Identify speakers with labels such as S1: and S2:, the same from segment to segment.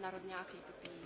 S1: narodňáky popíjí.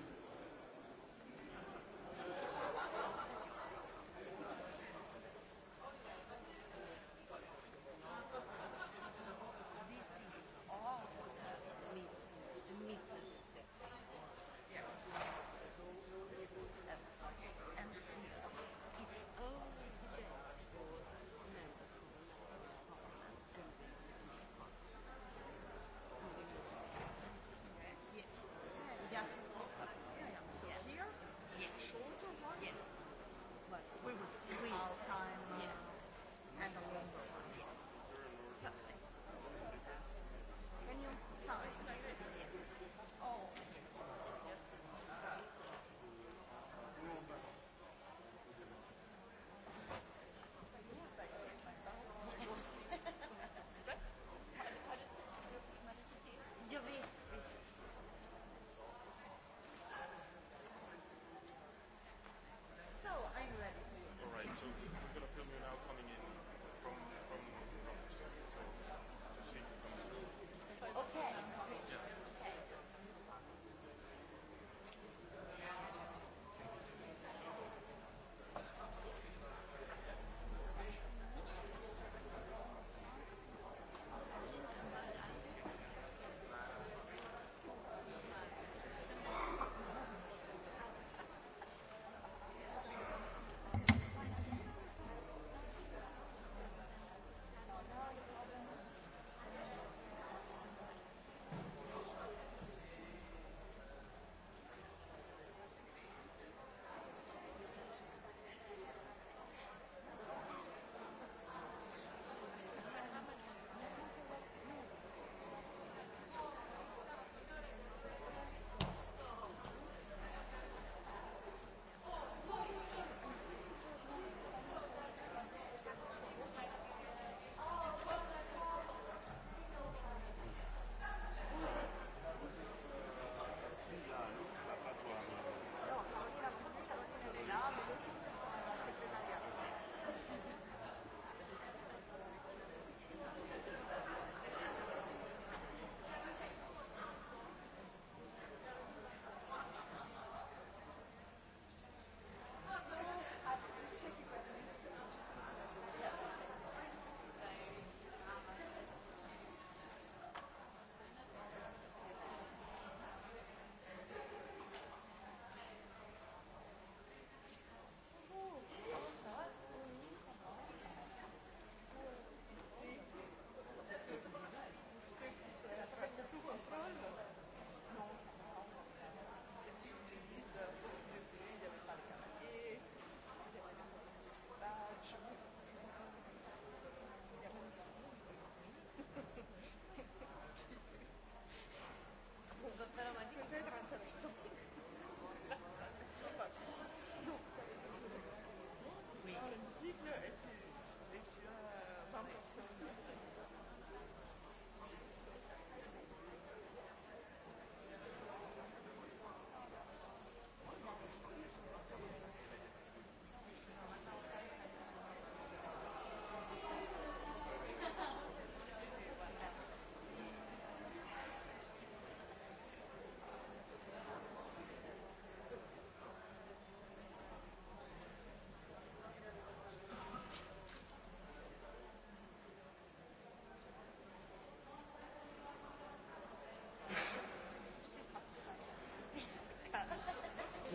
S2: Thank
S3: you.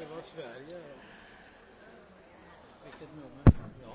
S3: Sverige. Vilket nummer? Ja.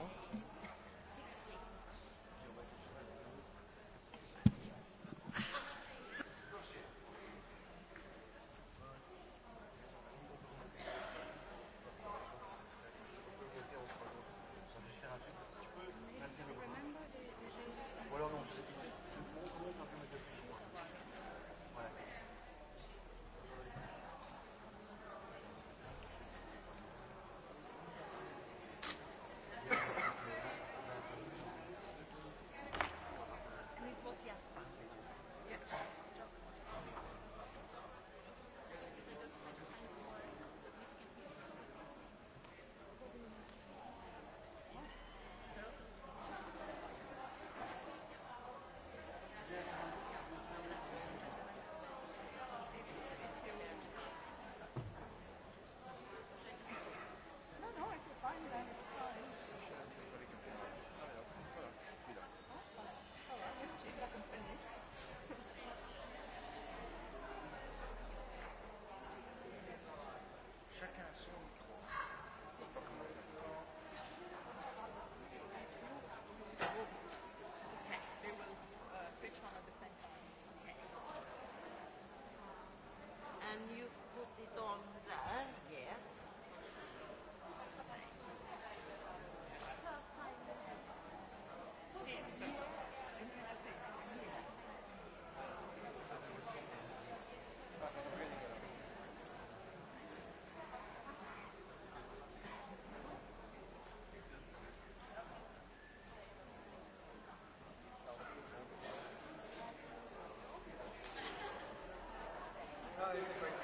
S3: Thank you.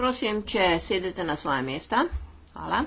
S1: Prosim, če sedete na svoje mesta. Hvala.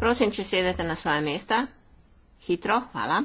S1: Prosim, če sedete na svoje mesta. Hitro, hvala.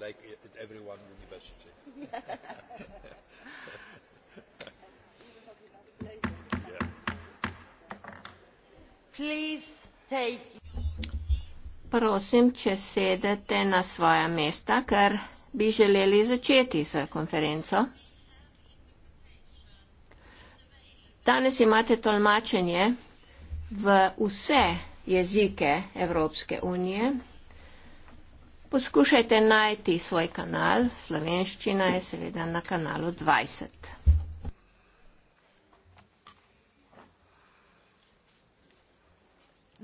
S3: like at every one university. yeah.
S2: Please take.
S1: Prosim, če sedete na svoja mesta, ker bi želeli začeti s konferenco. Danes imate tolmačenje v vse jezike Evropske unije, Poskušajte najti svoj kanal, slovenščina je seveda na kanalu 20.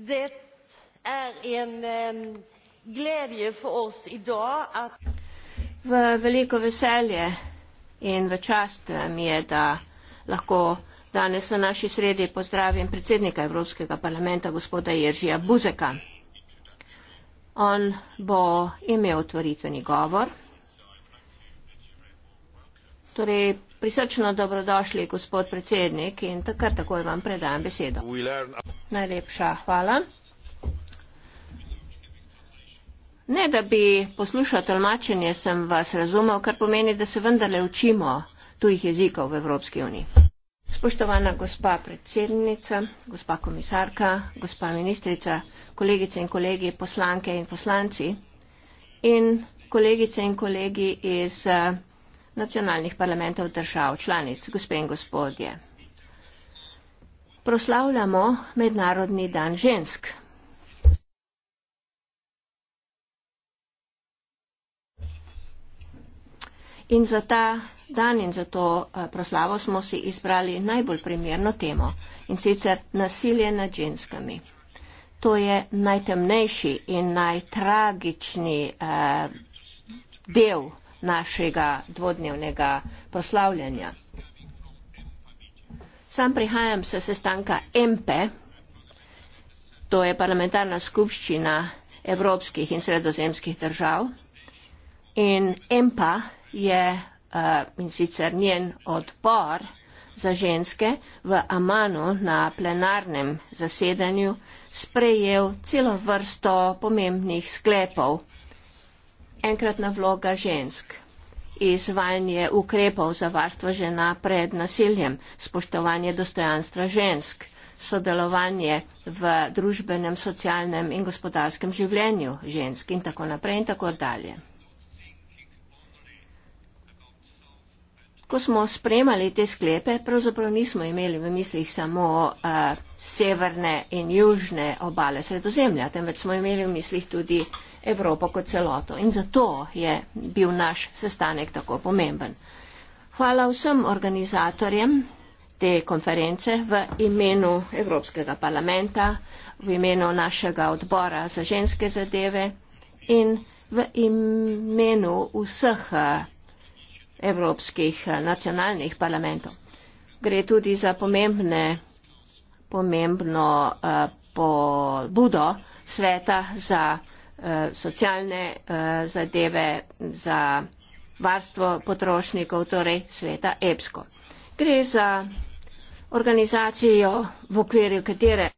S2: Det er en um, gledje for oss i dag, at...
S1: V veliko veselje in v čast eh, mi je, da lahko danes v naši sredi pozdravim predsednika Evropskega parlamenta gospoda Jeržija Buzeka. On bo imel otvoritveni govor. Torej, prisrčno dobrodošli, gospod predsednik, in takrat takoj vam predajam besedo. Najlepša hvala. Ne, da bi poslušal tolmačenje, sem vas razumel, kar pomeni, da se vendarle učimo tujih jezikov v Evropski uniji. Spoštovana gospa predsednica, gospa komisarka, gospa ministrica, kolegice in kolegi, poslanke in poslanci in kolegice in kolegi iz eh, nacionalnih parlamentov držav članic, gospe in gospodje. Proslavljamo Mednarodni dan žensk. In za ta dan in za to eh, proslavo smo si izbrali najbolj primerno temo in sicer nasilje nad ženskami. To je najtemnejši in najtragični eh, del našega dvodnevnega proslavljanja. Sam prihajam se sestanka EMPE, to je parlamentarna skupščina evropskih in sredozemskih držav. In EMPA je Eh, in sicer njen odpor za ženske v Amanu na plenarnem zasedanju sprejel celo vrsto pomembnih sklepov. Enkratna vloga žensk. Izvajanje ukrepov za varstvo žena pred nasiljem, spoštovanje dostojanstva žensk, sodelovanje v družbenem, socialnem in gospodarskem življenju žensk in tako naprej in tako dalje. ko smo spremali te sklepe, pravzaprav nismo imeli v mislih samo uh, severne in južne obale sredozemlja, temveč smo imeli v mislih tudi Evropo kot celoto. In zato je bil naš sestanek tako pomemben. Hvala vsem organizatorjem te konference v imenu Evropskega parlamenta, v imenu našega odbora za ženske zadeve in v imenu vseh. Uh, evropskih eh, nacionalnih parlamentov. Gre tudi za pomembne, pomembno uh, pobudo sveta za uh, socialne uh, zadeve, za varstvo potrošnikov, torej sveta EPSCO. Gre za organizacijo, v okviru katere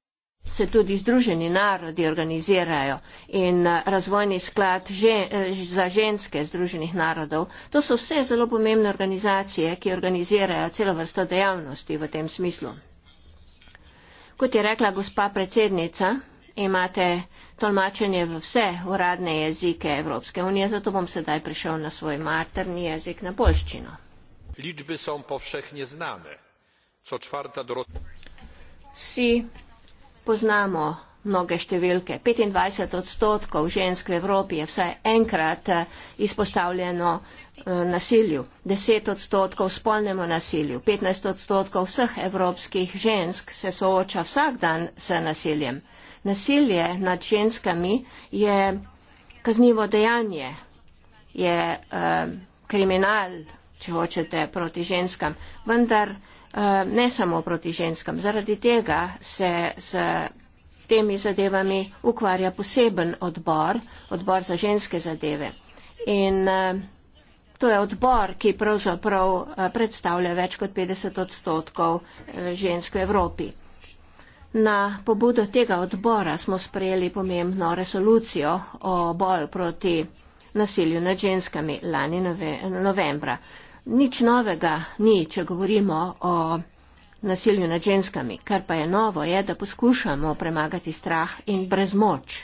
S1: se tudi združeni narodi organizirajo in eh, razvojni sklad eh, za ženske združenih narodov. To so vse zelo pomembne organizacije, ki organizirajo celo vrsto dejavnosti v tem smislu. Kot je rekla gospa predsednica, imate tolmačenje v vse uradne jezike Evropske unije, zato bom sedaj prišel na svoj materni jezik, na polščino. Vsi poznamo mnoge številke. 25 odstotkov žensk v Evropi je vsaj enkrat eh, izpostavljeno eh, nasilju, 10 odstotkov spolnemu nasilju, 15 odstotkov vseh evropskih žensk se sooča vsak dan s nasiljem. Nasilje nad ženskami je kaznivo dejanje, je eh, kriminal, če hočete, proti ženskam, vendar Eh, ne samo proti ženskam. Zaradi tega se z temi zadevami ukvarja poseben odbor, odbor za ženske zadeve. In eh, to je odbor, ki pravzaprav eh, predstavlja več kot 50 odstotkov žensk v Evropi. Na pobudo tega odbora smo sprejeli pomembno resolucijo o boju proti nasilju nad ženskami lani nove, novembra. Nič novega ni, če govorimo o nasilju nad ženskami. Kar pa je novo, je, da poskušamo premagati strah in brezmoč.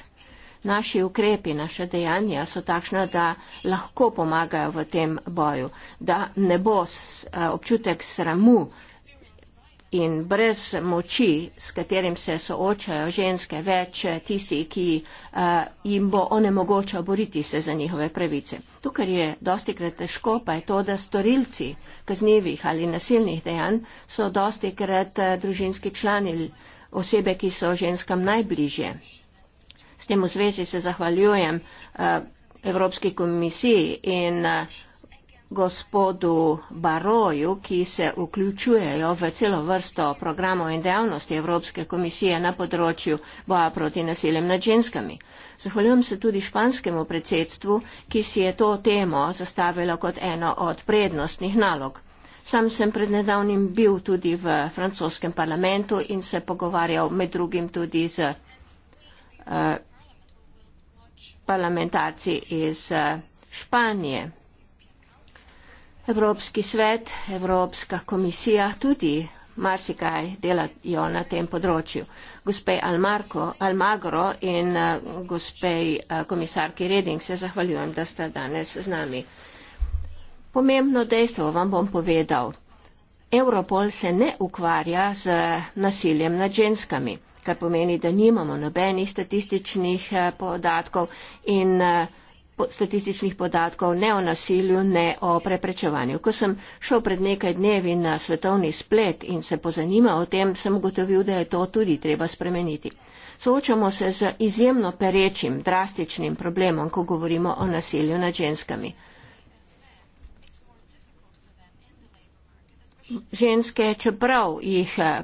S1: Naši ukrepi, naše dejanja so takšna, da lahko pomagajo v tem boju, da ne bo eh, občutek sramu in brez moči, s katerim se soočajo ženske, več tisti, ki uh, jim bo onemogočal boriti se za njihove pravice. Tukaj je dosti krat težko, pa je to, da storilci kaznjivih ali nasilnih dejanj so dosti krat eh, družinski člani osebe, ki so ženskam najbližje. S tem v zvezi se zahvaljujem uh, Evropski komisiji in uh, gospodu Baroju, ki se vključujejo v celo vrsto programov in dejavnosti Evropske komisije na področju boja proti nasiljem nad ženskami. Zahvaljujem se tudi španskemu predsedstvu, ki si je to temo zastavilo kot eno od prednostnih nalog. Sam sem pred nedavnim bil tudi v francoskem parlamentu in se pogovarjal med drugim tudi z uh, parlamentarci iz uh, Španije. Evropski svet, Evropska komisija tudi marsikaj delajo na tem področju. Gospe Almarko, Almagro in eh, gospe eh, komisarki Reding se zahvaljujem, da ste danes z nami. Pomembno dejstvo vam bom povedal. Europol se ne ukvarja z nasiljem nad ženskami, kar pomeni, da nimamo nobenih statističnih eh, podatkov in statističnih podatkov ne o nasilju, ne o preprečevanju. Ko sem šel pred nekaj dnevi na svetovni splet in se pozanima o tem, sem ugotovil, da je to tudi treba spremeniti. Soočamo se z izjemno perečim, drastičnim problemom, ko govorimo o nasilju nad ženskami. ženske, čeprav jih eh,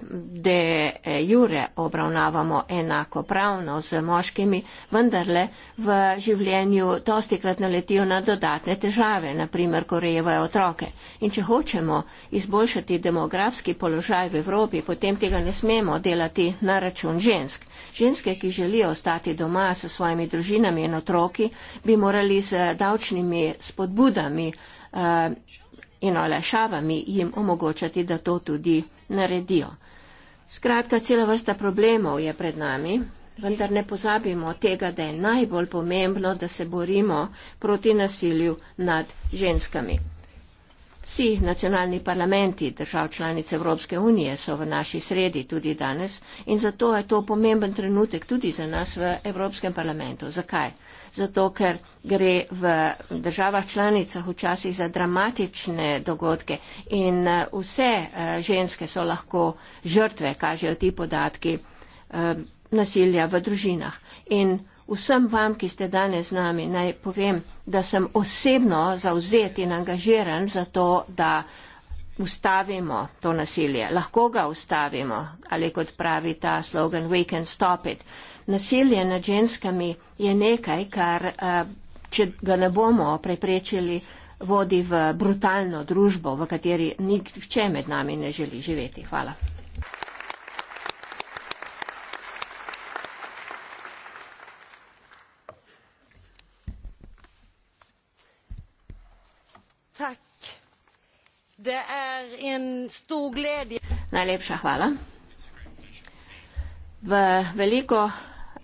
S1: de eh, jure obravnavamo enakopravno z moškimi, vendarle v življenju dostikrat naletijo na dodatne težave, naprimer, ko rejevajo otroke. In če hočemo izboljšati demografski položaj v Evropi, potem tega ne smemo delati na račun žensk. Ženske, ki želijo ostati doma s svojimi družinami in otroki, bi morali z davčnimi spodbudami uh, in olajšavami jim omogočati, da to tudi naredijo. Skratka, cela vrsta problemov je pred nami, vendar ne pozabimo tega, da je najbolj pomembno, da se borimo proti nasilju nad ženskami. Vsi nacionalni parlamenti držav članic Evropske unije so v naši sredi tudi danes in zato je to pomemben trenutek tudi za nas v Evropskem parlamentu. Zakaj? zato ker gre v državah članicah včasih za dramatične dogodke in eh, vse eh, ženske so lahko žrtve, kažejo ti podatki eh, nasilja v družinah. In vsem vam, ki ste danes z nami, naj povem, da sem osebno zauzet in angažiran za to, da ustavimo to nasilje. Lahko ga ustavimo, ali kot pravi ta slogan We can stop it. Uh, Nasilje nad ženskami je nekaj, kar, eh, če ga ne bomo preprečili, vodi v brutalno družbo, v kateri nihče med nami ne želi živeti. Hvala.
S2: Er
S1: Najlepša hvala. V veliko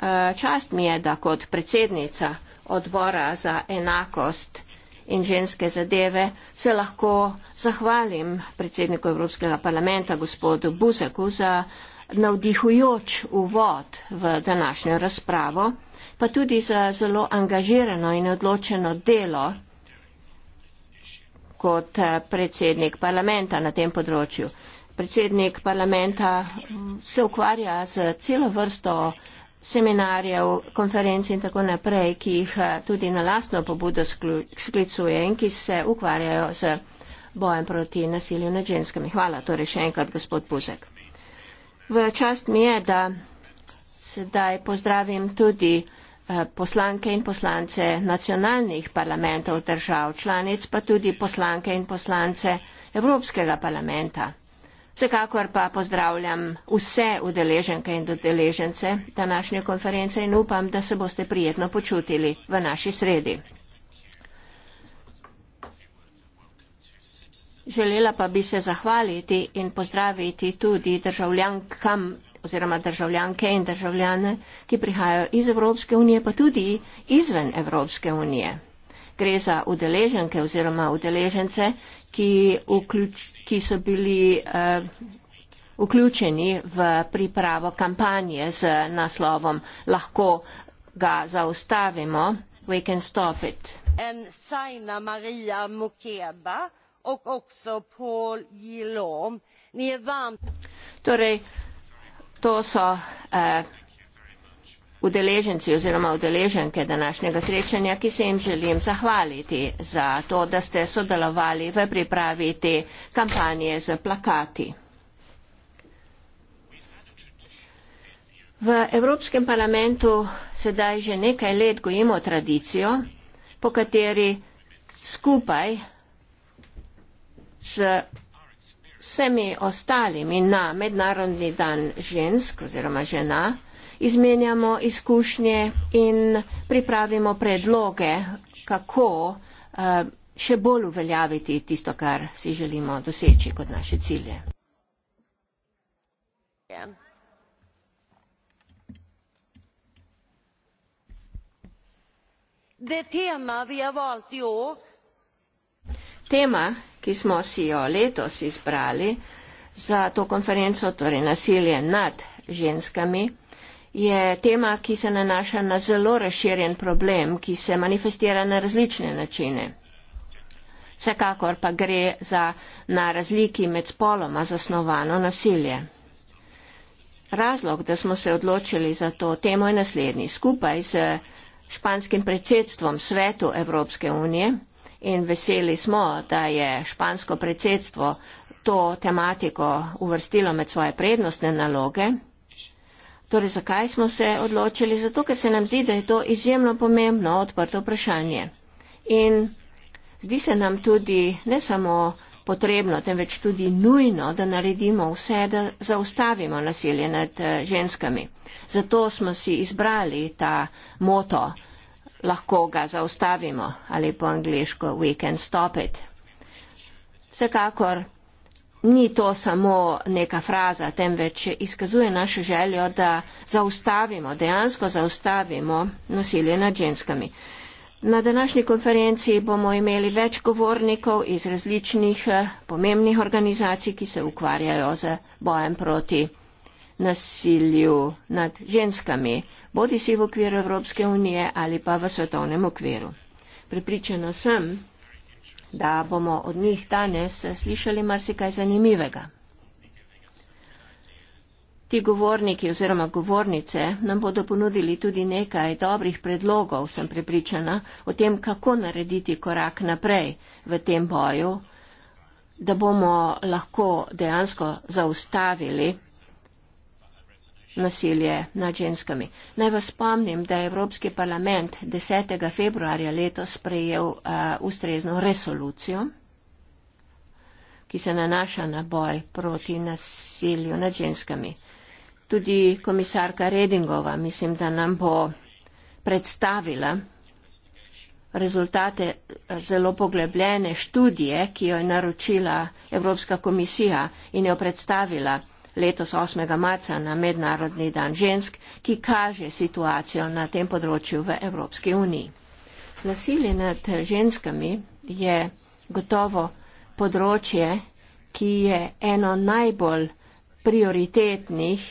S1: Eh, čast mi je, da kot predsednica odbora za enakost in ženske zadeve se lahko zahvalim predsedniku Evropskega parlamenta gospodu Buzeku za navdihujoč uvod v današnjo razpravo, pa tudi za zelo angažirano in odločeno delo kot eh, predsednik parlamenta na tem področju. Predsednik parlamenta mm, se ukvarja z celo vrsto seminarjev, konferenc in tako naprej, ki jih eh, tudi na lastno pobudo sklicuje in ki se ukvarjajo z bojem proti nasilju nad ženskami. Hvala torej še enkrat, gospod Puzek. V čast mi je, da sedaj pozdravim tudi eh, poslanke in poslance nacionalnih parlamentov držav članic, pa tudi poslanke in poslance Evropskega parlamenta. Vsekakor pa pozdravljam vse udeleženke in udeležence današnje konference in upam, da se boste prijetno počutili v naši sredi. Želela pa bi se zahvaliti in pozdraviti tudi državljankam oziroma državljanke in državljane, ki prihajajo iz Evropske unije, pa tudi izven Evropske unije. Gre za udeleženke oziroma udeležence, ki, vključ, ki so bili uh, vključeni v pripravo kampanje z naslovom Lahko ga zaustavimo. We can stop it.
S2: En Saina Maria Mukeba in tudi Paul Gilom.
S1: Er torej, to so uh, udeleženci oziroma udeleženke današnjega srečanja, ki se jim želim zahvaliti za to, da ste sodelovali v pripravi te kampanje z plakati. V Evropskem parlamentu sedaj že nekaj let gojimo tradicijo, po kateri skupaj z vsemi ostalimi na Mednarodni dan žensk oziroma žena izmenjamo izkušnje in pripravimo predloge, kako eh, še bolj uveljaviti tisto, kar si želimo doseči kot naše cilje. Tema, ki smo si jo letos izbrali za to konferenco, torej nasilje nad ženskami, je tema, ki se nanaša na zelo razširjen problem, ki se manifestira na različne načine. Vsekakor pa gre za na razliki med spoloma zasnovano nasilje. Razlog, da smo se odločili za to temo, je naslednji. Skupaj z španskim predsedstvom svetu Evropske unije in veseli smo, da je špansko predsedstvo to tematiko uvrstilo med svoje prednostne naloge, Torej, zakaj smo se odločili? Zato, ker se nam zdi, da je to izjemno pomembno odprto vprašanje. In zdi se nam tudi ne samo potrebno, temveč tudi nujno, da naredimo vse, da zaustavimo nasilje nad eh, ženskami. Zato smo si izbrali ta moto, lahko ga zaustavimo ali po angliško we can stop it. Vsekakor ni to samo neka fraza, temveč izkazuje našo željo, da zaustavimo, dejansko zaustavimo nasilje nad ženskami. Na današnji konferenciji bomo imeli več govornikov iz različnih eh, pomembnih organizacij, ki se ukvarjajo z bojem proti nasilju nad ženskami, bodi si v okviru Evropske unije ali pa v svetovnem okviru. Pripričana sem, da bomo od njih danes slišali marsikaj zanimivega. Ti govorniki oziroma govornice nam bodo ponudili tudi nekaj dobrih predlogov, sem prepričana, o tem, kako narediti korak naprej v tem boju, da bomo lahko dejansko zaustavili nasilje nad ženskami. Naj vas spomnim, da je Evropski parlament 10. februarja letos sprejel uh, ustrezno resolucijo, ki se nanaša na boj proti nasilju nad ženskami. Tudi komisarka Redingova mislim, da nam bo predstavila rezultate eh, zelo poglebljene študije, ki jo je naročila Evropska komisija in jo predstavila letos 8. marca na Mednarodni dan žensk, ki kaže situacijo na tem področju v Evropski uniji. Nasilje nad ženskami je gotovo področje, ki je eno najbolj prioritetnih,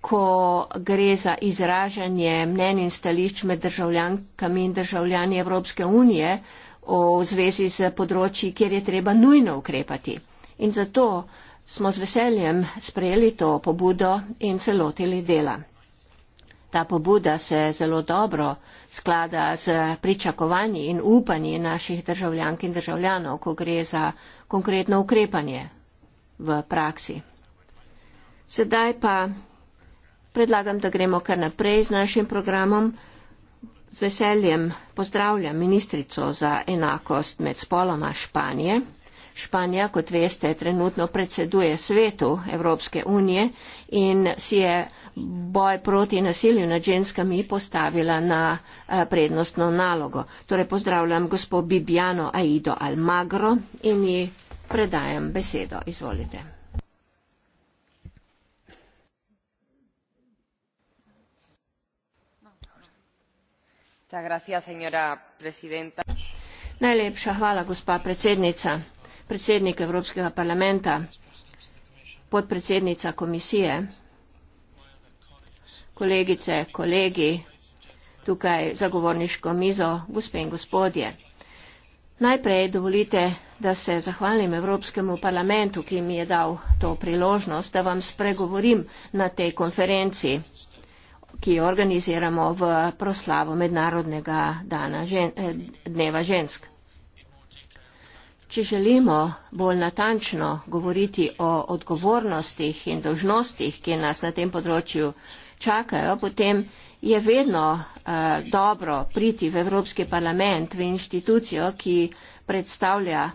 S1: ko gre za izražanje mnen in stališč med državljankami in državljani Evropske unije v zvezi z področji, kjer je treba nujno ukrepati. In zato smo z veseljem sprejeli to pobudo in se lotili dela. Ta pobuda se zelo dobro sklada z pričakovanji in upanji naših državljank in državljanov, ko gre za konkretno ukrepanje v praksi. Sedaj pa predlagam, da gremo kar naprej z našim programom. Z veseljem pozdravljam ministrico za enakost med spoloma Španije. Španija, kot veste, trenutno predseduje svetu Evropske unije in si je boj proti nasilju nad ženskami postavila na eh, prednostno nalogo. Torej pozdravljam gospod Bibiano Aido Almagro in ji predajam besedo. Izvolite. Najlepša hvala, gospa predsednica predsednik Evropskega parlamenta, podpredsednica komisije, kolegice, kolegi, tukaj zagovorniško mizo, gospe in gospodje. Najprej dovolite, da se zahvalim Evropskemu parlamentu, ki mi je dal to priložnost, da vam spregovorim na tej konferenci, ki jo organiziramo v proslavo Mednarodnega eh, dneva žensk. Če želimo bolj natančno govoriti o odgovornostih in dožnostih, ki nas na tem področju čakajo, potem je vedno uh, dobro priti v Evropski parlament, v inštitucijo, ki predstavlja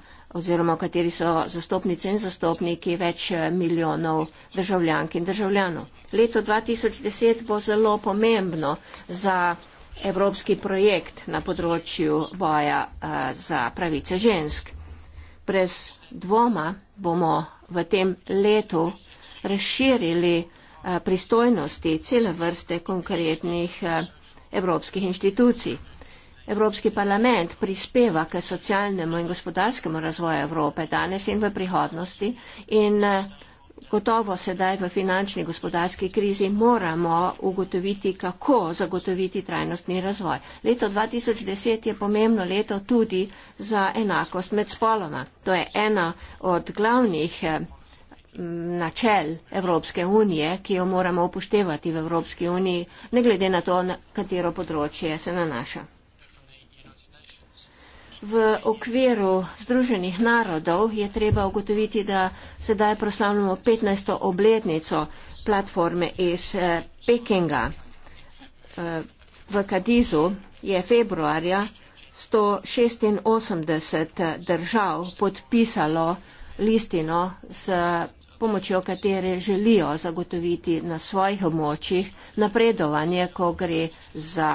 S1: oziroma kateri so zastopnice in zastopniki več eh, milijonov državljank in državljanov. Leto 2010 bo zelo pomembno za evropski projekt na področju boja uh, za pravice žensk brez dvoma bomo v tem letu razširili eh, pristojnosti cele vrste konkretnih eh, evropskih inštitucij. Evropski parlament prispeva k socialnemu in gospodarskemu razvoju Evrope danes in v prihodnosti in eh, Gotovo sedaj v finančni gospodarski krizi moramo ugotoviti, kako zagotoviti trajnostni razvoj. Leto 2010 je pomembno leto tudi za enakost med spoloma. To je ena od glavnih eh, načel Evropske unije, ki jo moramo upoštevati v Evropski uniji, ne glede na to, na katero področje se nanaša. V okviru Združenih narodov je treba ugotoviti, da sedaj proslavljamo 15. obletnico platforme iz eh, Pekinga. Eh, v Kadizu je februarja 186 držav podpisalo listino s pomočjo katere želijo zagotoviti na svojih območjih napredovanje, ko gre za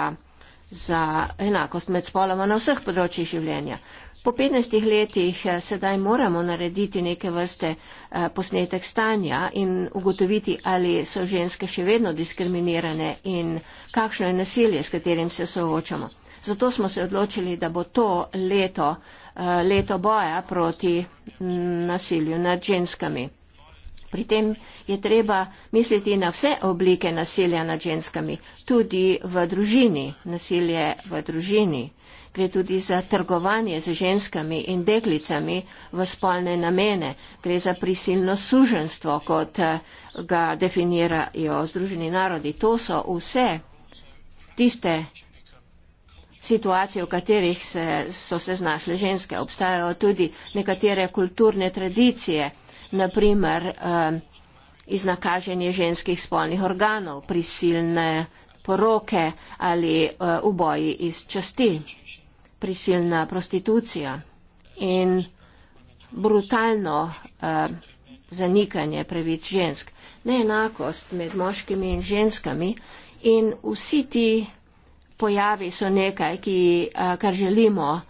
S1: za enakost med spoloma na vseh področjih življenja. Po 15 letih eh, sedaj moramo narediti neke vrste eh, posnetek stanja in ugotoviti, ali so ženske še vedno diskriminirane in kakšno je nasilje, s katerim se soočamo. Zato smo se odločili, da bo to leto, eh, leto boja proti mm, nasilju nad ženskami. Pri tem je treba misliti na vse oblike nasilja nad ženskami, tudi v družini, nasilje v družini. Gre tudi za trgovanje z ženskami in deklicami v spolne namene. Gre za prisilno suženstvo, kot eh, ga definirajo Združeni narodi. To so vse tiste situacije, v katerih se, so se znašle ženske. Obstajajo tudi nekatere kulturne tradicije, naprimer eh, iznakaženje ženskih spolnih organov, prisilne poroke ali eh, uboji iz časti, prisilna prostitucija in brutalno eh, zanikanje pravic žensk, neenakost med moškimi in ženskami in vsi ti pojavi so nekaj, ki, eh, kar želimo,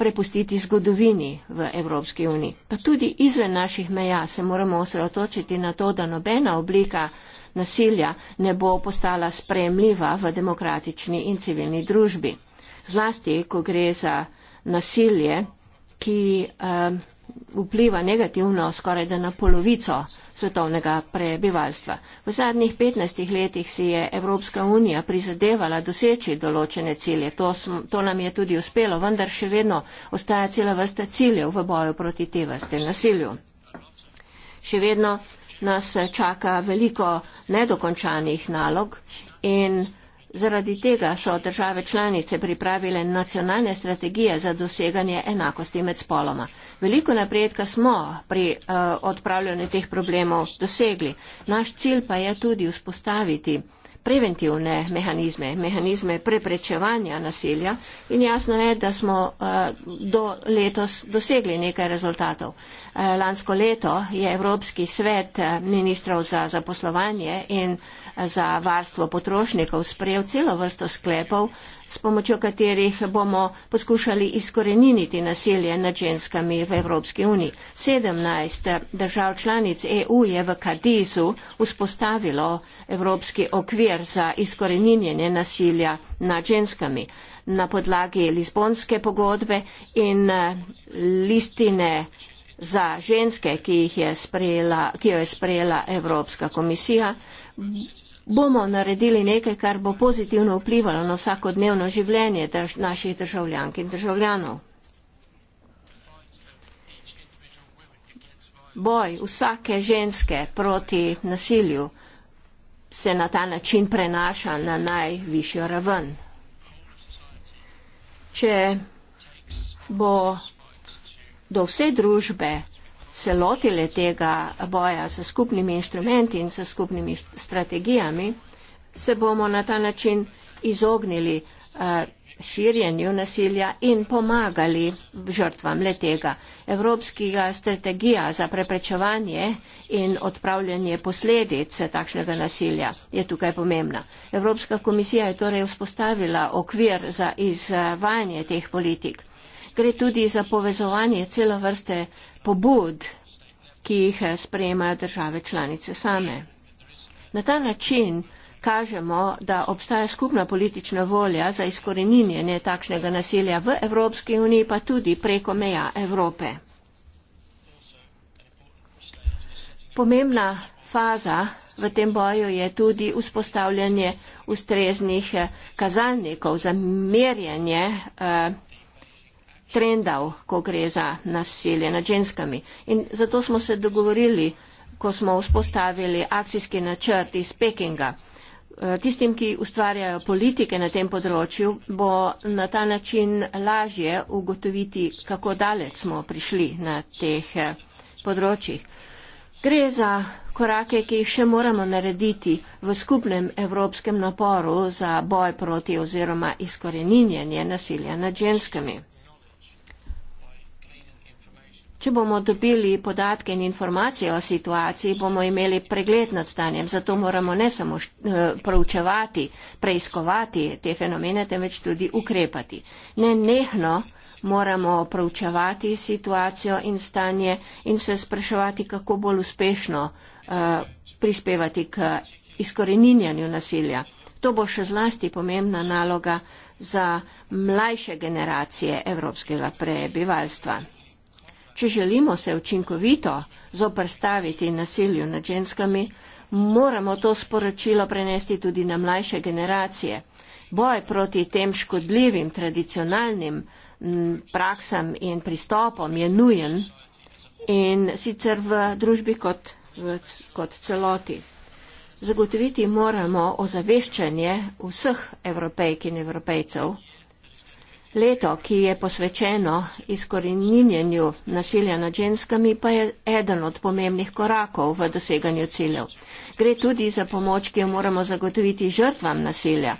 S1: prepustiti zgodovini v Evropski uniji. Pa tudi izven naših meja se moramo osredotočiti na to, da nobena oblika nasilja ne bo postala spremljiva v demokratični in civilni družbi. Zlasti, ko gre za nasilje, ki. Um, vpliva negativno skoraj da na polovico svetovnega prebivalstva. V zadnjih 15 letih si je Evropska unija prizadevala doseči določene cilje. To, sm, to nam je tudi uspelo, vendar še vedno ostaja cela vrsta ciljev v boju proti te vrste nasilju. Še vedno nas čaka veliko nedokončanih nalog in Zaradi tega so države članice pripravile nacionalne strategije za doseganje enakosti med spoloma. Veliko napredka smo pri uh, odpravljanju teh problemov dosegli. Naš cilj pa je tudi vzpostaviti preventivne mehanizme, mehanizme preprečevanja nasilja in jasno je, da smo eh, do letos dosegli nekaj rezultatov. Eh, lansko leto je Evropski svet ministrov za zaposlovanje in za varstvo potrošnikov sprejel celo vrsto sklepov, s pomočjo katerih bomo poskušali izkoreniniti nasilje nad ženskami v Evropski uniji. 17 držav članic EU je v Kadizu vzpostavilo Evropski okvir za izkoreninjenje nasilja nad ženskami. Na podlagi Lizbonske pogodbe in eh, listine za ženske, ki, sprejela, ki jo je sprejela Evropska komisija, bomo naredili nekaj, kar bo pozitivno vplivalo na vsakodnevno življenje drž naših državljank in državljanov. Boj vsake ženske proti nasilju se na ta način prenaša na najvišjo raven. Če bo do vse družbe se lotile tega boja s skupnimi inštrumenti in s skupnimi strategijami, se bomo na ta način izognili eh, širjenju nasilja in pomagali žrtvam le tega. Evropskega strategija za preprečevanje in odpravljanje posledic takšnega nasilja je tukaj pomembna. Evropska komisija je torej vzpostavila okvir za izvajanje teh politik. Gre tudi za povezovanje celo vrste pobud, ki jih sprejemajo države članice same. Na ta način kažemo, da obstaja skupna politična volja za izkoreninjenje takšnega nasilja v Evropski uniji, pa tudi preko meja Evrope. Pomembna faza v tem boju je tudi vzpostavljanje ustreznih eh, kazalnikov za merjanje eh, trendov, ko gre za nasilje nad ženskami. In zato smo se dogovorili, ko smo vzpostavili akcijski načrt iz Pekinga. E, tistim, ki ustvarjajo politike na tem področju, bo na ta način lažje ugotoviti, kako daleč smo prišli na teh e, področjih. Gre za korake, ki jih še moramo narediti v skupnem evropskem naporu za boj proti oziroma izkoreninjenje nasilja nad ženskami. Če bomo dobili podatke in informacije o situaciji, bomo imeli pregled nad stanjem. Zato moramo ne samo št, eh, proučevati, preiskovati te fenomene, temveč tudi ukrepati. Ne nehno moramo proučevati situacijo in stanje in se spraševati, kako bolj uspešno uh, prispevati k izkoreninjanju nasilja. To bo še zlasti pomembna naloga za mlajše generacije evropskega prebivalstva. Če želimo se učinkovito zoprstaviti nasilju nad ženskami, moramo to sporočilo prenesti tudi na mlajše generacije. Boj proti tem škodljivim tradicionalnim praksam in pristopom je nujen in sicer v družbi kot, kot celoti. Zagotoviti moramo ozaveščanje vseh evropejk in evropejcev Leto, ki je posvečeno izkoreninjenju nasilja nad ženskami, pa je eden od pomembnih korakov v doseganju ciljev. Gre tudi za pomoč, ki jo moramo zagotoviti žrtvam nasilja.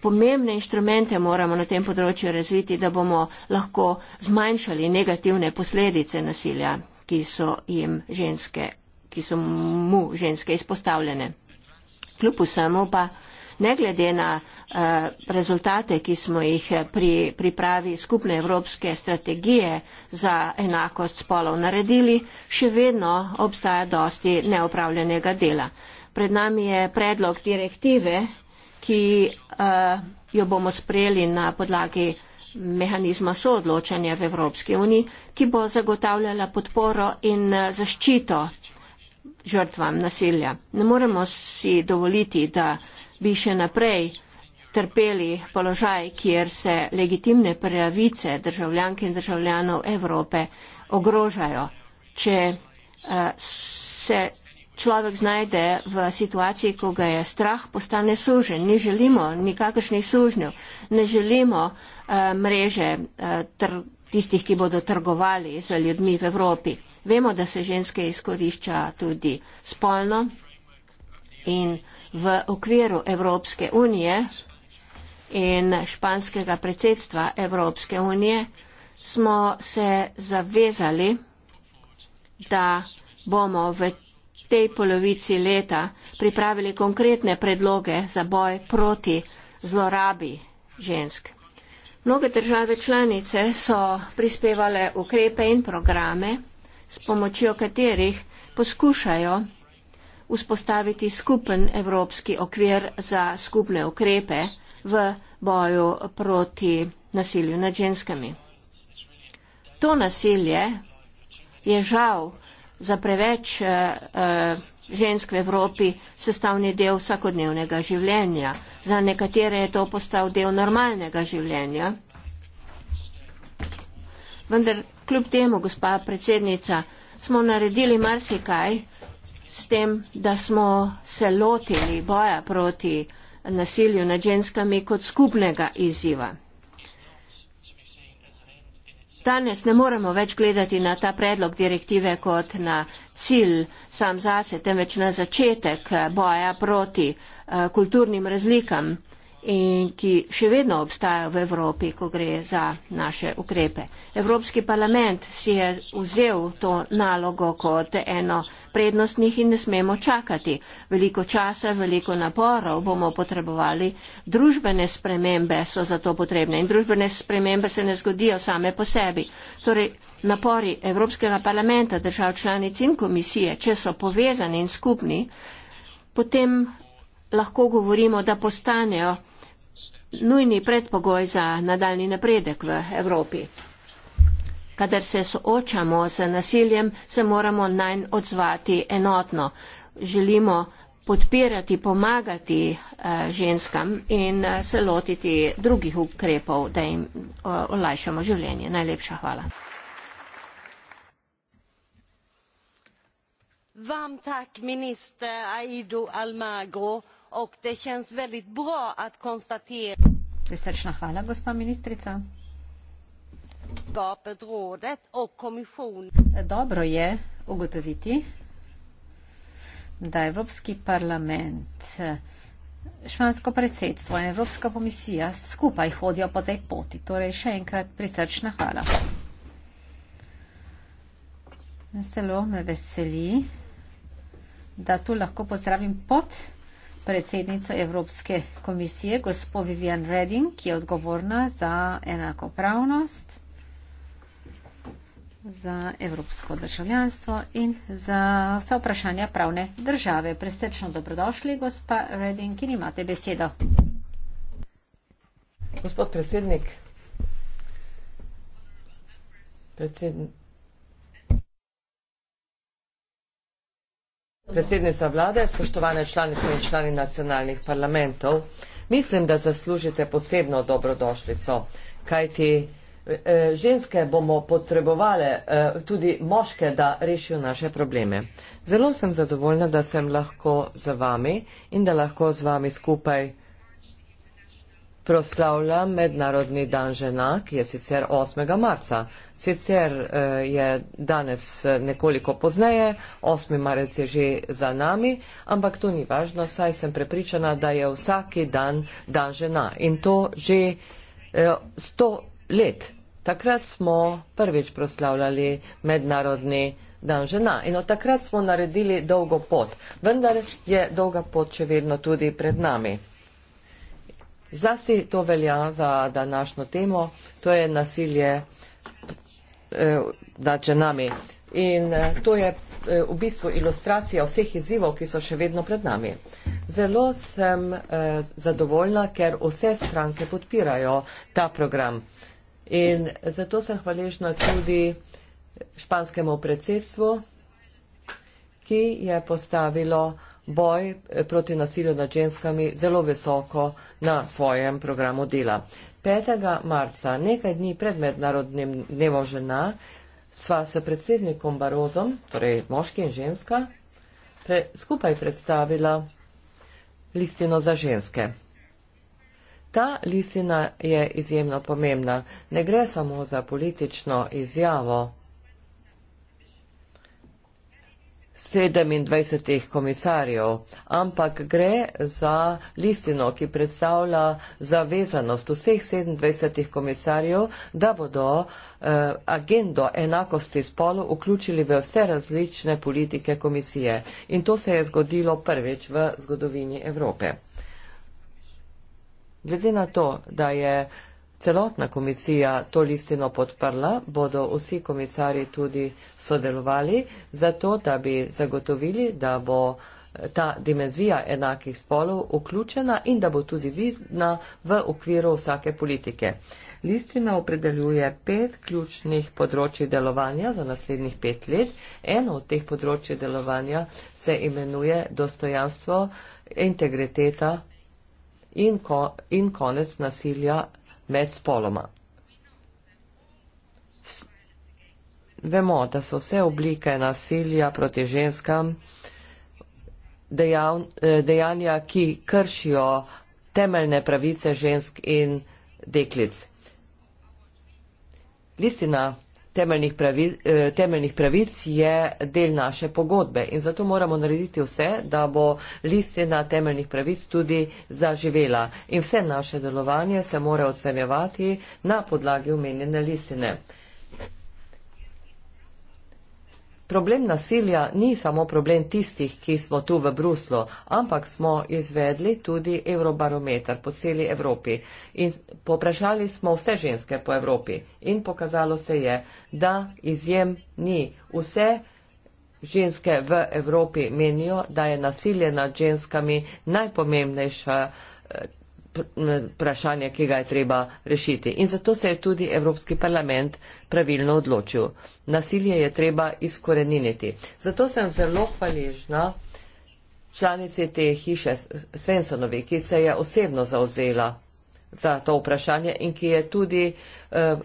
S1: Pomembne inštrumente moramo na tem področju razviti, da bomo lahko zmanjšali negativne posledice nasilja, ki so, ženske, ki so mu ženske izpostavljene. Kljub vsemu pa ne glede na uh, rezultate, ki smo jih eh, pri pripravi skupne evropske strategije za enakost spolov naredili, še vedno obstaja dosti neopravljenega dela. Pred nami je predlog direktive, ki uh, jo bomo sprejeli na podlagi mehanizma soodločanja v Evropski uniji, ki bo zagotavljala podporo in zaščito žrtvam nasilja. Ne moremo si dovoliti, da uh, bi še naprej trpeli položaj, kjer se legitimne pravice državljank in državljanov Evrope ogrožajo. Če eh, se človek znajde v situaciji, ko ga je strah, postane sužen. Ni želimo nikakršnih sužnjev, ne želimo eh, mreže eh, tistih, ki bodo trgovali z ljudmi v Evropi. Vemo, da se ženske izkorišča tudi spolno in v okviru Evropske unije in španskega predsedstva Evropske unije smo se zavezali, da bomo v tej polovici leta pripravili konkretne predloge za boj proti zlorabi žensk. Mnoge države članice so prispevale ukrepe in programe, s pomočjo katerih poskušajo vzpostaviti skupen evropski okvir za skupne ukrepe v boju proti nasilju nad ženskami. To nasilje je žal za preveč uh, uh, žensk v Evropi sestavni del vsakodnevnega življenja. Za nekatere je to postal del normalnega življenja. Vendar kljub temu, gospa predsednica, smo naredili marsikaj s tem, da smo se lotili boja proti nasilju nad ženskami kot skupnega izziva. Danes ne moremo več gledati na ta predlog direktive kot na cilj sam zase, temveč na začetek boja proti eh, kulturnim razlikam in ki še vedno obstajajo v Evropi, ko gre za naše ukrepe. Evropski parlament si je vzel to nalogo kot eno prednostnih in ne smemo čakati. Veliko časa, veliko naporov bomo potrebovali, družbene spremembe so za to potrebne in družbene spremembe se ne zgodijo same po sebi. Torej, napori Evropskega parlamenta, držav članic in komisije, če so povezani in skupni, potem lahko govorimo, da postanejo nujni predpogoj za nadaljni napredek v Evropi. Kadar se soočamo z nasiljem, se moramo najn odzvati enotno. Želimo podpirati, pomagati eh, ženskam in eh, se lotiti drugih ukrepov, da jim eh, olajšamo življenje. Najlepša hvala.
S2: Vam tak, minister Aidu Almagro och det känns väldigt bra att konstatera
S4: Srečna hvala, gospa ministrica. Dobro je ugotoviti, da Evropski parlament, špansko predsedstvo in Evropska komisija skupaj hodijo po tej poti. Torej, še enkrat prisrčna hvala. Zelo me veseli, da tu lahko pozdravim pot predsednico Evropske komisije, gospo Vivian Redding, ki je odgovorna za enakopravnost, za evropsko državljanstvo in za vsa vprašanja pravne države. Prestečno dobrodošli, gospa Redding, in imate besedo.
S5: Gospod predsednik, predsednik. Predsednica vlade, spoštovane članice in člani nacionalnih parlamentov, mislim, da zaslužite posebno dobrodošlico, kajti eh, eh, ženske bomo potrebovali eh, tudi moške, da rešijo naše probleme. Zelo sem zadovoljna, da sem lahko z vami in da lahko z vami skupaj proslavlja mednarodni dan žena, ki je sicer 8. marca. Sicer eh, je danes eh, nekoliko pozneje, 8. marec je že za nami, ampak to ni važno, saj sem prepričana, da je vsaki dan dan žena in to že 100 eh, let. Takrat smo prvič proslavljali mednarodni dan žena in od takrat smo naredili dolgo pot, vendar je dolga pot še vedno tudi pred nami. Zlasti to velja za današnjo temo, to je nasilje eh, nad ženami. In eh, to je eh, v bistvu ilustracija vseh izzivov, ki so še vedno pred nami. Zelo sem zadovoljna, ker vse stranke podpirajo ta program. In zato sem hvaležna tudi španskemu predsedstvu, ki je postavilo boj eh, proti nasilju nad ženskami zelo visoko na svojem programu dela. 5. marca, nekaj dni pred mednarodnim dnevom žena, sva s predsednikom Barozom, torej moški in ženska, pre, skupaj predstavila listino za ženske. Ta listina je izjemno pomembna. Ne gre samo za politično izjavo 27 komisarjev, ampak gre za listino, ki predstavlja zavezanost vseh 27 komisarjev, da bodo eh, agendo enakosti spolu vključili v vse različne politike komisije. In to se je zgodilo prvič v zgodovini Evrope. Glede na to, da je celotna komisija to listino podprla, bodo vsi komisari tudi sodelovali, zato da bi zagotovili, da bo eh, ta dimenzija enakih spolov vključena in da bo tudi vidna v okviru vsake politike. Listina opredeljuje pet ključnih področji delovanja za naslednjih pet let. Eno od teh področji delovanja se imenuje dostojanstvo, integriteta in, ko, in konec nasilja med spoloma. S vemo, da so vse oblike nasilja proti ženskam dejav, eh, dejanja, ki kršijo temeljne pravice žensk in deklic. Listina temeljnih, pravi, eh, temeljnih pravic je del naše pogodbe in zato moramo narediti vse, da bo listina temeljnih pravic tudi zaživela in vse naše delovanje se mora ocenjevati na podlagi omenjene listine. Problem nasilja ni samo problem tistih, ki smo tu v Bruslu, ampak smo izvedli tudi eurobarometer po celi Evropi. In poprašali smo vse ženske po Evropi in pokazalo se je, da izjem ni. Vse ženske v Evropi menijo, da je nasilje nad ženskami najpomembnejša eh, vprašanje, ki ga je treba rešiti. In zato se je tudi Evropski parlament pravilno odločil. Nasilje je treba izkoreniniti. Zato sem zelo hvaležna članici te hiše Svensonovi, ki se je osebno zauzela za to vprašanje in ki je tudi eh,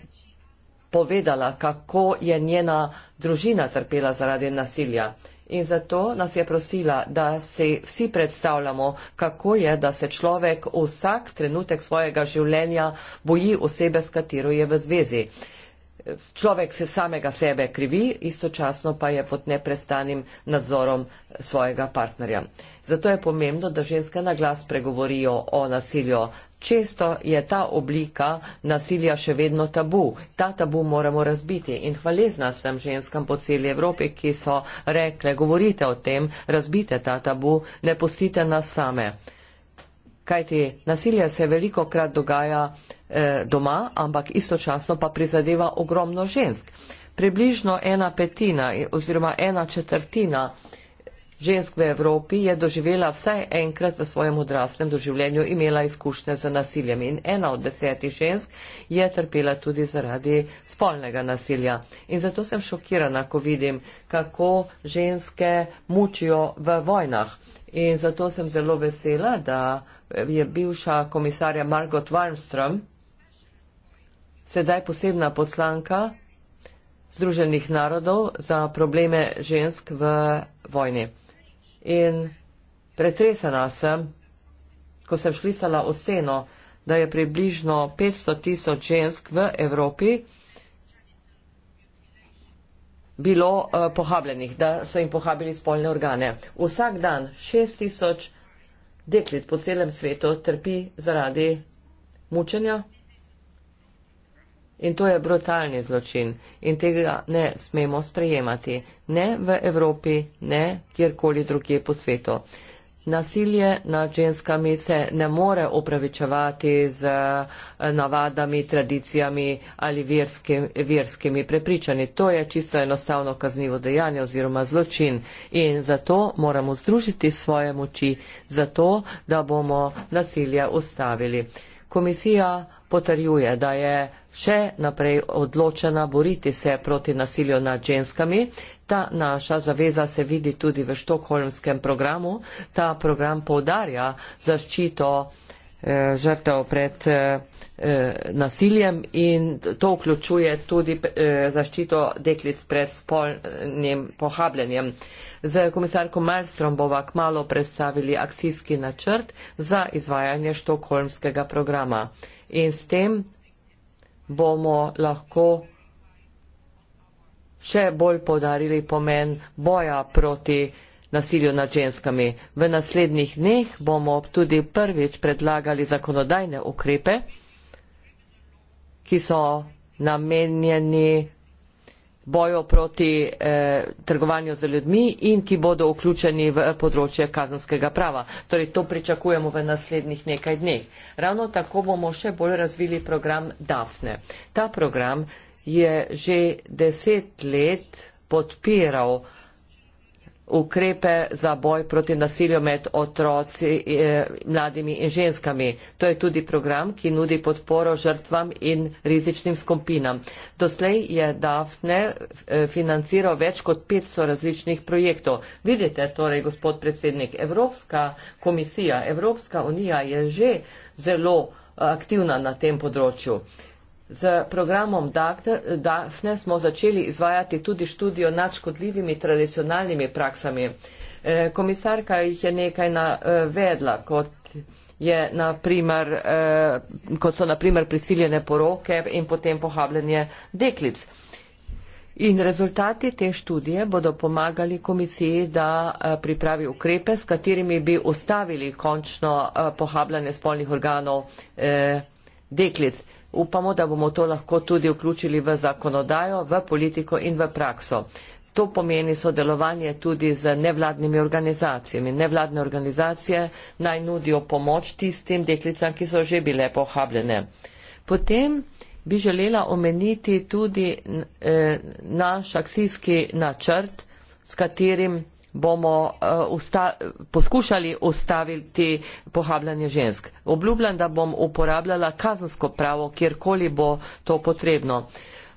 S5: povedala, kako je njena družina trpela zaradi nasilja. In zato nas je prosila, da si vsi predstavljamo, kako je, da se človek vsak trenutek svojega življenja boji osebe, s katero je v zvezi. Človek se samega sebe krivi, istočasno pa je pod neprestanim nadzorom svojega partnerja. Zato je pomembno, da ženske na glas pregovorijo o nasilju Često je ta oblika nasilja še vedno tabu. Ta tabu moramo razbiti in hvaležna sem ženskam po celi Evropi, ki so rekle, govorite o tem, razbite ta tabu, ne pustite nas same. Kajti nasilje se veliko krat dogaja eh, doma, ampak istočasno pa prizadeva ogromno žensk. Približno ena petina oziroma ena četrtina eh, Žensk v Evropi je doživela vsaj enkrat v svojem odraslem doživljenju imela izkušnje z nasiljem in ena od desetih žensk je trpela tudi zaradi spolnega nasilja. In zato sem šokirana, ko vidim, kako ženske mučijo v vojnah. In zato sem zelo vesela, da je bivša komisarja Margot Warmström, sedaj posebna poslanka. Združenih narodov za probleme žensk v vojni. In pretresena sem, ko sem šlisala oceno, da je približno 500 tisoč žensk v Evropi bilo uh, pohabljenih, da so jim pohabili spolne organe. Vsak dan 6 tisoč deklic po celem svetu trpi zaradi mučenja, In to je brutalni zločin in tega ne smemo sprejemati, ne v Evropi, ne kjerkoli drugje po svetu. Nasilje nad ženskami se ne more opravičevati z eh, navadami, tradicijami ali verskimi, verskimi prepričani. To je čisto enostavno kaznivo dejanje oziroma zločin. In zato moramo združiti svoje moči, zato da bomo nasilje ustavili. Komisija potrjuje, da je še naprej odločena boriti se proti nasilju nad ženskami. Ta naša zaveza se vidi tudi v štokholmskem programu. Ta program povdarja zaščito eh, žrtev pred eh, eh, nasiljem in to vključuje tudi eh, zaščito deklic pred spolnim pohabljanjem. Z komisarko Malstrom bova kmalo predstavili akcijski načrt za izvajanje štokholmskega programa. In s tem bomo lahko še bolj podarili pomen boja proti nasilju nad ženskami. V naslednjih dneh bomo tudi prvič predlagali zakonodajne ukrepe, ki so namenjeni boju proti eh, trgovanju z ljudmi in ki bodo vključeni v področje kazanskega prava. Torej, to pričakujemo v naslednjih nekaj dneh. Ravno tako bomo še bolj razvili program DAFNE. Ta program je že deset let podpiral ukrepe za boj proti nasilju med otroci, eh, mladimi in ženskami. To je tudi program, ki nudi podporo žrtvam in rizičnim skupinam. Doslej je Dafne eh, financiral več kot 500 različnih projektov. Vidite, torej, gospod predsednik, Evropska komisija, Evropska unija je že zelo aktivna na tem področju. Z programom DAFNE smo začeli izvajati tudi študijo nad škodljivimi tradicionalnimi praksami. E, komisarka jih je nekaj navedla, kot, je, naprimer, e, kot so naprimer prisiljene poroke in potem pohabljanje deklic. In rezultati te študije bodo pomagali komisiji, da e, pripravi ukrepe, s katerimi bi ustavili končno pohabljanje spolnih organov deklic upamo, da bomo to lahko tudi vključili v zakonodajo, v politiko in v prakso. To pomeni sodelovanje tudi z nevladnimi organizacijami. Nevladne organizacije naj nudijo pomoč tistim deklicam, ki so že bile pohabljene. Potem bi želela omeniti tudi eh, naš akcijski načrt, s katerim bomo uh, usta poskušali ustaviti pohabljanje žensk. Obljubljam, da bom uporabljala kazensko pravo, kjerkoli bo to potrebno.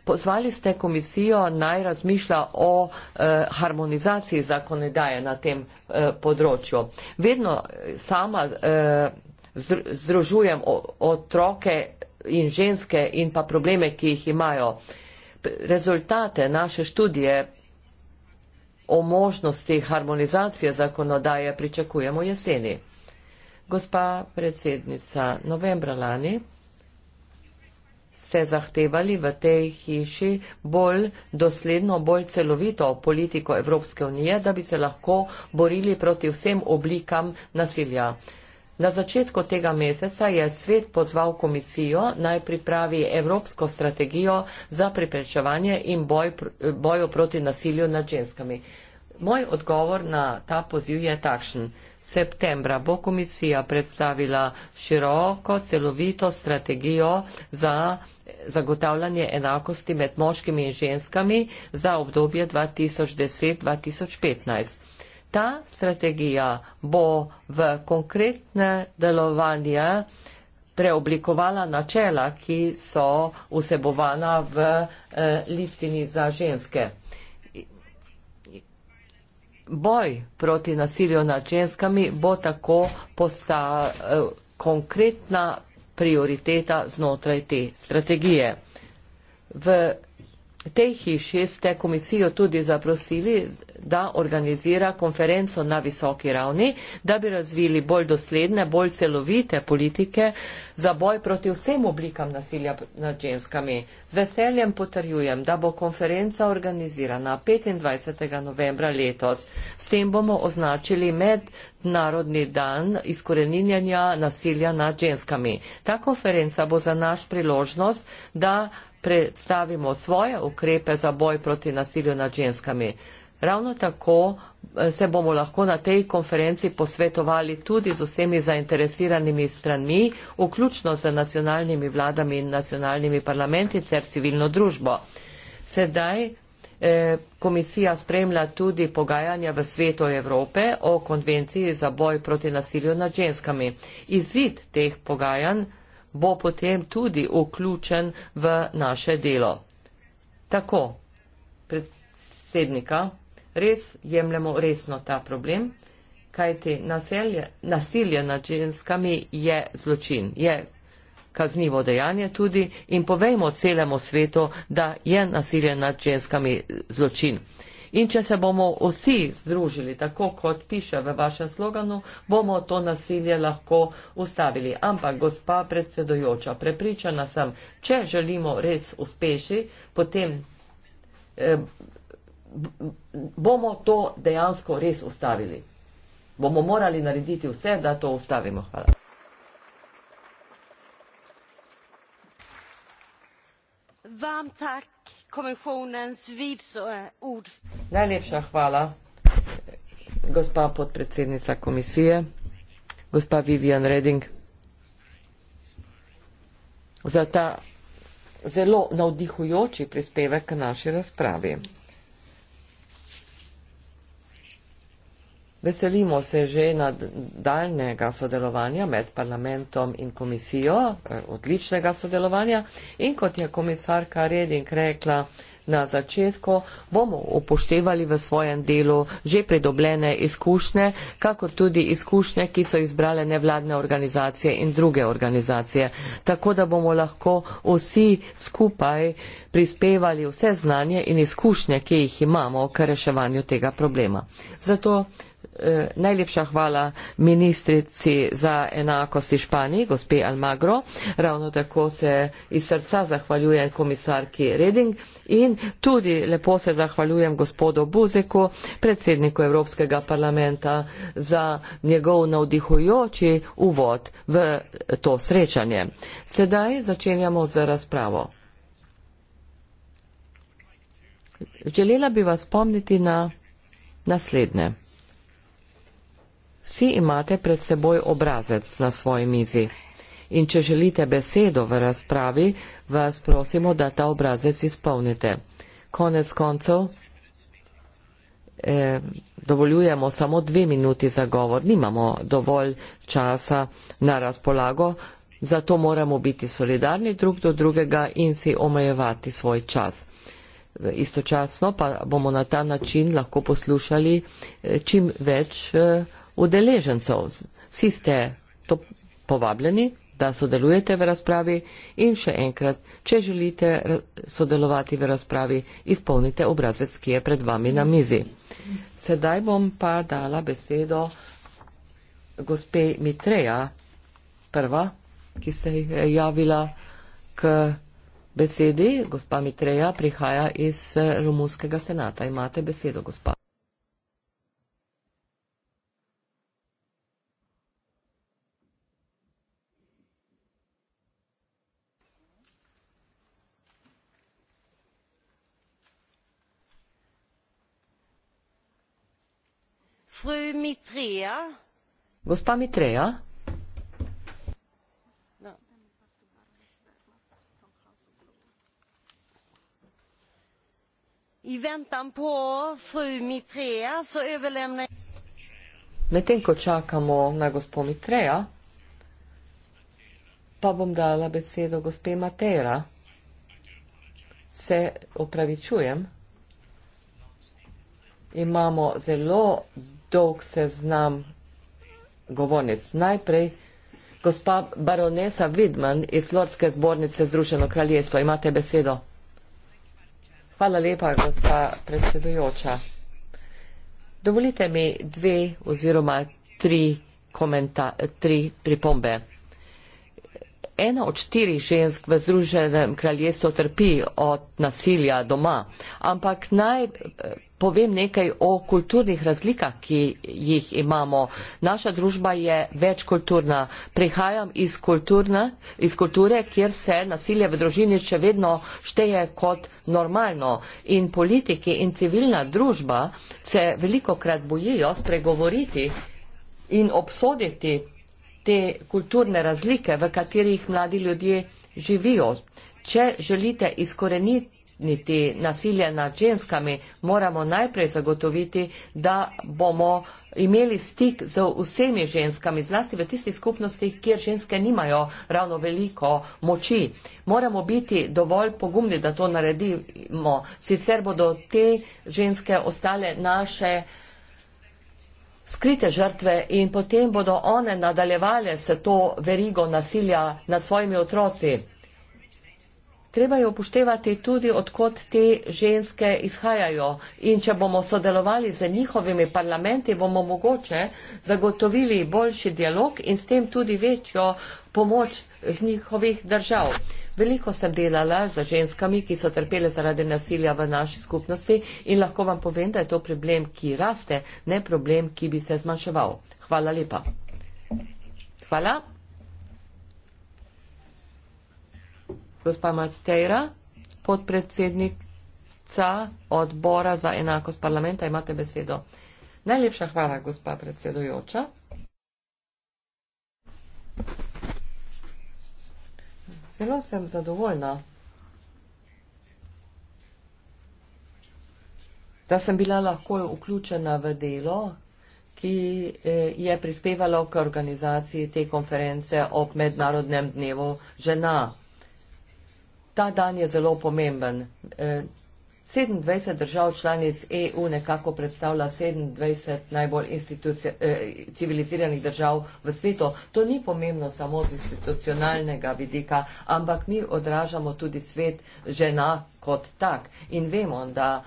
S5: Pozvali ste komisijo naj razmišlja o eh, harmonizaciji zakonodaje na tem eh, področju. Vedno sama eh, združujem otroke in ženske in pa probleme, ki jih imajo. Rezultate naše študije o možnosti harmonizacije zakonodaje pričakujemo jeseni. Gospa predsednica, novembra lani ste zahtevali v tej hiši bolj dosledno, bolj celovito politiko Evropske unije, da bi se lahko borili proti vsem oblikam nasilja. Na začetku tega meseca je svet pozval komisijo naj pripravi evropsko strategijo za preprečevanje in boj, bojo proti nasilju nad ženskami. Moj odgovor na ta poziv je takšen. Septembra bo komisija predstavila široko, celovito strategijo za zagotavljanje enakosti med moškimi in ženskami za obdobje 2010-2015 ta strategija bo v konkretne delovanje preoblikovala načela, ki so vsebovana v eh, listini za ženske. Boj proti nasilju nad ženskami bo tako postala eh, konkretna prioriteta znotraj te strategije. V tej hiši ste komisijo tudi zaprosili da organizira konferenco na visoki ravni, da bi razvili bolj dosledne, bolj celovite politike za boj proti vsem oblikam nasilja nad ženskami. Z veseljem potrjujem, da bo konferenca organizirana 25. novembra letos. S tem bomo označili mednarodni dan izkoreninjanja nasilja nad ženskami. Ta konferenca bo za naš priložnost, da predstavimo svoje ukrepe za boj proti nasilju nad ženskami. Ravno tako eh, se bomo lahko na tej konferenci posvetovali tudi z vsemi zainteresiranimi stranmi, vključno z nacionalnimi vladami in nacionalnimi parlamenti ter civilno družbo. Sedaj eh, Komisija spremlja tudi pogajanja v svetu Evrope o konvenciji za boj proti nasilju nad ženskami. Izid teh pogajanj bo potem tudi vključen v naše delo. Tako, predsednika res jemljemo resno ta problem, kajti naselje, nasilje nad ženskami je zločin, je kaznivo dejanje tudi in povejmo celemu svetu, da je nasilje nad ženskami zločin. In če se bomo vsi združili, tako kot piše v vašem sloganu, bomo to nasilje lahko ustavili. Ampak, gospa predsedojoča, prepričana sem, če želimo res uspeši, potem eh, bomo to dejansko res ustavili. Bomo morali narediti vse, da to ustavimo. Hvala.
S2: Vam tak komisijonens vidsoe ud.
S5: Najlepša hvala, gospa podpredsednica komisije, gospa Vivian Reding, za ta zelo navdihujoči prispevek k naši razpravi. Veselimo se že nadaljnega sodelovanja med parlamentom in komisijo, eh, odličnega sodelovanja in kot je komisarka Reding rekla na začetku, bomo upoštevali v svojem delu že pridobljene izkušnje, kakor tudi izkušnje, ki so izbrale nevladne organizacije in druge organizacije, tako da bomo lahko vsi skupaj prispevali vse znanje in izkušnje, ki jih imamo k reševanju tega problema. Zato Eh, najlepša hvala ministrici za enakosti Španiji, gospe Almagro. Ravno tako se iz srca zahvaljujem komisarki Reding in tudi lepo se zahvaljujem gospodu Buzeku, predsedniku Evropskega parlamenta, za njegov navdihujoči uvod v to srečanje. Sedaj začenjamo z razpravo. Želela bi vas spomniti na naslednje. Vsi imate pred seboj obrazec na svoji mizi. In če želite besedo v razpravi, vas prosimo, da ta obrazec izpolnite. Konec koncev, eh, dovoljujemo samo dve minuti za govor. Nimamo dovolj časa na razpolago, zato moramo biti solidarni drug do drugega in si omejevati svoj čas. Istočasno pa bomo na ta način lahko poslušali eh, čim več. Eh, udeležencev. Vsi ste to povabljeni, da sodelujete v razpravi in še enkrat, če želite sodelovati v razpravi, izpolnite obrazec, ki je pred vami na mizi. Sedaj bom pa dala besedo gospe Mitreja, prva, ki se je javila k besedi. Gospa Mitreja prihaja iz eh, Romunskega senata. Imate besedo, gospa.
S2: fru Mitrea.
S5: Gospa Mitrea.
S2: No. I väntan på fru Mitrea så överlämnar jag...
S5: Medtem ko čakamo na gospod Mitreja, pa bom dala besedo gospe Matera. Se opravičujem. Imamo zelo dolg seznam govornic. Najprej gospa baronesa Vidman iz Lordske zbornice Združeno kraljestvo. Imate besedo. Hvala lepa, gospa predsedujoča. Dovolite mi dve oziroma tri, komenta, tri pripombe ena od štirih žensk v Združenem kraljestvu trpi od nasilja doma. Ampak naj eh, povem nekaj o kulturnih razlikah, ki jih imamo. Naša družba je večkulturna. Prihajam iz, kulturne, iz kulture, kjer se nasilje v družini še vedno šteje kot normalno. In politiki in civilna družba se veliko krat bojijo spregovoriti in obsoditi te kulturne razlike, v katerih mladi ljudje živijo. Če želite izkoreniti nasilje nad ženskami, moramo najprej zagotoviti, da bomo imeli stik z vsemi ženskami, zlasti v tistih skupnostih, kjer ženske nimajo ravno veliko moči. Moramo biti dovolj pogumni, da to naredimo, sicer bodo te ženske ostale naše skrite žrtve in potem bodo one nadaljevale se to verigo nasilja nad svojimi otroci. Treba je upoštevati tudi, odkot te ženske izhajajo in če bomo sodelovali z njihovimi parlamenti, bomo mogoče zagotovili boljši dialog in s tem tudi večjo pomoč z njihovih držav. Veliko sem delala za ženskami, ki so trpele zaradi nasilja v naši skupnosti in lahko vam povem, da je to problem, ki raste, ne problem, ki bi se zmanjševal. Hvala lepa. Hvala. Gospa Matejra, podpredsednica odbora za enakost parlamenta, imate besedo. Najlepša hvala, gospa predsedujoča. Zelo sem zadovoljna, da sem bila lahko vključena v delo, ki eh, je prispevalo k organizaciji te konference ob Mednarodnem dnevu žena. Ta dan je zelo pomemben. Eh, 27 držav članic EU nekako predstavlja 27 najbolj eh, civiliziranih držav v svetu. To ni pomembno samo z institucionalnega vidika, ampak mi odražamo tudi svet žena kot tak in vemo, da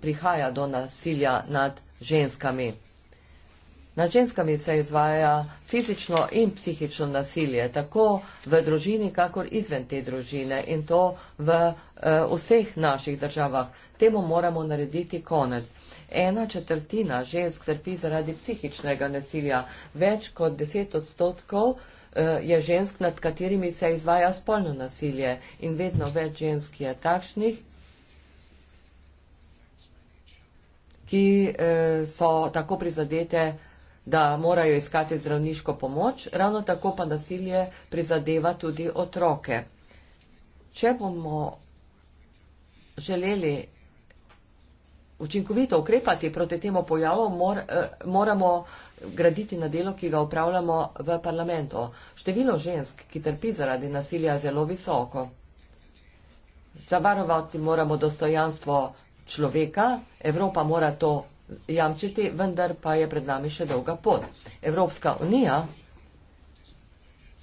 S5: prihaja do nasilja nad ženskami. Nad ženskami se izvaja fizično in psihično nasilje, tako v družini, kakor izven te družine in to v uh, vseh naših državah. Temu moramo narediti konec. Ena četrtina žensk trpi zaradi psihičnega nasilja, več kot deset odstotkov eh, je žensk, nad katerimi se izvaja spolno nasilje in vedno več žensk je takšnih, ki eh, so tako prizadete da morajo iskati zdravniško pomoč, ravno tako pa nasilje prizadeva tudi otroke. Če bomo želeli učinkovito ukrepati proti temu pojavu, mor, eh, moramo graditi na delo, ki ga upravljamo v parlamentu. Število žensk, ki trpi zaradi nasilja, je zelo visoko. Zavarovati moramo dostojanstvo človeka, Evropa mora to jamčiti, vendar pa je pred nami še dolga pot. Evropska unija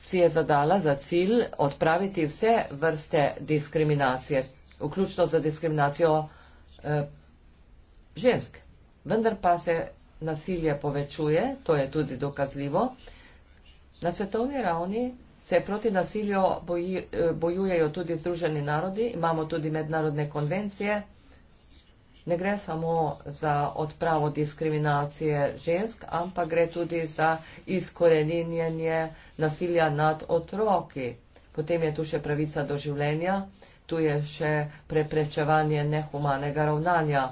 S5: si je zadala za cilj odpraviti vse vrste diskriminacije, vključno za diskriminacijo eh, žensk. Vendar pa se nasilje povečuje, to je tudi dokazljivo. Na svetovni ravni se proti nasilju boji, eh, bojujejo tudi Združeni narodi, imamo tudi mednarodne konvencije ne gre samo za odpravo diskriminacije žensk, ampak gre tudi za izkoreninjenje nasilja nad otroki. Potem je tu še pravica do življenja, tu je še preprečevanje nehumanega ravnanja.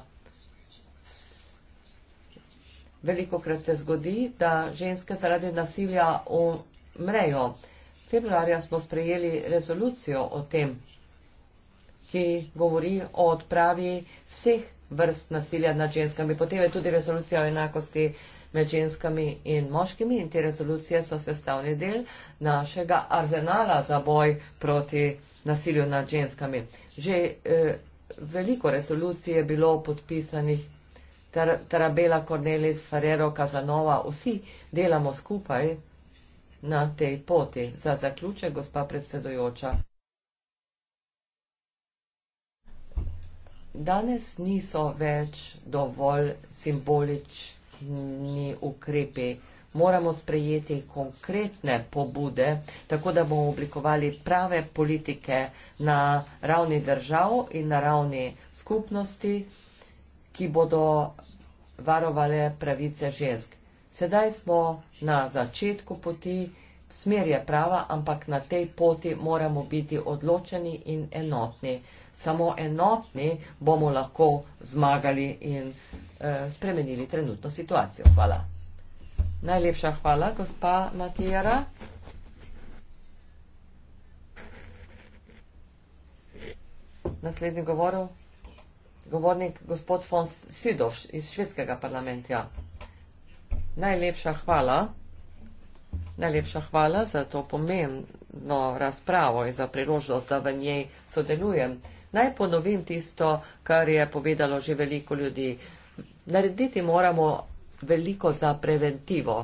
S5: Veliko krat se zgodi, da ženske zaradi nasilja umrejo. Februarja smo sprejeli rezolucijo o tem, ki govori o odpravi vseh vrst nasilja nad ženskami. Potem je tudi resolucija o enakosti med ženskami in moškimi in te resolucije so sestavni del našega arzenala za boj proti nasilju nad ženskami. Že eh, veliko resolucij je bilo podpisanih. Tarabela, Cornelis, Ferrero, Kazanova, vsi delamo skupaj na tej poti. Za zaključek, gospa predsedujoča. danes niso več dovolj simbolični ukrepi. Moramo sprejeti konkretne pobude, tako da bomo oblikovali prave politike na ravni držav in na ravni skupnosti, ki bodo varovale pravice žensk. Sedaj smo na začetku poti, smer je prava, ampak na tej poti moramo biti odločeni in enotni samo enotni bomo lahko zmagali in eh, spremenili trenutno situacijo. Hvala. Najlepša hvala, gospa Matijara. Naslednji govoril, govornik gospod Fons Sidov iz švedskega parlamenta. Najlepša hvala. Najlepša hvala za to pomembno razpravo in za priložnost, da v njej sodelujem. Naj ponovim tisto, kar je povedalo že veliko ljudi. Narediti moramo veliko za preventivo.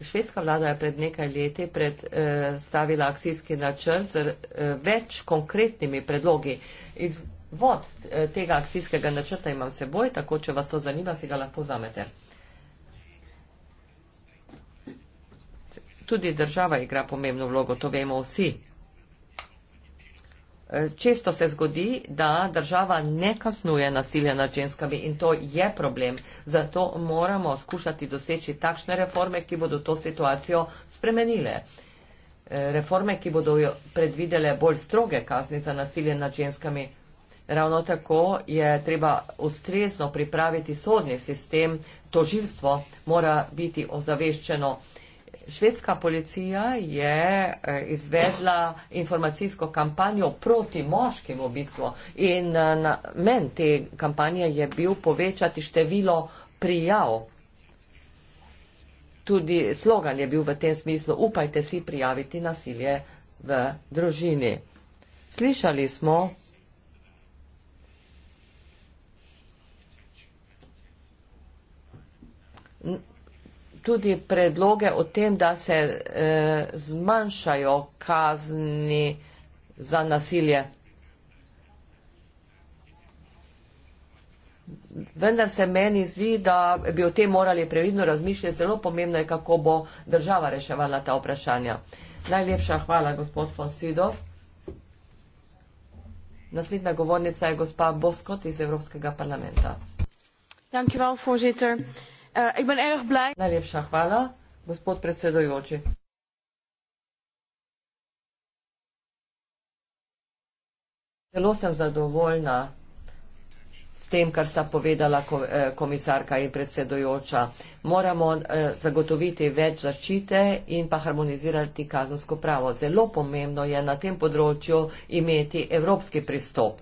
S5: Švedska vlada je pred nekaj leti predstavila eh, akcijski načrt z eh, več konkretnimi predlogi. Iz vod eh, tega akcijskega načrta imam seboj, tako če vas to zanima, si ga lahko zamete. Tudi država igra pomembno vlogo, to vemo vsi. Često se zgodi, da država ne kasnuje nasilja nad ženskami in to je problem. Zato moramo skušati doseči takšne reforme, ki bodo to situacijo spremenile. Reforme, ki bodo predvidele bolj stroge kazni za nasilje nad ženskami. Ravno tako je treba ustrezno pripraviti sodni sistem, tožilstvo mora biti ozaveščeno. Švedska policija je eh, izvedla informacijsko kampanjo proti moškim v bistvu in eh, namen te kampanje je bil povečati število prijav. Tudi slogan je bil v tem smislu, upajte si prijaviti nasilje v družini. Slišali smo. N tudi predloge o tem, da se eh, zmanjšajo kazni za nasilje. Vendar se meni zdi, da bi o tem morali previdno razmišljati. Zelo pomembno je, kako bo država reševala ta vprašanja. Najlepša hvala, gospod Fonsidov. Naslednja govornica je gospa Boskot iz Evropskega parlamenta. Thank you, well, Eh, ik ben erg blij. Najlepša hvala, gospod predsedojoči. Zelo sem zadovoljna s tem, kar sta povedala eh, komisarka in predsedojoča. Moramo eh, zagotoviti več zaščite in pa harmonizirati kazansko pravo. Zelo pomembno je na tem področju imeti evropski pristop.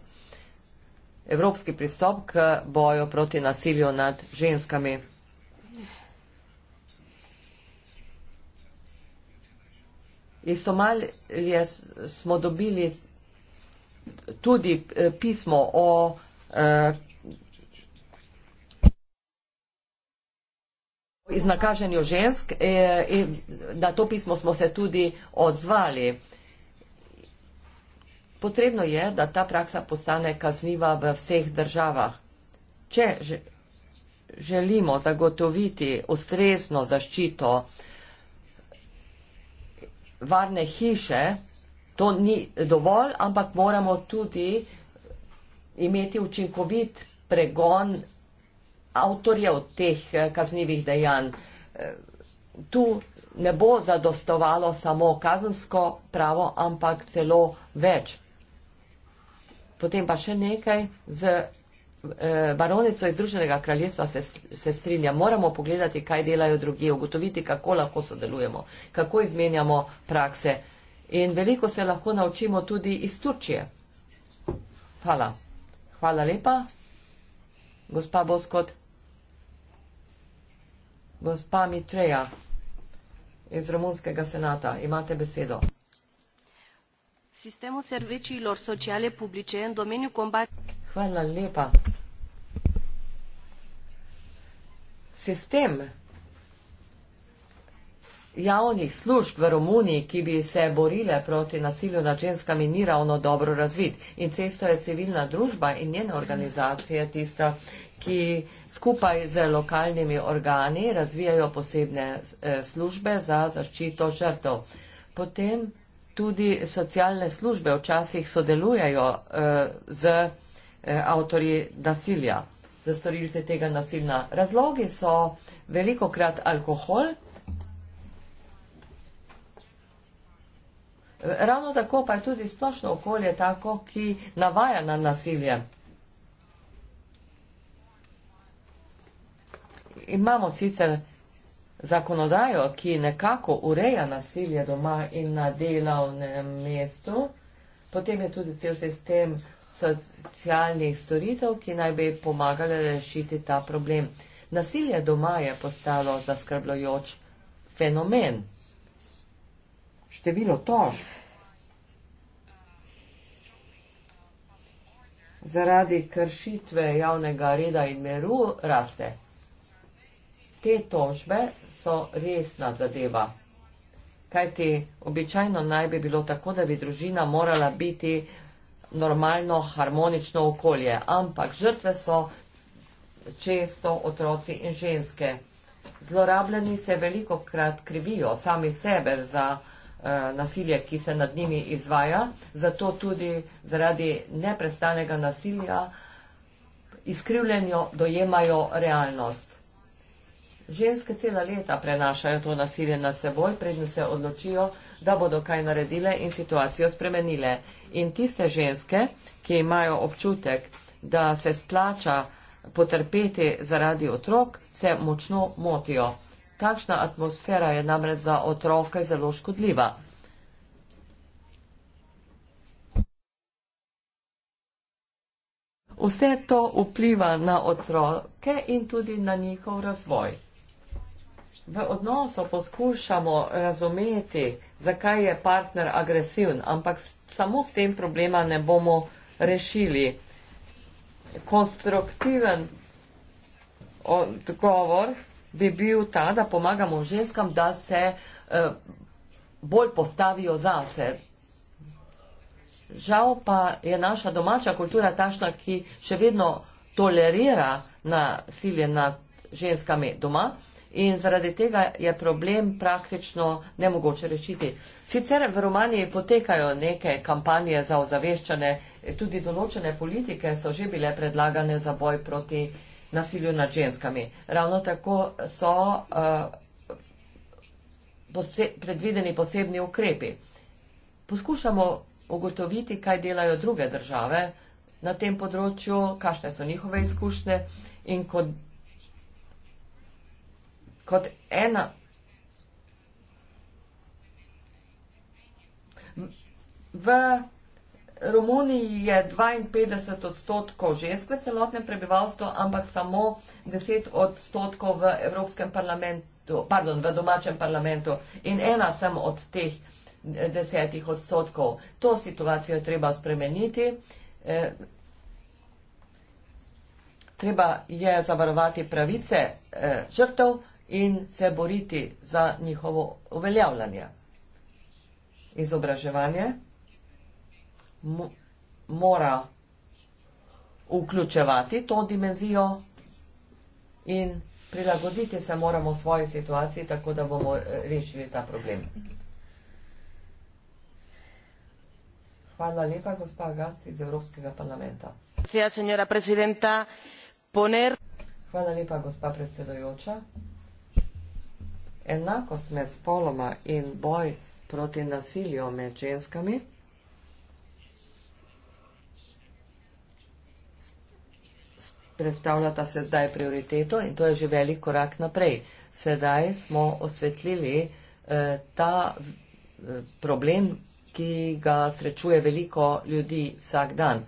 S5: Evropski pristop k boju proti nasilju nad ženskami. Iz Somalije smo dobili tudi eh, pismo o eh, iznakaženju žensk eh, in na to pismo smo se tudi odzvali. Potrebno je, da ta praksa postane kazniva v vseh državah. Če želimo zagotoviti ustrezno zaščito, varne hiše, to ni dovolj, ampak moramo tudi imeti učinkovit pregon avtorjev teh eh, kaznjivih dejanj. Eh, tu ne bo zadostovalo samo kazensko pravo, ampak celo več. Potem pa še nekaj z Eh, baronico iz Združenega kraljestva se, se strinja, moramo pogledati, kaj delajo drugi, ugotoviti, kako lahko sodelujemo, kako izmenjamo prakse. In veliko se lahko naučimo tudi iz Turčije. Hvala. Hvala lepa, gospa Boskot. Gospa Mitreja iz Romunskega senata, imate besedo.
S1: Sistemo servicii lor sociale publice în domeniul combat.
S5: Hvala lepa. Sistem javnih služb v Romuniji, ki bi se borile proti nasilju nad ženskami, ni ravno dobro razvit. In cesto je civilna družba in njena organizacija tista, ki skupaj z lokalnimi organi razvijajo posebne eh, službe za zaščito žrtov. Potem tudi socialne službe včasih sodelujajo eh, z. Eh, eh, avtori nasilja. Za storilce tega nasilna razlogi so veliko krat alkohol, ravno tako pa je tudi splošno okolje tako, ki navaja na nasilje. Imamo sicer zakonodajo, ki nekako ureja nasilje doma in na delovnem mestu, potem je tudi cel sistem socialnih storitev, ki naj bi pomagale rešiti ta problem. Nasilje doma je postalo zaskrbljujoč fenomen. Število tožb. Zaradi kršitve javnega reda in meru raste. Te tožbe so resna zadeva. Kajti običajno naj bi bilo tako, da bi družina morala biti normalno, harmonično okolje, ampak žrtve so često otroci in ženske. Zlorabljeni se veliko krat krivijo sami sebe za eh, nasilje, ki se nad njimi izvaja, zato tudi zaradi neprestanega nasilja izkrivljenjo dojemajo realnost. Ženske cela leta prenašajo to nasilje nad seboj, predn se odločijo, da bodo kaj naredile in situacijo spremenile. In tiste ženske, ki imajo občutek, da se splača potrpeti zaradi otrok, se močno motijo. Takšna atmosfera je namreč za otroke zelo škodljiva. Vse to vpliva na otroke in tudi na njihov razvoj v odnosu poskušamo razumeti, zakaj je partner agresiven, ampak samo s tem problema ne bomo rešili. Konstruktiven odgovor bi bil ta, da pomagamo ženskam, da se eh, bolj postavijo zase. Žal pa je naša domača kultura tašna, ki še vedno tolerira nasilje nad ženskami doma. In zaradi tega je problem praktično nemogoče rešiti. Sicer v Romaniji potekajo neke kampanje za ozaveščanje, tudi določene politike so že bile predlagane za boj proti nasilju nad ženskami. Ravno tako so uh, eh, pose predvideni posebni ukrepi. Poskušamo ugotoviti, kaj delajo druge države na tem področju, kakšne so njihove izkušnje in kot kot ena. V Romuniji je 52 odstotkov žensk v celotnem prebivalstvu, ampak samo 10 odstotkov v Evropskem parlamentu, pardon, v domačem parlamentu in ena sem od teh desetih odstotkov. To situacijo je treba spremeniti. Eh, treba je zavarovati pravice eh, žrtev in se boriti za njihovo uveljavljanje. Izobraževanje mora vključevati to dimenzijo in prilagoditi se moramo svoji situaciji, tako da bomo eh, rešili ta problem. Hvala lepa, gospa Gas iz Evropskega parlamenta. Hvala lepa, gospa predsedojoča enakost med spoloma in boj proti nasilju med ženskami. Predstavljata se zdaj prioriteto in to je že velik korak naprej. Sedaj smo osvetlili eh, ta eh, problem, ki ga srečuje veliko ljudi vsak dan.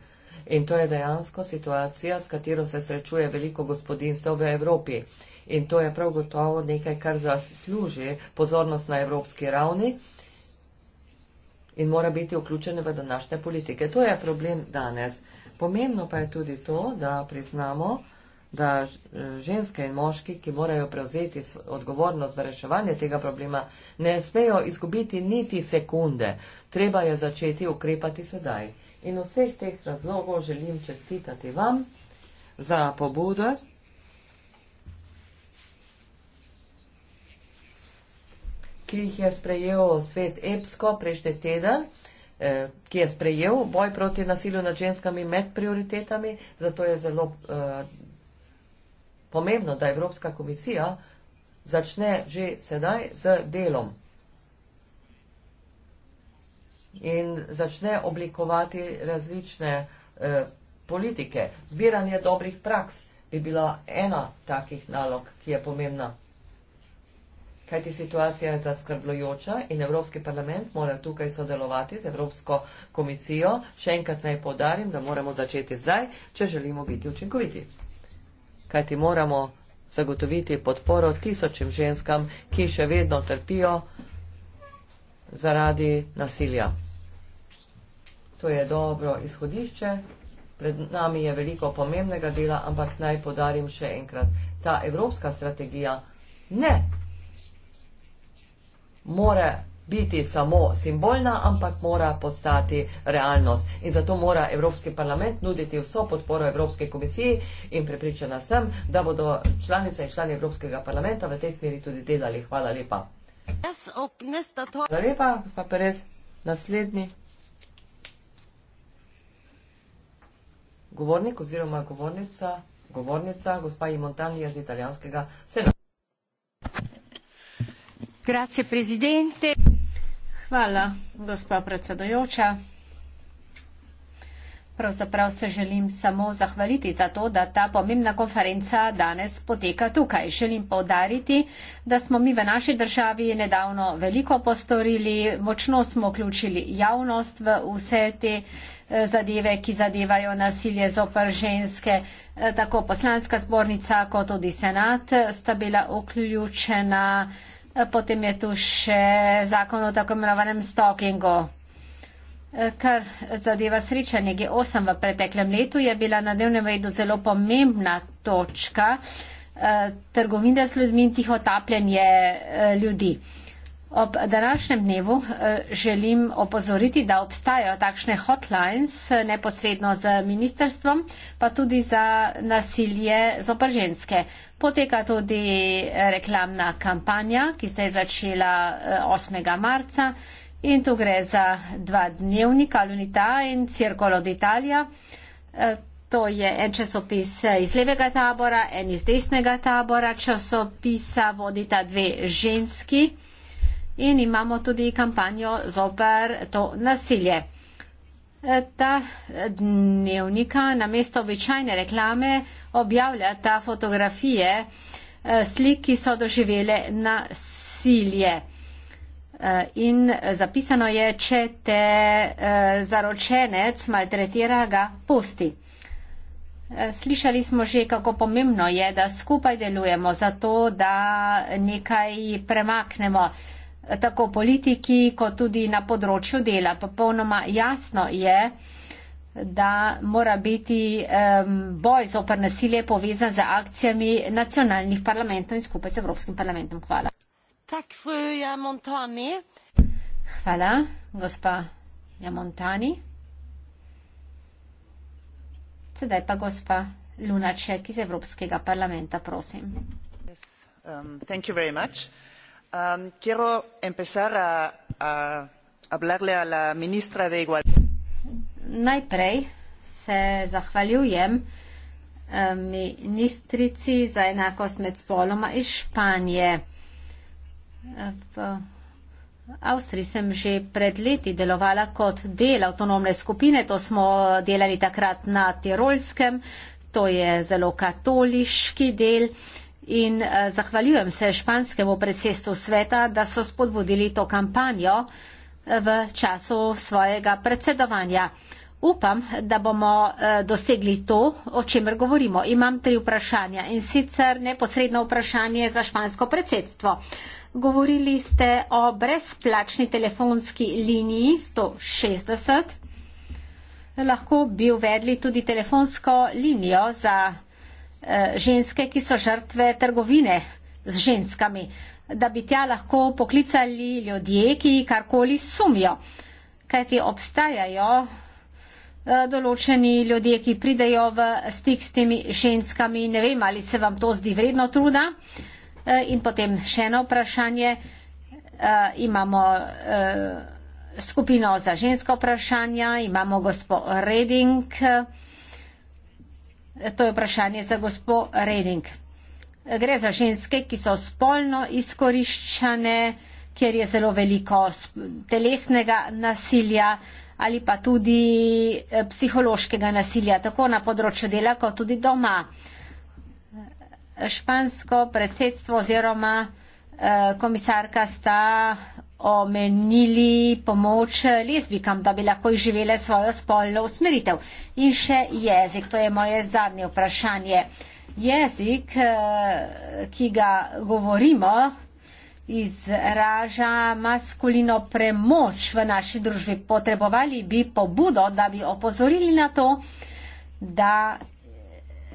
S5: In to je dejansko situacija, s katero se srečuje veliko gospodinstva v Evropi in to je prav gotovo nekaj, kar zasluži pozornost na evropski ravni in mora biti vključene v današnje politike. To je problem danes. Pomembno pa je tudi to, da priznamo, da ženske in moški, ki morajo prevzeti odgovornost za reševanje tega problema, ne smejo izgubiti niti sekunde. Treba je začeti ukrepati sedaj. In vseh teh razlogov želim čestitati vam za pobudo. ki jih je sprejel svet EPSKO prejšnji teden, eh, ki je sprejel boj proti nasilju nad ženskami med prioritetami. Zato je zelo eh, pomembno, da Evropska komisija začne že sedaj z delom in začne oblikovati različne eh, politike. Zbiranje dobrih praks bi bila ena takih nalog, ki je pomembna kajti situacija je zaskrbljujoča in Evropski parlament mora tukaj sodelovati z Evropsko komisijo. Še enkrat naj podarim, da moramo začeti zdaj, če želimo biti učinkoviti. Kajti moramo zagotoviti podporo tisočim ženskam, ki še vedno trpijo zaradi nasilja. To je dobro izhodišče. Pred nami je veliko pomembnega dela, ampak naj podarim še enkrat. Ta evropska strategija ne more biti samo simbolna, ampak mora postati realnost. In zato mora Evropski parlament nuditi vso podporo Evropske komisiji in prepričana sem, da bodo članice in člani Evropskega parlamenta v tej smeri tudi delali. Hvala lepa. Hvala lepa, pa Perez, naslednji govornik oziroma govornica, govornica, gospa Imontani iz italijanskega senata
S4: hvala gospa predsedujoča pravzaprav se želim samo zahvaliti za to da ta pomembna konferenca danes poteka tukaj želim poudariti da smo mi v naši državi nedavno veliko postorili močno smo vključili javnost v vse te eh, zadeve ki zadevajo nasilje zoper ženske eh, tako poslanska zbornica kot tudi senat eh, sta bila vključena Eh, potem je tu še zakon o tako imenovanem stalkingu. Eh, kar zadeva srečanje G8 v preteklem letu, je bila na dnevnem redu zelo pomembna točka eh, trgovine z ljudmi in tihotapljanje ljudi. Ob današnjem dnevu želim opozoriti, da obstajajo takšne hotlines neposredno z ministerstvom, pa tudi za nasilje zoper ženske. Poteka tudi eh, reklamna kampanja, ki se je začela 8. Eh, marca in tu gre za dva dnevnika Lunita in Circolo d'Italia. Eh, to je en časopis iz levega tabora, en iz desnega tabora. Časopisa vodita dve ženski in imamo tudi kampanjo zoper to nasilje ta dnevnika namesto običajne reklame objavljata fotografije eh, slik, ki so doživele nasilje. Eh, in zapisano je, če te eh, zaročenec maltretira, ga pusti. Slišali smo že, kako pomembno je, da skupaj delujemo za to, da nekaj premaknemo tako politiki, kot tudi na področju dela. Popolnoma jasno je, da mora biti um, boj z opr nasilje povezan z akcijami nacionalnih parlamentov in skupaj z Evropskim parlamentom. Hvala. Tak, Hvala, gospa Jamontani. Sedaj pa gospa Lunaček iz Evropskega parlamenta, prosim.
S6: Yes. Um, quiero empezar a, a hablarle a la ministra de Igualdad.
S4: Najprej se zahvaljujem eh, ministrici za enakost med spoloma iz Španije. V Avstriji sem že pred leti delovala kot del avtonomne skupine, to smo delali takrat na Tirolskem, to je zelo katoliški del in eh, zahvaljujem se španskemu predsedstvu sveta, da so spodbudili to kampanjo eh, v času svojega predsedovanja. Upam, da bomo eh, dosegli to, o čemer govorimo. Imam tri vprašanja in sicer neposredno vprašanje za špansko predsedstvo. Govorili ste o brezplačni telefonski liniji 160. Lahko bi uvedli tudi telefonsko linijo za Eh, ženske, ki so žrtve trgovine z ženskami, da bi tja lahko poklicali ljudje, ki karkoli sumijo, kajti obstajajo eh, določeni ljudje, ki pridejo v stik s temi ženskami. Ne vem, ali se vam to zdi vredno truda. Eh, in potem še eno vprašanje. Imamo skupino za ženska vprašanja, imamo gospod Reding. To je vprašanje za gospo Reding. Gre za ženske, ki so spolno izkoriščane, kjer je zelo veliko telesnega nasilja ali pa tudi eh, psihološkega nasilja, tako na področju dela, kot tudi doma. Špansko predsedstvo oziroma eh, komisarka sta omenili pomoč lezbikam, da bi lahko živele svojo spolno usmeritev. In še jezik, to je moje zadnje vprašanje. Jezik, eh, ki ga govorimo, izraža maskulino premoč v naši družbi. Potrebovali bi pobudo, da bi opozorili na to, da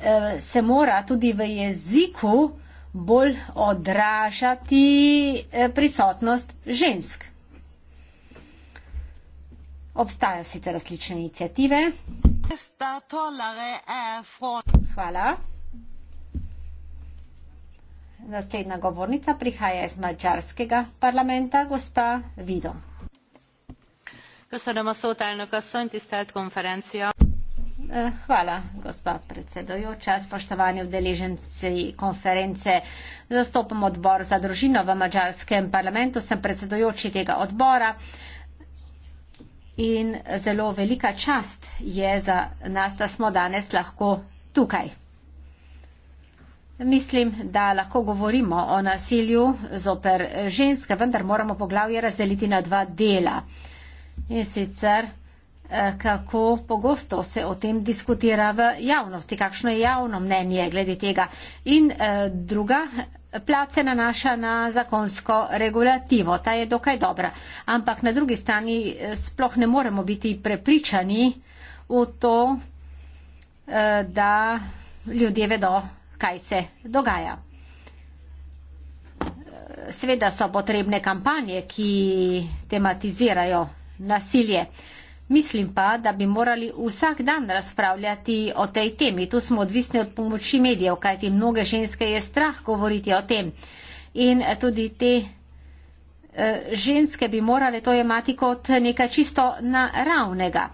S4: eh, se mora tudi v jeziku bolj odražati eh, prisotnost žensk. Obstajajo sicer različne inicijative. Hvala. Naslednja govornica prihaja iz mačarskega parlamenta, gospa Vido. Köszönöm a szót, elnök asszony, tisztelt konferencia. Eh, hvala, gospa predsedojoča. Spoštovani udeleženci konference, zastopam odbor za družino v mačarskem parlamentu, sem predsedojoči tega odbora in zelo velika čast je za nas, da smo danes lahko tukaj. Mislim, da lahko govorimo o nasilju zoper ženske, vendar moramo poglavje razdeliti na dva dela. In sicer Eh, kako pogosto se o tem diskutira v javnosti, kakšno je javno mnenje glede tega. In eh, druga plat se nanaša na zakonsko regulativo, ta je dokaj dobra, ampak na drugi strani eh, sploh ne moremo biti prepričani v to, da ljudje vedo, kaj se dogaja. Sveda so potrebne kampanje, ki tematizirajo nasilje. Mislim pa, da bi morali vsak dan razpravljati o tej temi. Tu smo odvisni od pomoči medijev, kajti mnoge ženske je strah govoriti o tem. In tudi te eh, ženske bi morale to imati kot nekaj čisto naravnega.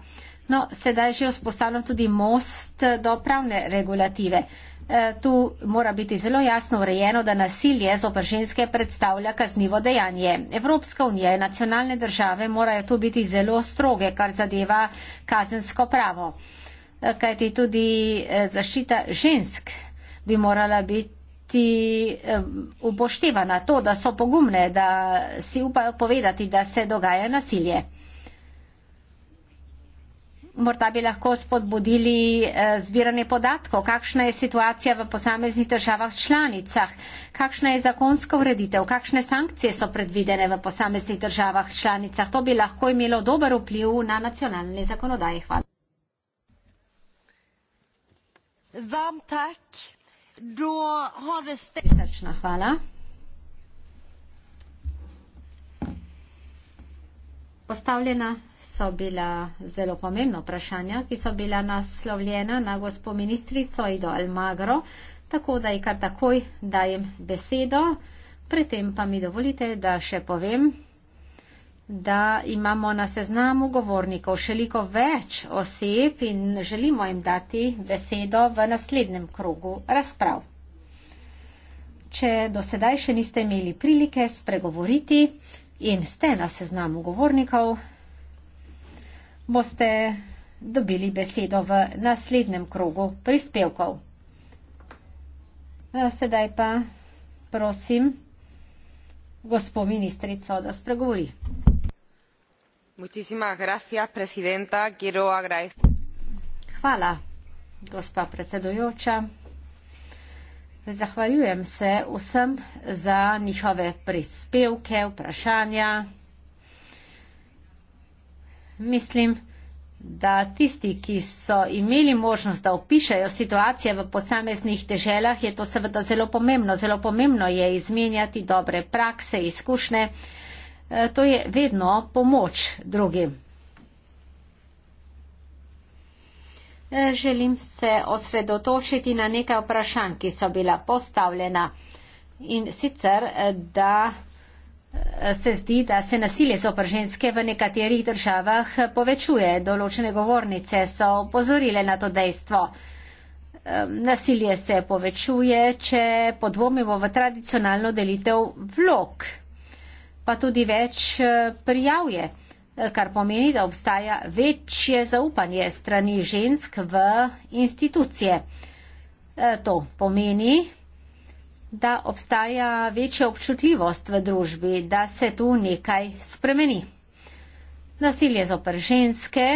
S4: No, sedaj je že vzpostavljen tudi most do pravne regulative. Eh, tu mora biti zelo jasno urejeno, da nasilje zoper ženske predstavlja kaznivo dejanje. Evropska unija in nacionalne države morajo tu biti zelo stroge, kar zadeva kazensko pravo. Eh, kajti tudi eh, zaščita žensk bi morala biti upoštevana to, da so pogumne, da si upajo povedati, da se dogaja nasilje morda bi lahko spodbudili eh, zbiranje podatkov, kakšna je situacija v posameznih državah članicah, kakšna je zakonska ureditev, kakšne sankcije so predvidene v posameznih državah članicah. To bi lahko imelo dober vpliv na nacionalne zakonodaje. Hvala.
S2: Vam tak, do
S4: hodeste. Srečna hvala. Postavljena so bila zelo pomembna vprašanja, ki so bila naslovljena na gospo ministrico Ido Almagro, tako da ji kar takoj dajem besedo. Predtem pa mi dovolite, da še povem, da imamo na seznamu govornikov šeliko več oseb in želimo jim dati besedo v naslednjem krogu razprav. Če do sedaj še niste imeli prilike spregovoriti in ste na seznamu govornikov, boste dobili besedo v naslednjem krogu prispevkov. Sedaj pa prosim gospod ministrico, da spregovori. Hvala, gospa predsedujoča. Zahvaljujem se vsem za njihove prispevke, vprašanja. Mislim, da tisti, ki so imeli možnost, da opišajo situacije v posameznih teželah, je to seveda zelo pomembno. Zelo pomembno je izmenjati dobre prakse, izkušnje. E, to je vedno pomoč drugim. E, želim se osredotočiti na nekaj vprašanj, ki so bila postavljena. In sicer, e, da se zdi, da se nasilje zopr ženske v nekaterih državah povečuje. Določene govornice so opozorile na to dejstvo. Nasilje se povečuje, če podvomimo v tradicionalno delitev vlog, pa tudi več eh, prijav je, eh, kar pomeni, da obstaja večje zaupanje strani žensk v institucije. Eh, to pomeni, da obstaja večja občutljivost v družbi, da se tu nekaj spremeni. Nasilje zoper ženske,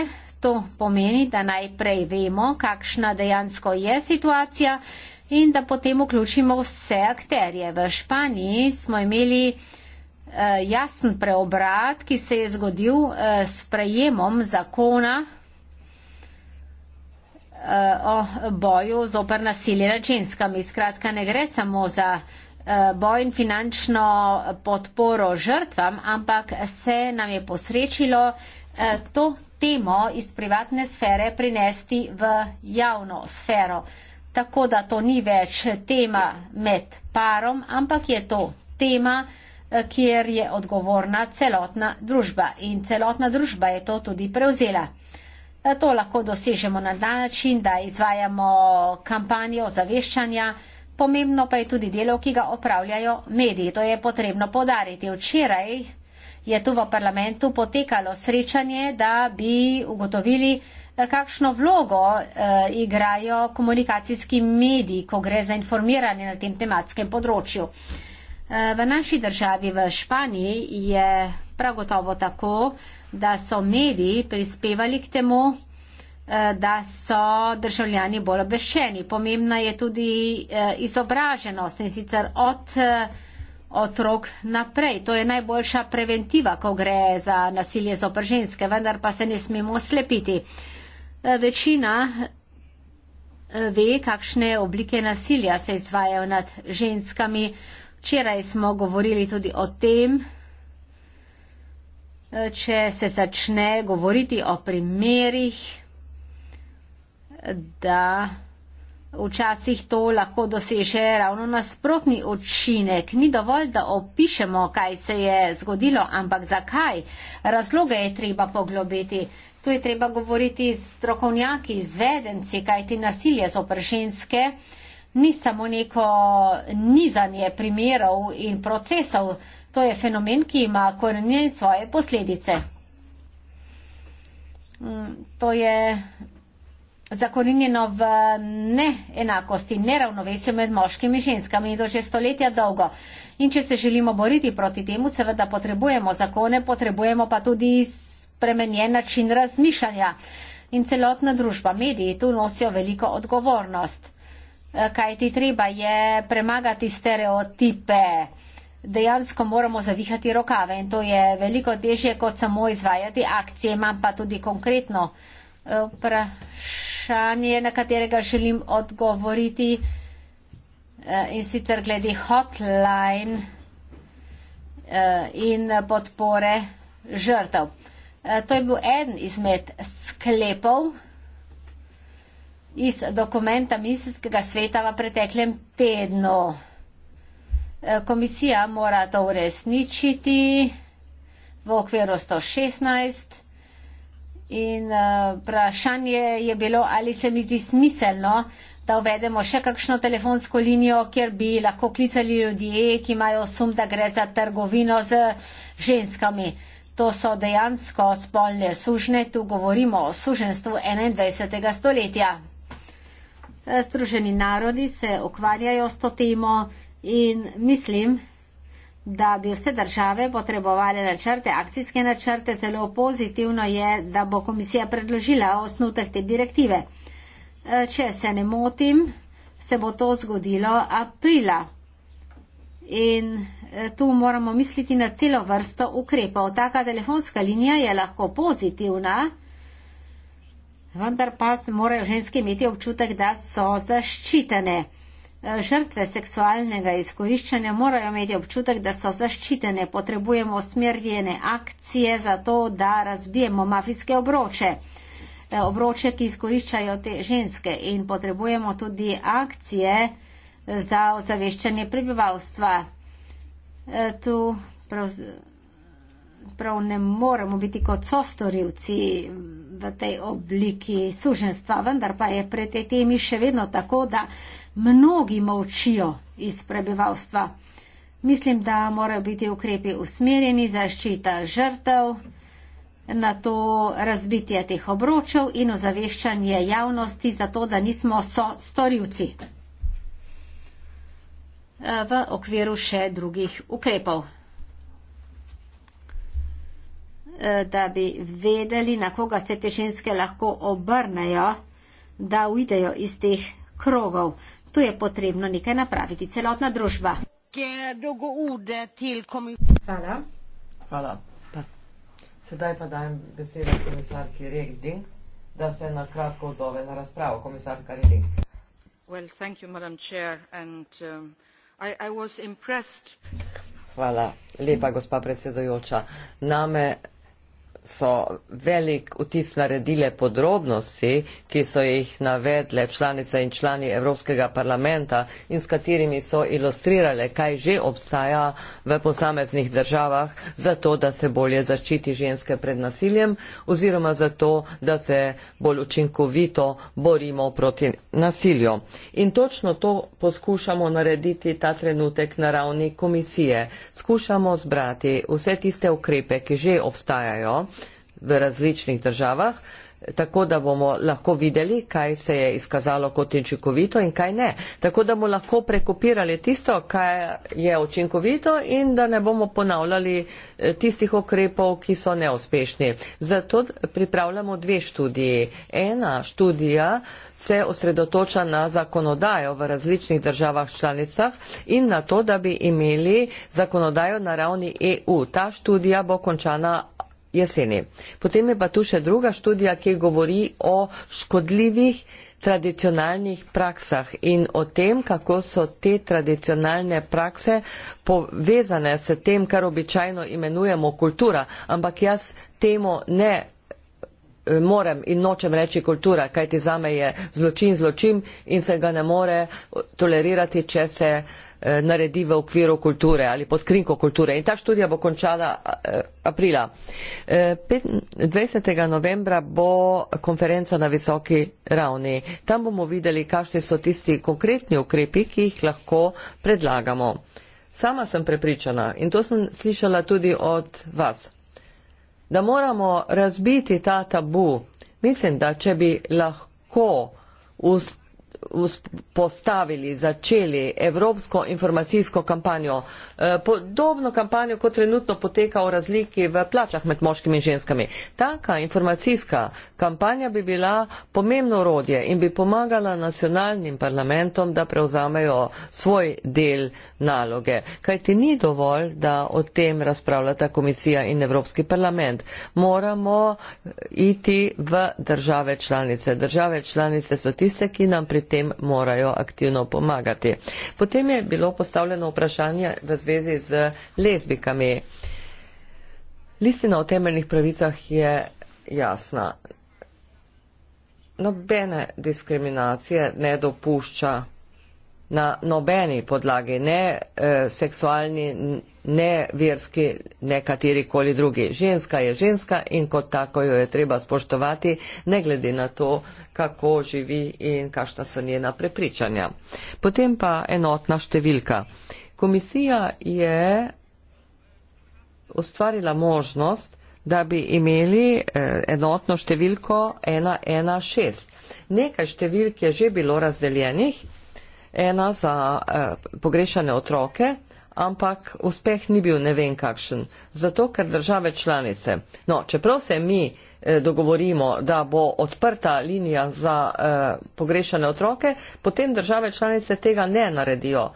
S4: to pomeni, da najprej vemo, kakšna dejansko je situacija in da potem vključimo vse akterje. V Španiji smo imeli eh, jasen preobrat, ki se je zgodil eh, s prejemom zakona Eh, o boju z opr nasilje nad ženskami. Skratka, ne gre samo za eh, boj in finančno podporo žrtvam, ampak se nam je posrečilo eh, to temo iz privatne sfere prinesti v javno sfero. Tako da to ni več tema med parom, ampak je to tema, kjer je odgovorna celotna družba. In celotna družba je to tudi prevzela. Eh, to lahko dosežemo na način, da izvajamo kampanjo zaveščanja. Pomembno pa je tudi delo, ki ga opravljajo mediji. To je potrebno podariti. Včeraj je tu v parlamentu potekalo srečanje, da bi ugotovili, eh, kakšno vlogo eh, igrajo komunikacijski mediji, ko gre za informiranje na tem tematskem področju. Eh, v naši državi, v Španiji, je prav gotovo tako da so mediji prispevali k temu, eh, da so državljani bolj obveščeni. Pomembna je tudi eh, izobraženost in sicer od eh, otrok naprej. To je najboljša preventiva, ko gre za nasilje z oprženske, vendar pa se ne smemo slepiti. Večina ve, kakšne oblike nasilja se izvajajo nad ženskami. Včeraj smo govorili tudi o tem, če se začne govoriti o primerih, da včasih to lahko doseže ravno nasprotni učinek. Ni dovolj, da opišemo, kaj se je zgodilo, ampak zakaj. Razloge je treba poglobiti. Tu je treba govoriti s strokovnjaki, z vedenci, kaj ti nasilje so pršinske. Ni samo neko nizanje primerov in procesov, To je fenomen, ki ima korenje in svoje posledice. Mm, to je zakorenjeno v neenakosti, neravnovesju med moškimi in ženskami in to že stoletja dolgo. In če se želimo boriti proti temu, seveda potrebujemo zakone, potrebujemo pa tudi spremenjen način razmišljanja. In celotna družba, mediji tu nosijo veliko odgovornost. E, Kaj ti treba je premagati stereotipe dejansko moramo zavihati rokave in to je veliko težje kot samo izvajati akcije. Imam pa tudi konkretno eh, vprašanje, na katerega želim odgovoriti eh, in sicer glede hotline eh, in podpore žrtev. To je bil en izmed sklepov iz dokumenta Misijskega sveta v preteklem tednu. Eh, komisija mora to uresničiti v okviru 116 in eh, vprašanje je bilo, ali se mi zdi smiselno, da uvedemo še kakšno telefonsko linijo, kjer bi lahko klicali ljudje, ki imajo sum, da gre za trgovino z ženskami. To so dejansko spolne sužne, tu govorimo o suženstvu 21. stoletja. Eh, Združeni narodi se ukvarjajo s to temo. In mislim, da bi vse države potrebovali načrte, akcijske načrte. Zelo pozitivno je, da bo komisija predložila osnutek te direktive. E, če se ne motim, se bo to zgodilo aprila. In e, tu moramo misliti na celo vrsto ukrepov. Taka telefonska linija je lahko pozitivna, vendar pa morajo ženske imeti občutek, da so zaščitene. Eh, žrtve seksualnega izkoriščanja morajo imeti občutek, da so zaščitene, potrebujemo usmerjene akcije za to, da razbijemo mafijske obroče, eh, obroče, ki izkoriščajo te ženske in potrebujemo tudi akcije eh, za ozaveščanje prebivalstva. Tu prav, prav ne moremo biti kot so storilci v tej obliki suženstva, vendar pa je pred temi še vedno tako, da mnogi molčijo iz prebivalstva. Mislim, da morajo biti ukrepi usmerjeni zaščita žrtev, na to razbitje teh obročev in ozaveščanje javnosti za to, da nismo so storilci v okviru še drugih ukrepov. Da bi vedeli, na koga se te ženske lahko obrnejo, da uidejo iz teh krogov tu je potrebno nekaj napraviti celotna družba. Hvala.
S5: Hvala. Sedaj pa dajem besedo komisarki Regding, da se na kratko odzove na razpravo. Komisarka Regding. Well, thank you, Madam Chair, and um, I, I was impressed. Hvala lepa, gospa predsedujoča. Name so velik vtis naredile podrobnosti, ki so jih navedle članice in člani Evropskega parlamenta in s katerimi so ilustrirale, kaj že obstaja v posameznih državah za to, da se bolje zaščiti ženske pred nasiljem oziroma za to, da se bolj učinkovito borimo proti nasilju. In točno to poskušamo narediti ta trenutek na ravni komisije. Skušamo zbrati vse tiste ukrepe, ki že obstajajo, v različnih državah, tako da bomo lahko videli, kaj se je izkazalo kot učinkovito in kaj ne. Tako da bomo lahko prekopirali tisto, kaj je učinkovito in da ne bomo ponavljali eh, tistih okrepov, ki so neuspešni. Zato pripravljamo dve študiji. Ena študija se osredotoča na zakonodajo v različnih državah članicah in na to, da bi imeli zakonodajo na ravni EU. Ta študija bo končana jeseni. Potem je pa tu še druga študija, ki govori o škodljivih tradicionalnih praksah in o tem, kako so te tradicionalne prakse povezane s tem, kar običajno imenujemo kultura. Ampak jaz temu ne eh, morem in nočem reči kultura, kajti zame je zločin zločin in se ga ne more tolerirati, če se Eh, naredi v okviru kulture ali pod krinko kulture. In ta študija bo končala eh, aprila. 20. Eh, novembra bo konferenca na visoki ravni. Tam bomo videli, kakšni so tisti konkretni ukrepi, ki jih lahko predlagamo. Sama sem prepričana in to sem slišala tudi od vas, da moramo razbiti ta tabu. Mislim, da če bi lahko ustavili postavili, začeli evropsko informacijsko kampanjo, e, podobno kampanjo, kot trenutno poteka o razliki v plačah med moškimi in ženskami. Taka informacijska kampanja bi bila pomembno orodje in bi pomagala nacionalnim parlamentom, da prevzamejo svoj del naloge. Kaj ti ni dovolj, da o tem razpravljata komisija in Evropski parlament? Moramo iti v države članice. Države članice so tiste, ki nam pri tem morajo aktivno pomagati. Potem je bilo postavljeno vprašanje v zvezi z lezbikami. Listina o temeljnih pravicah je jasna. Nobene diskriminacije ne dopušča na nobeni podlagi, ne eh, seksualni, ne verski, ne katerikoli drugi. Ženska je ženska in kot tako jo je treba spoštovati, ne glede na to, kako živi in kakšna so njena prepričanja. Potem pa enotna številka. Komisija je ustvarila možnost, da bi imeli eh, enotno številko 116. Nekaj številk je že bilo razdeljenih ena za eh, pogrešane otroke, ampak uspeh ni bil ne vem kakšen. Zato, ker države članice, no, čeprav se mi eh, dogovorimo, da bo odprta linija za eh, pogrešane otroke, potem države članice tega ne naredijo.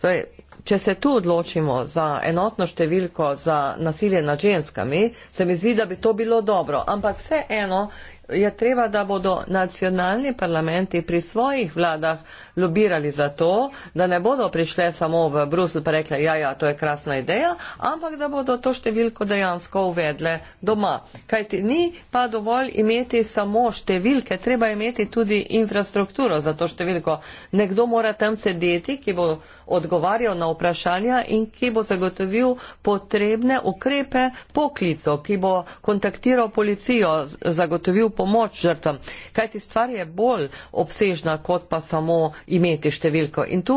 S5: Torej, če se tu odločimo za enotno številko za nasilje nad ženskami, se mi zdi, da bi to bilo dobro. Ampak vseeno je treba, da bodo nacionalni parlamenti pri svojih vladah lobirali za to, da ne bodo prišle samo v Brusel pa rekle, ja, ja, to je krasna ideja, ampak da bodo to številko dejansko uvedle doma. Kaj ti ni pa dovolj imeti samo številke, treba imeti tudi infrastrukturo za to številko. Nekdo mora tam sedeti, ki bo odgovarjal na vprašanja in ki bo zagotovil potrebne ukrepe poklico, ki bo kontaktiral policijo, zagotovil pomoč žrtvam, kajti stvar je bolj obsežna, kot pa samo imeti številko. In tu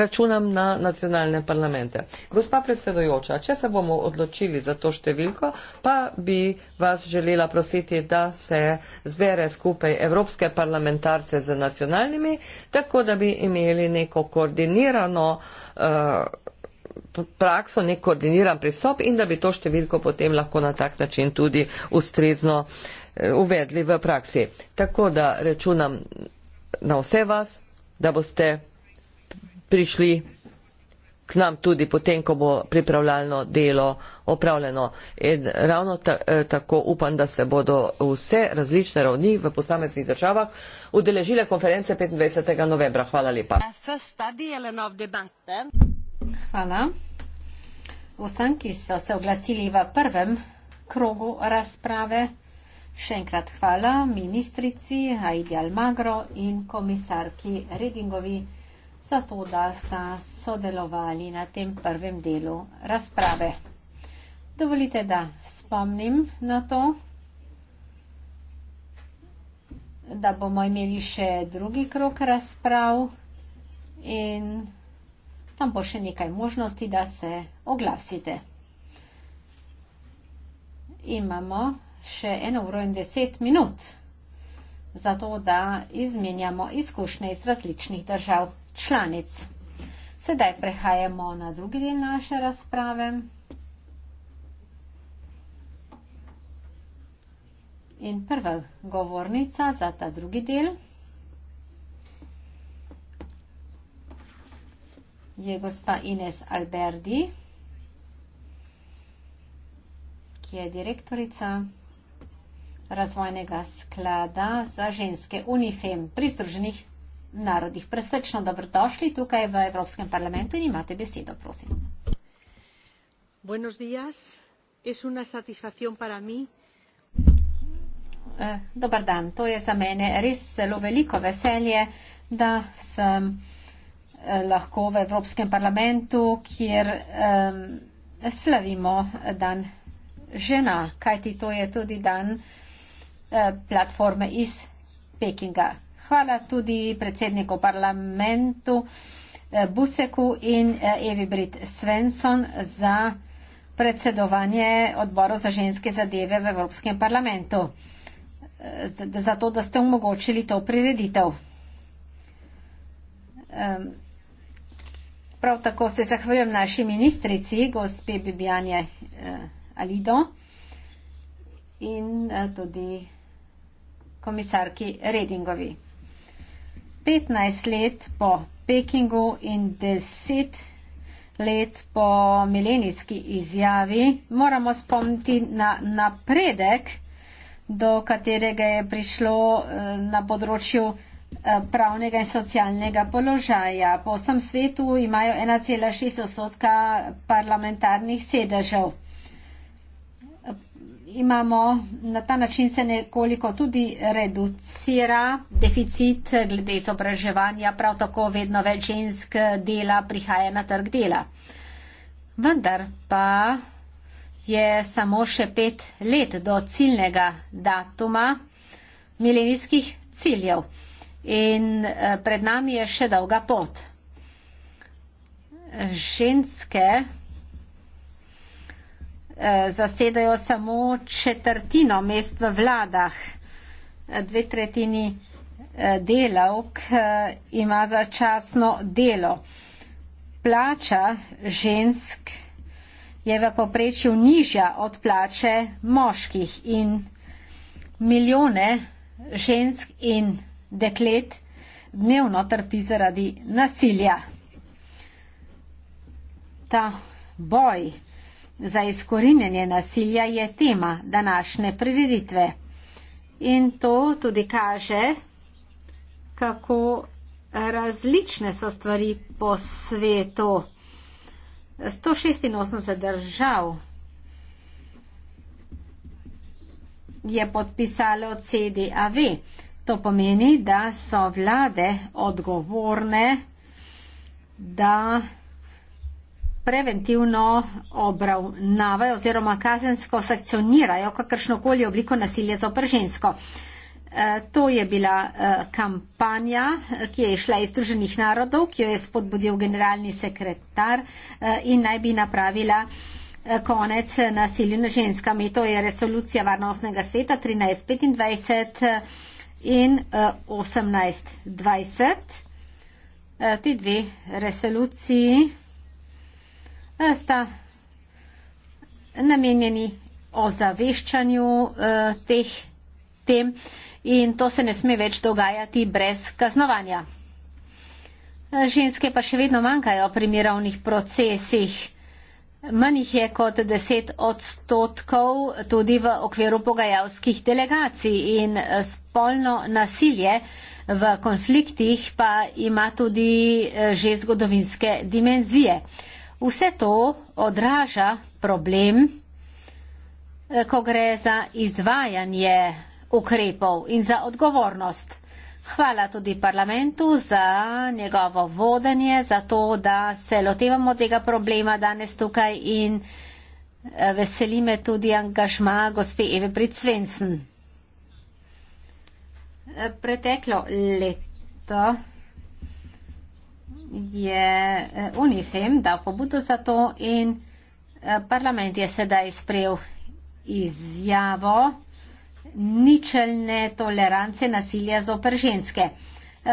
S5: računam na nacionalne parlamente. Gospa predsedojoča, če se bomo odločili za to številko, pa bi vas želela prositi, da se zbere skupaj evropske parlamentarce z nacionalnimi, tako da bi imeli neko koordinirano. Uh, prakso, nek koordiniran pristop in da bi to številko potem lahko na tak način tudi ustrezno eh, uvedli v praksi. Tako da računam na vse vas, da boste prišli k nam tudi potem, ko bo pripravljalno delo opravljeno. In ravno ta, eh, tako upam, da se bodo vse različne ravni v posameznih državah udeležile konference 25. novembra. Hvala lepa.
S2: First study, Elena,
S4: Hvala. Vsem, ki so se oglasili v prvem krogu razprave, še enkrat hvala ministrici Aidi Almagro in komisarki Redingovi za to, da sta sodelovali na tem prvem delu razprave. Dovolite, da spomnim na to, da bomo imeli še drugi krok razprav in Tam bo še nekaj možnosti, da se oglasite. Imamo še eno uro in deset minut za to, da izmenjamo izkušnje iz različnih držav članic. Sedaj prehajamo na drugi del naše razprave. In prva govornica za ta drugi del. je gospa Ines Alberdi, ki je direktorica razvojnega sklada za ženske Unifem pri Združenih narodih. Presrečno dobrodošli tukaj v Evropskem parlamentu in imate besedo, prosim.
S6: Buenos días. Es una satisfacción para mí.
S4: Eh, Dobar dan. To je za mene res zelo veliko veselje, da sem Eh, lahko v Evropskem parlamentu, kjer um, slavimo dan žena, kajti to je tudi dan uh, platforme iz Pekinga. Hvala tudi predsedniku parlamentu uh, Buseku in uh, Evi Brit Svensson za predsedovanje odboru za ženske zadeve v Evropskem parlamentu, uh, zato da ste omogočili to prireditev. Um, Prav tako se zahvaljujem naši ministrici, gospe Bibijanje eh, Alido in eh, tudi komisarki Redingovi. 15 let po Pekingu in 10 let po milenijski izjavi moramo spomniti na napredek, do katerega je prišlo eh, na področju Eh, pravnega in socialnega položaja. Po vsem svetu imajo 1,6 odstotka parlamentarnih sedežev. Imamo, na ta način se nekoliko tudi reducira deficit glede izobraževanja, prav tako vedno več žensk dela prihaja na trg dela. Vendar pa je samo še pet let do ciljnega datuma milenijskih ciljev in eh, pred nami je še dolga pot. Ženske eh, zasedajo samo četrtino mest v vladah, eh, dve tretjini delavk ima začasno delo. Plača žensk je v poprečju nižja od plače moških in milijone žensk in deklet dnevno trpi zaradi nasilja. Ta boj za izkorinjenje nasilja je tema današnje prireditve. In to tudi kaže, kako različne so stvari po svetu. 186 držav je podpisalo CDAV. To pomeni, da so vlade odgovorne, da preventivno obravnavajo oziroma kazensko sankcionirajo kakršnokoli obliko nasilja za opržensko. E, to je bila e, kampanja, ki je išla iz Združenih narodov, ki jo je spodbudil generalni sekretar e, in naj bi napravila konec nasilju na ženskami. To je resolucija Varnostnega sveta 1325 in eh, osemnajst dvajset. Eh, ti dve resoluciji eh, sta namenjeni ozaveščanju teh tem in to se ne sme več dogajati brez kaznovanja. Ženske pa še vedno manjkajo pri mirovnih procesih. Manj jih je kot deset odstotkov tudi v okviru pogajalskih delegacij in eh, spolno nasilje v konfliktih pa ima tudi eh, že zgodovinske dimenzije. Vse to odraža problem, eh, ko gre za izvajanje ukrepov in za odgovornost. Hvala tudi parlamentu za njegovo vodenje, za to, da se lotevamo tega problema danes tukaj in eh, veseli me tudi angažma gospe Eve Britsvensen. Eh, preteklo leto je eh, Unifem dal pobudo za to in parlament je sedaj sprejel izjavo ničelne tolerance nasilja zoper ženske.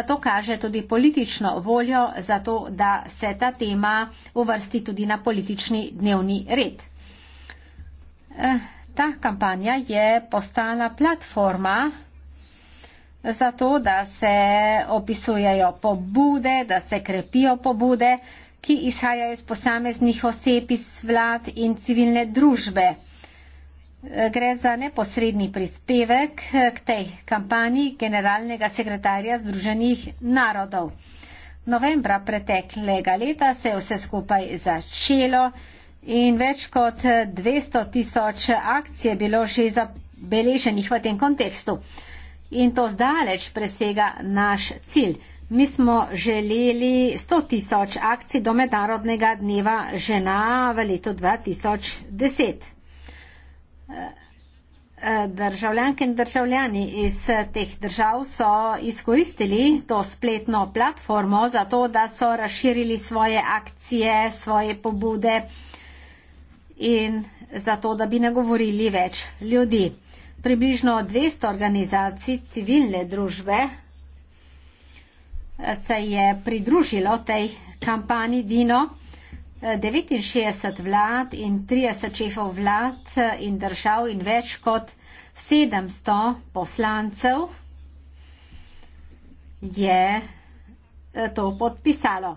S4: To kaže tudi politično voljo za to, da se ta tema uvrsti tudi na politični dnevni red. Eh, ta kampanja je postala platforma za to, da se opisujejo pobude, da se krepijo pobude, ki izhajajo iz posameznih oseb, iz vlad in civilne družbe. Gre za neposredni prispevek eh, k tej kampanji generalnega sekretarja Združenih narodov. Novembra preteklega leta se je vse skupaj začelo in več kot 200 tisoč akcij je bilo že zabeleženih v tem kontekstu. In to zdaleč presega naš cilj. Mi smo želeli 100 tisoč akcij do Mednarodnega dneva žena v letu 2010. Državljanke in državljani iz teh držav so izkoristili to spletno platformo za to, da so razširili svoje akcije, svoje pobude in za to, da bi nagovorili več ljudi. Približno 200 organizacij civilne družbe se je pridružilo tej kampanji Dino. 69 vlad in 30 šefov vlad in držav in več kot 700 poslancev je eh, to podpisalo.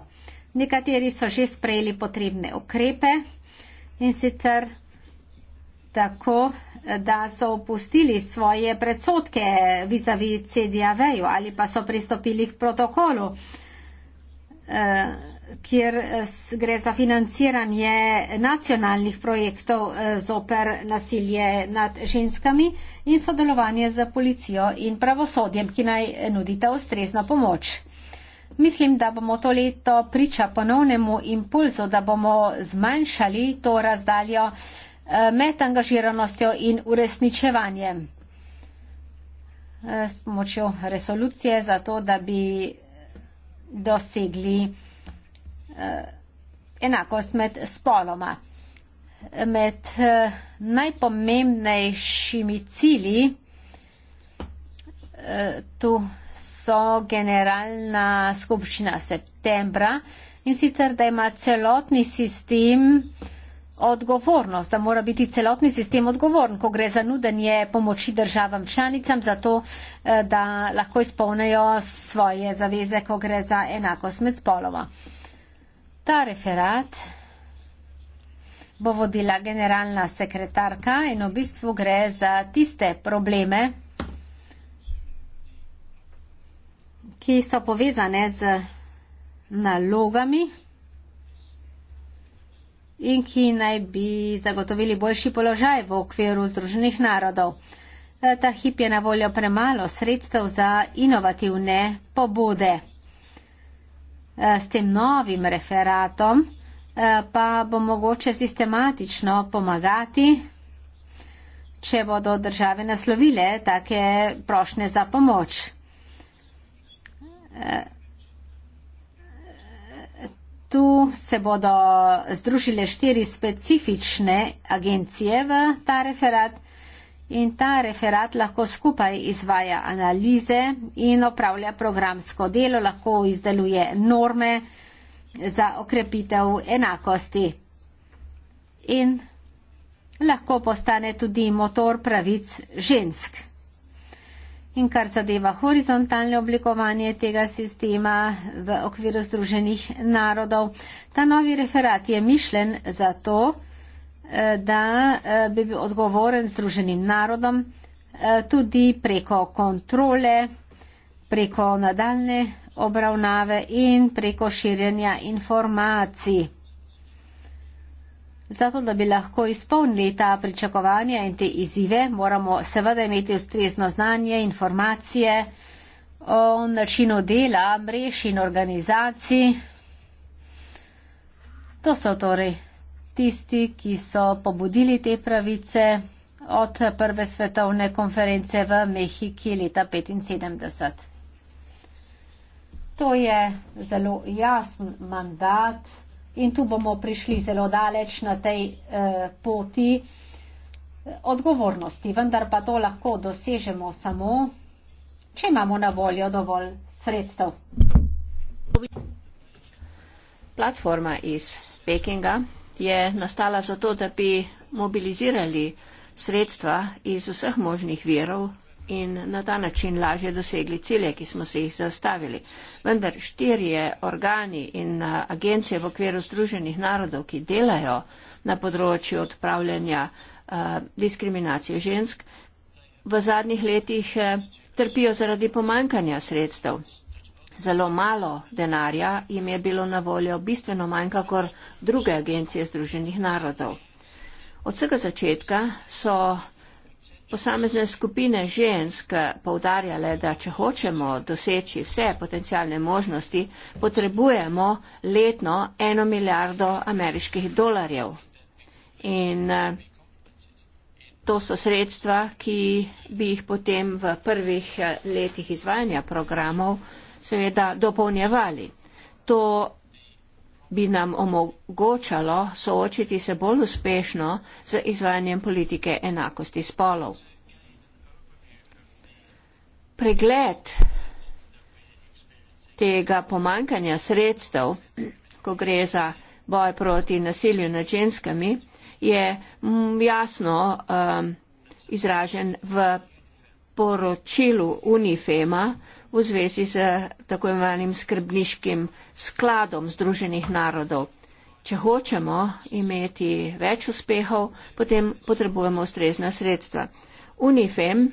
S4: Nekateri so že sprejeli potrebne ukrepe in sicer tako, da so opustili svoje predsotke vizavi CDAV-ju ali pa so pristopili k protokolu. Uh, kjer eh, gre za financiranje nacionalnih projektov eh, zoper nasilje nad ženskami in sodelovanje z policijo in pravosodjem, ki naj eh, nudite ustrezno pomoč. Mislim, da bomo to leto priča ponovnemu impulzu, da bomo zmanjšali to razdaljo med angažiranostjo in uresničevanjem s pomočjo resolucije za to, da bi dosegli Eh, enakost med spoloma. Med eh, najpomembnejšimi cili eh, tu so generalna skupščina septembra in sicer, da ima celotni sistem odgovornost, da mora biti celotni sistem odgovoren, ko gre za nudenje pomoči državam članicam, zato da lahko izpolnijo svoje zaveze, ko gre za enakost med spoloma. Ta referat bo vodila generalna sekretarka in v bistvu gre za tiste probleme, ki so povezane z nalogami in ki naj bi zagotovili boljši položaj v okviru Združenih narodov. E, ta hip je na voljo premalo sredstev za inovativne pobude. Eh, s tem novim referatom, eh, pa bo mogoče sistematično pomagati, če bodo države naslovile take prošne za pomoč. Eh, tu se bodo združile štiri specifične agencije v ta referat in ta referat lahko skupaj izvaja analize in opravlja programsko delo, lahko izdeluje norme za okrepitev enakosti in lahko postane tudi motor pravic žensk. In kar zadeva horizontalne oblikovanje tega sistema v okviru Združenih narodov, ta novi referat je mišljen za to, da eh, bi bil odgovoren Združenim narodom eh, tudi preko kontrole, preko nadaljne obravnave in preko širjenja informacij. Zato, da bi lahko izpolnili ta pričakovanja in te izzive, moramo seveda imeti ustrezno znanje, informacije o načinu dela mrež in organizacij. To so torej tisti, ki so pobudili te pravice od prve svetovne konference v Mehiki leta 1975. To je zelo jasen mandat in tu bomo prišli zelo daleč na tej eh, poti eh, odgovornosti, vendar pa to lahko dosežemo samo, če imamo na voljo dovolj sredstev.
S1: Platforma iz Pekinga je nastala zato, da bi mobilizirali sredstva iz vseh možnih virov in na ta način lažje dosegli cilje, ki smo se jih zastavili. Vendar štirje organi in agencije v okviru Združenih narodov, ki delajo na področju odpravljanja uh, diskriminacije žensk, v zadnjih letih uh, trpijo zaradi pomankanja sredstev. Zelo malo denarja jim je bilo na voljo, bistveno manj kakor druge agencije Združenih narodov. Od vsega začetka so posamezne skupine žensk poudarjale, da če hočemo doseči vse potencijalne možnosti, potrebujemo letno eno milijardo ameriških dolarjev. In eh, to so sredstva, ki bi jih potem v prvih eh, letih izvajanja programov seveda dopolnjevali. To bi nam omogočalo soočiti se bolj uspešno z izvajanjem politike enakosti spolov. Pregled tega pomankanja sredstev, ko gre za boj proti nasilju nad ženskami, je mm, jasno um, izražen v poročilu Unifema, v zvezi z tako imenim skrbniškim skladom Združenih narodov. Če hočemo imeti več uspehov, potem potrebujemo ustrezna sredstva. UNIFEM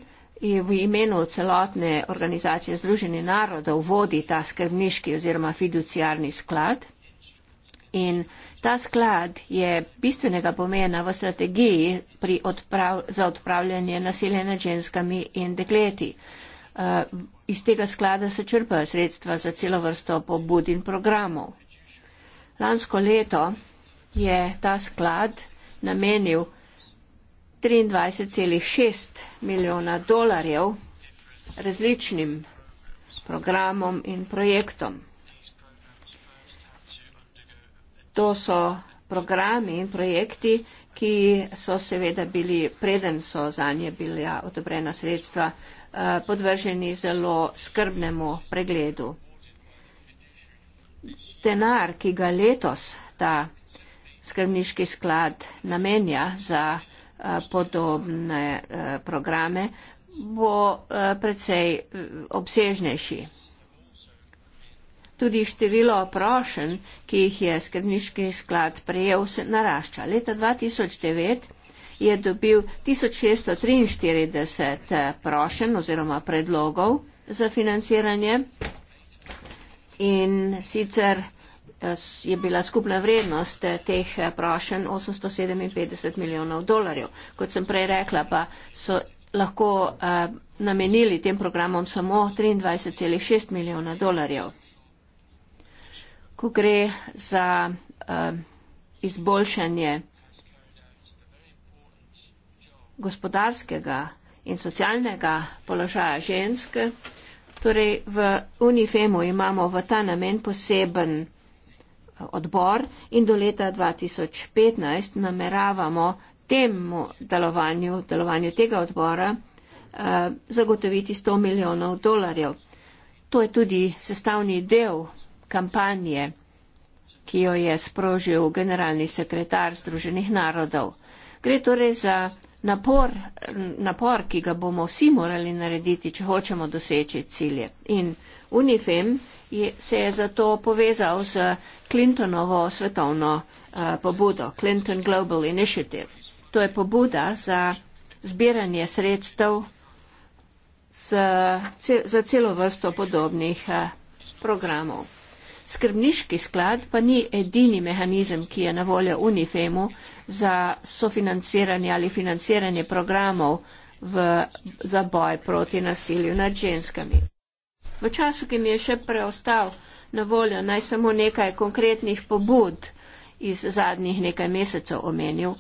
S1: je v imenu celotne organizacije Združenih narodov vodi ta skrbniški oziroma fiduciarni sklad. In ta sklad je bistvenega pomena v strategiji odprav za odpravljanje nasilja nad ženskami in dekleti. Eh, iz tega sklada se črpajo sredstva za celo vrsto pobud in programov. Lansko leto je ta sklad namenil 23,6 milijona dolarjev različnim programom in projektom. To so programi in projekti, ki so seveda bili, preden so za nje bila odobrena sredstva, Eh, podvrženi zelo skrbnemu pregledu. Denar, ki ga letos ta skrbniški sklad namenja za eh, podobne eh, programe, bo precej obsežnejši. Tudi število prošen, ki jih je skrbniški sklad prejel, se narašča. Leta 2009 je dobil 1643 eh, prošen oziroma predlogov za financiranje in sicer eh, je bila skupna vrednost eh, teh prošen 857 milijonov dolarjev. Kot sem prej rekla, pa so lahko namenili tem programom samo 23,6 milijona dolarjev. Ko gre za izboljšanje gospodarskega in socialnega položaja ženske. Torej v Unifemu imamo v ta namen poseben eh, odbor in do leta 2015 nameravamo temu delovanju, delovanju tega odbora eh, zagotoviti 100 milijonov dolarjev. To je tudi sestavni del kampanje, ki jo je sprožil generalni sekretar Združenih narodov. Gre torej za napor, napor, ki ga bomo vsi morali narediti, če hočemo doseči cilje. In UNIFEM je, se je zato povezal z Clintonovo svetovno uh, pobudo, Clinton Global Initiative. To je pobuda za zbiranje sredstev z, za celo vrsto podobnih uh, programov. Skrbniški sklad pa ni edini mehanizem, ki je na voljo Unifemu za sofinanciranje ali financiranje programov v, za boj proti nasilju nad ženskami. V času, ki mi je še preostal na voljo, naj samo nekaj konkretnih pobud iz zadnjih nekaj mesecev omenil,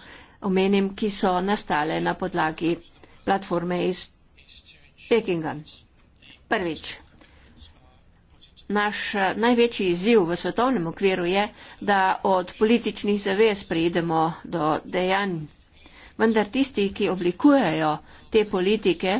S1: omenim, ki so nastale na podlagi platforme iz Pekinga. Prvič, naš eh, največji izziv v svetovnem okviru je, da od političnih zavez prijedemo do dejanj. Vendar tisti, ki oblikujejo te politike,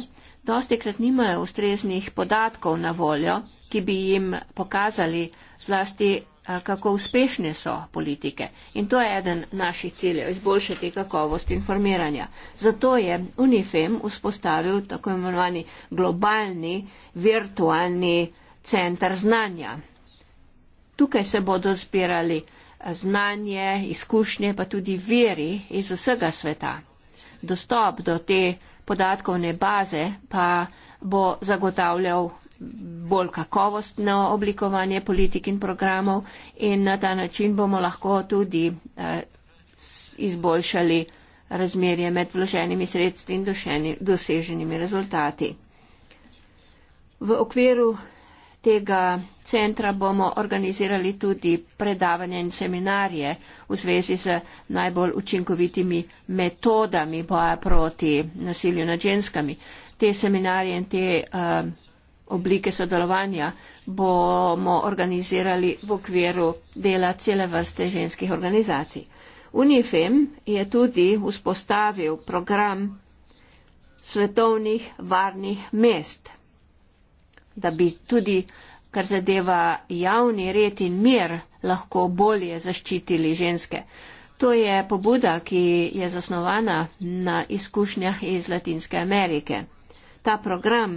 S1: dosti krat nimajo ustreznih podatkov na voljo, ki bi jim pokazali zlasti, eh, kako uspešne so politike. In to je eden naših ciljev, izboljšati kakovost informiranja. Zato je UNIFEM vzpostavil tako imenovani globalni virtualni centr znanja. Tukaj se bodo zbirali eh, znanje, izkušnje, pa tudi veri iz vsega sveta. Dostop do te podatkovne baze pa bo zagotavljal bolj kakovostno oblikovanje politik in programov in na ta način bomo lahko tudi eh, izboljšali razmerje med vloženimi sredstvi in doseženimi rezultati. V okviru tega centra bomo organizirali tudi predavanje in seminarje v zvezi z najbolj učinkovitimi metodami boja proti nasilju nad ženskami. Te seminarje in te uh, oblike sodelovanja bomo organizirali v okviru dela cele vrste ženskih organizacij. Unifem je tudi vzpostavil program svetovnih varnih mest da bi tudi, kar zadeva javni red in mir, lahko bolje zaščitili ženske. To je pobuda, ki je zasnovana na izkušnjah iz Latinske Amerike. Ta program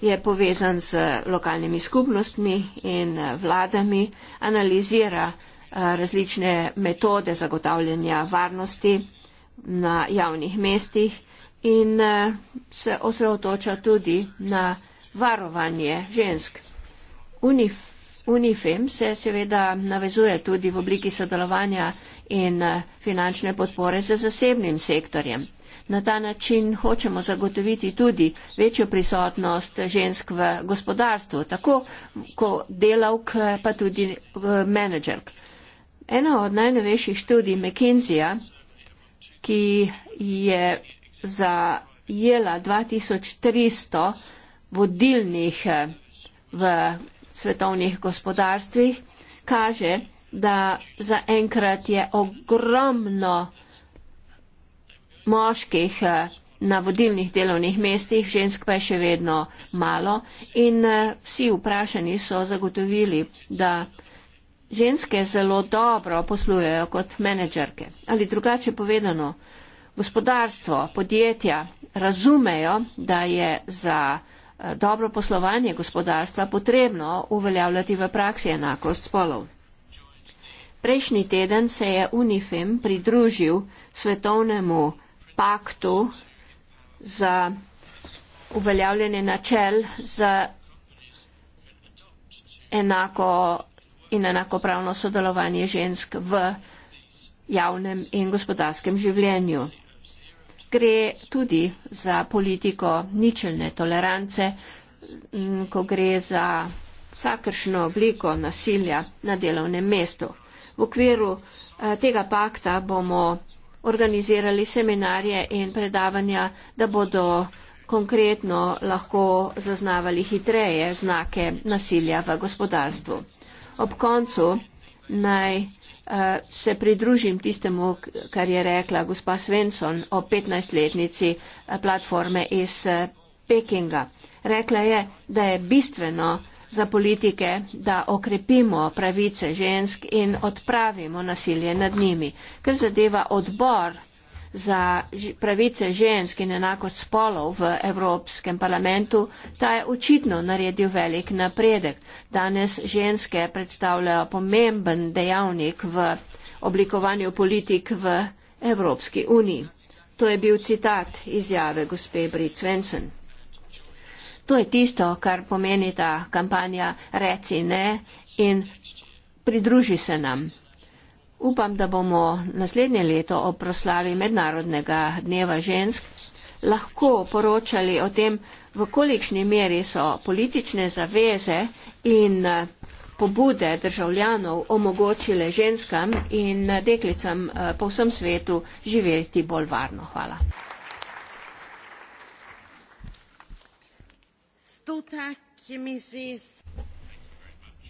S1: je povezan z lokalnimi skupnostmi in vladami, analizira eh, različne metode zagotavljanja varnosti na javnih mestih in eh, se osredotoča tudi na varovanje žensk. Unif, Unifem se seveda navezuje tudi v obliki sodelovanja in eh, finančne podpore za zasebnim sektorjem. Na ta način hočemo zagotoviti tudi večjo prisotnost žensk v gospodarstvu, tako kot delavk, eh, pa tudi eh, menedžerk. Eno od najnovejših študij McKinseya, ki je zajela 2300 vodilnih eh, v svetovnih gospodarstvih, kaže, da zaenkrat je ogromno moških eh, na vodilnih delovnih mestih, žensk pa je še vedno malo in eh, vsi vprašani so zagotovili, da ženske zelo dobro poslujejo kot menedžerke. Ali drugače povedano, gospodarstvo, podjetja razumejo, da je za Eh, dobro poslovanje gospodarstva potrebno uveljavljati v praksi enakost spolov. Prejšnji teden se je UNIFEM pridružil svetovnemu paktu za uveljavljanje načel za enako in enakopravno sodelovanje žensk v javnem in gospodarskem življenju gre tudi za politiko ničelne tolerance, ko gre za vsakršno obliko nasilja na delovnem mestu. V okviru eh, tega pakta bomo organizirali seminarje in predavanja, da bodo konkretno lahko zaznavali hitreje znake nasilja v gospodarstvu. Ob koncu naj Uh, se pridružim tistemu, kar je rekla gospa Svensson o 15-letnici eh, platforme iz eh, Pekinga. Rekla je, da je bistveno za politike, da okrepimo pravice žensk in odpravimo nasilje nad njimi. Ker zadeva odbor za pravice žensk in enakost spolov v Evropskem parlamentu, ta je očitno naredil velik napredek. Danes ženske predstavljajo pomemben dejavnik v oblikovanju politik v Evropski uniji. To je bil citat izjave gospe Brit Svensson. To je tisto, kar pomeni ta kampanja reci ne in pridruži se nam. Upam, da bomo naslednje leto o proslavi Mednarodnega dneva žensk lahko poročali o tem, v kolikšni meri so politične zaveze in eh, pobude državljanov omogočile ženskam in deklicam eh, po vsem svetu živeti bolj varno. Hvala.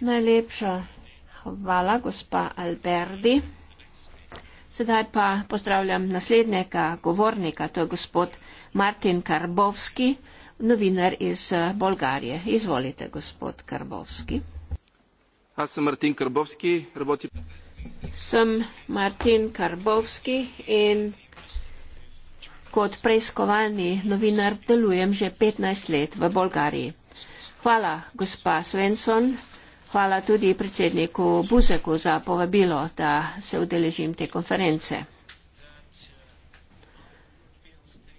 S1: Najlepša Hvala, gospa Alberdi. Sedaj pa pozdravljam naslednjega govornika, to je gospod Martin Karbovski, novinar iz eh, Bolgarije. Izvolite, gospod Karbovski. A sem Martin Karbovski, roboti. Sem Martin Karbovski in kot preiskovani novinar delujem že 15 let v Bolgariji. Hvala, gospa Svensson, Hvala tudi predsedniku Buzeku za povabilo, da se udeležim te konference.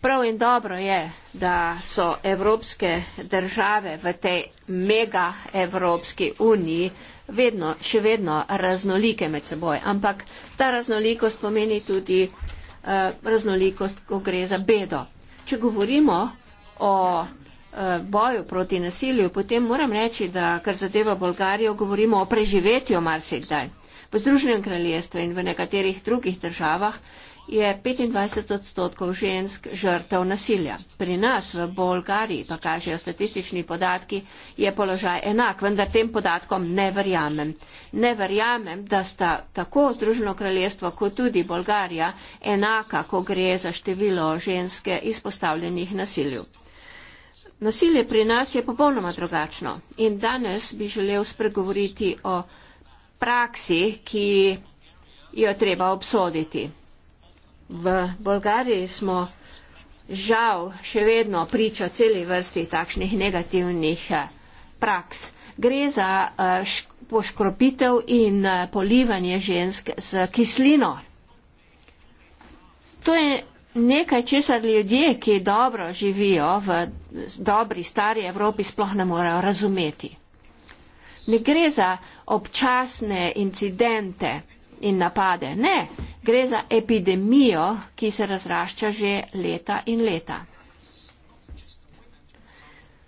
S1: Prav in dobro je, da so evropske države v tej mega Evropski uniji vedno, še vedno raznolike med seboj, ampak ta raznolikost pomeni tudi uh, raznolikost, ko gre za bedo. Če govorimo o Eh, boju proti nasilju, potem moram reči, da kar zadeva Bolgarijo, govorimo o preživetju marsikdaj. V Združenem kraljestvu in v nekaterih drugih državah je 25 odstotkov žensk žrtev nasilja. Pri nas v Bolgariji, to kažejo statistični podatki, je položaj enak, vendar tem podatkom ne verjamem. Ne verjamem, da sta tako Združeno kraljestvo kot tudi Bolgarija enaka, ko gre za število ženske izpostavljenih nasilju. Nasilje pri nas je popolnoma drugačno in danes bi želel spregovoriti o praksi, ki jo treba obsoditi. V Bolgariji smo žal še vedno priča celi vrsti takšnih negativnih eh, praks. Gre za eh, poškropitev in eh, polivanje žensk z kislino. To je nekaj, česar ljudje, ki dobro živijo v dobri stari Evropi, sploh ne morejo razumeti. Ne gre za občasne incidente in napade, ne, gre za epidemijo, ki se razrašča že leta in leta.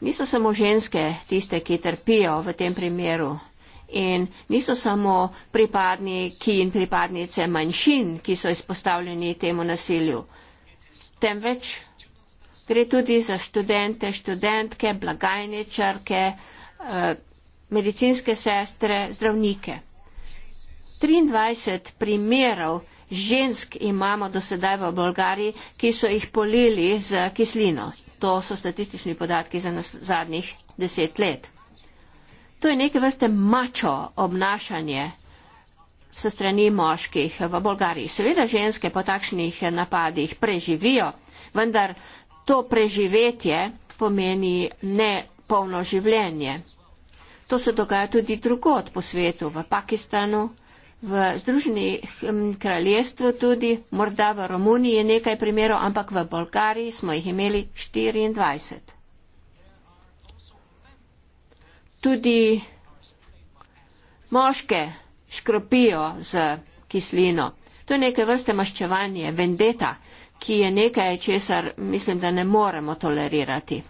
S1: Niso samo ženske tiste, ki trpijo v tem primeru. In niso samo pripadniki in pripadnice manjšin, ki so izpostavljeni temu nasilju temveč gre tudi za študente, študentke, blagajničarke, eh, medicinske sestre, zdravnike. 23 primerov žensk imamo do sedaj v Bolgariji, ki so jih polili z kislino. To so statistični podatki za nas zadnjih deset let. To je neke vrste mačo obnašanje se strani moških v Bolgariji. Seveda ženske po takšnih napadih preživijo, vendar to preživetje pomeni nepolno življenje. To se dogaja tudi drugod po svetu, v Pakistanu, v Združenih kraljestvu tudi, morda v Romuniji je nekaj primerov, ampak v Bolgariji smo jih imeli 24. Tudi moške škropijo z kislino. To je neke vrste maščevanje, vendeta, ki je nekaj, česar mislim, da ne moremo tolerirati.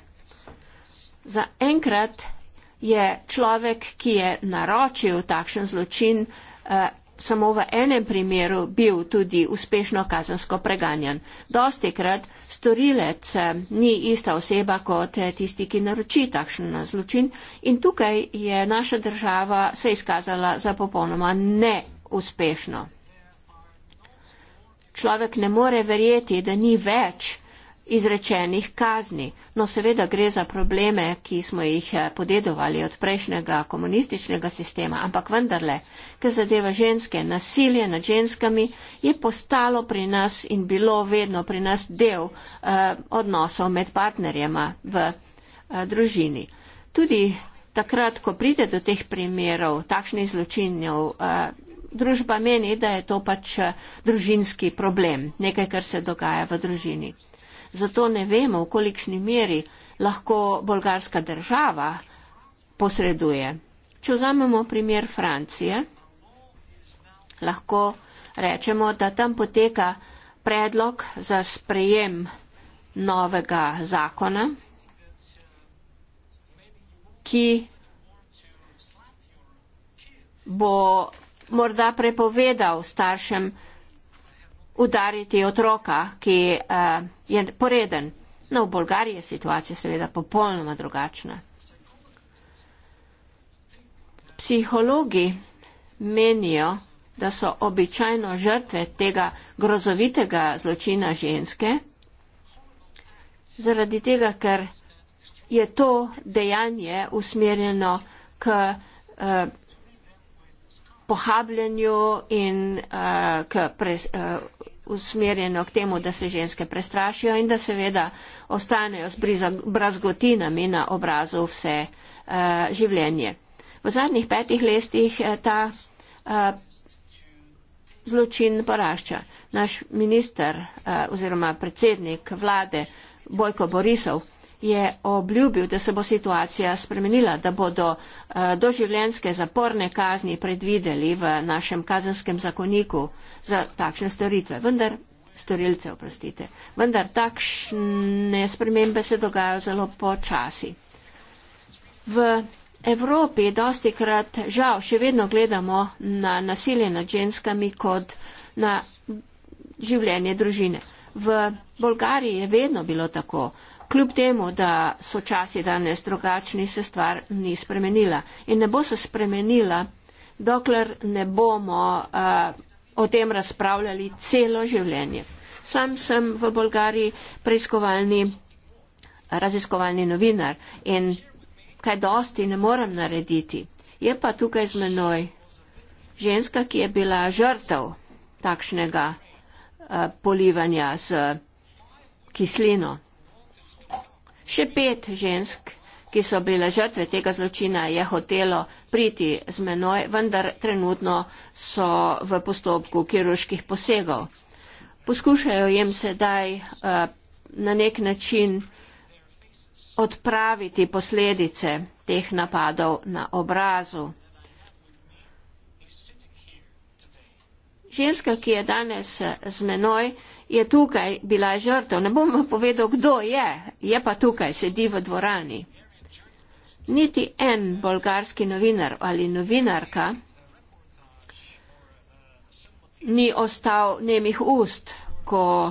S1: Za enkrat je človek, ki je naročil takšen zločin, eh, samo v enem primeru bil tudi uspešno kazansko preganjan. Dostikrat storilec eh, ni ista oseba kot eh, tisti, ki naroči takšen eh, zločin in tukaj je naša država se izkazala za popolnoma neuspešno. Človek ne more verjeti, da ni več izrečenih kazni. No, seveda gre za probleme, ki smo jih eh, podedovali od prejšnjega komunističnega sistema, ampak vendarle, ker zadeva ženske, nasilje nad ženskami je postalo pri nas in bilo vedno pri nas del eh, odnosov med partnerjema v eh, družini. Tudi takrat, ko pride do teh primerov, takšnih zločinjev, eh, Družba meni, da je to pač eh, družinski problem, nekaj, kar se dogaja v družini zato ne vemo, v kolikšni meri lahko bolgarska država posreduje. Če vzamemo primer Francije, lahko rečemo, da tam poteka predlog za sprejem novega zakona, ki bo morda prepovedal staršem, udariti otroka, ki uh, je poreden. No, v Bolgariji je situacija seveda popolnoma drugačna. Psihologi menijo, da so običajno žrtve tega grozovitega zločina ženske, zaradi tega, ker je to dejanje usmerjeno k uh, pohabljanju in uh, k pres, uh, usmerjeno k temu, da se ženske prestrašijo in da seveda ostanejo s brazgotinami na obrazu vse uh, življenje. V zadnjih petih letih uh, ta uh, zločin porašča. Naš minister uh, oziroma predsednik vlade Bojko Borisov je obljubil, da se bo situacija spremenila, da bodo eh, doživljenske zaporne kazni predvideli v našem kazenskem zakoniku za takšne storitve. Vendar, storilce, oprostite. Vendar takšne spremembe se dogajajo zelo počasi. V Evropi dosti krat žal še vedno gledamo na nasilje nad ženskami kot na življenje družine. V Bolgariji je vedno bilo tako. Kljub temu, da so časi danes drugačni, se stvar ni spremenila in ne bo se spremenila, dokler ne bomo uh, o tem razpravljali celo življenje. Sam sem v Bolgariji preiskovalni, raziskovalni novinar in kaj dosti ne morem narediti. Je pa tukaj z menoj ženska, ki je bila žrtev takšnega uh, polivanja z uh, kislino. Še pet žensk, ki so bile žrtve tega zločina, je hotelo priti z menoj, vendar trenutno so v postopku kirurških posegov. Poskušajo jim sedaj uh, na nek način odpraviti posledice teh napadov na obrazu. Ženska, ki je danes z menoj, uh, je tukaj bila žrtev. Ne bom vam povedal, kdo je, je pa tukaj, sedi v dvorani. Niti en bolgarski novinar ali novinarka ni ostal nemih ust, ko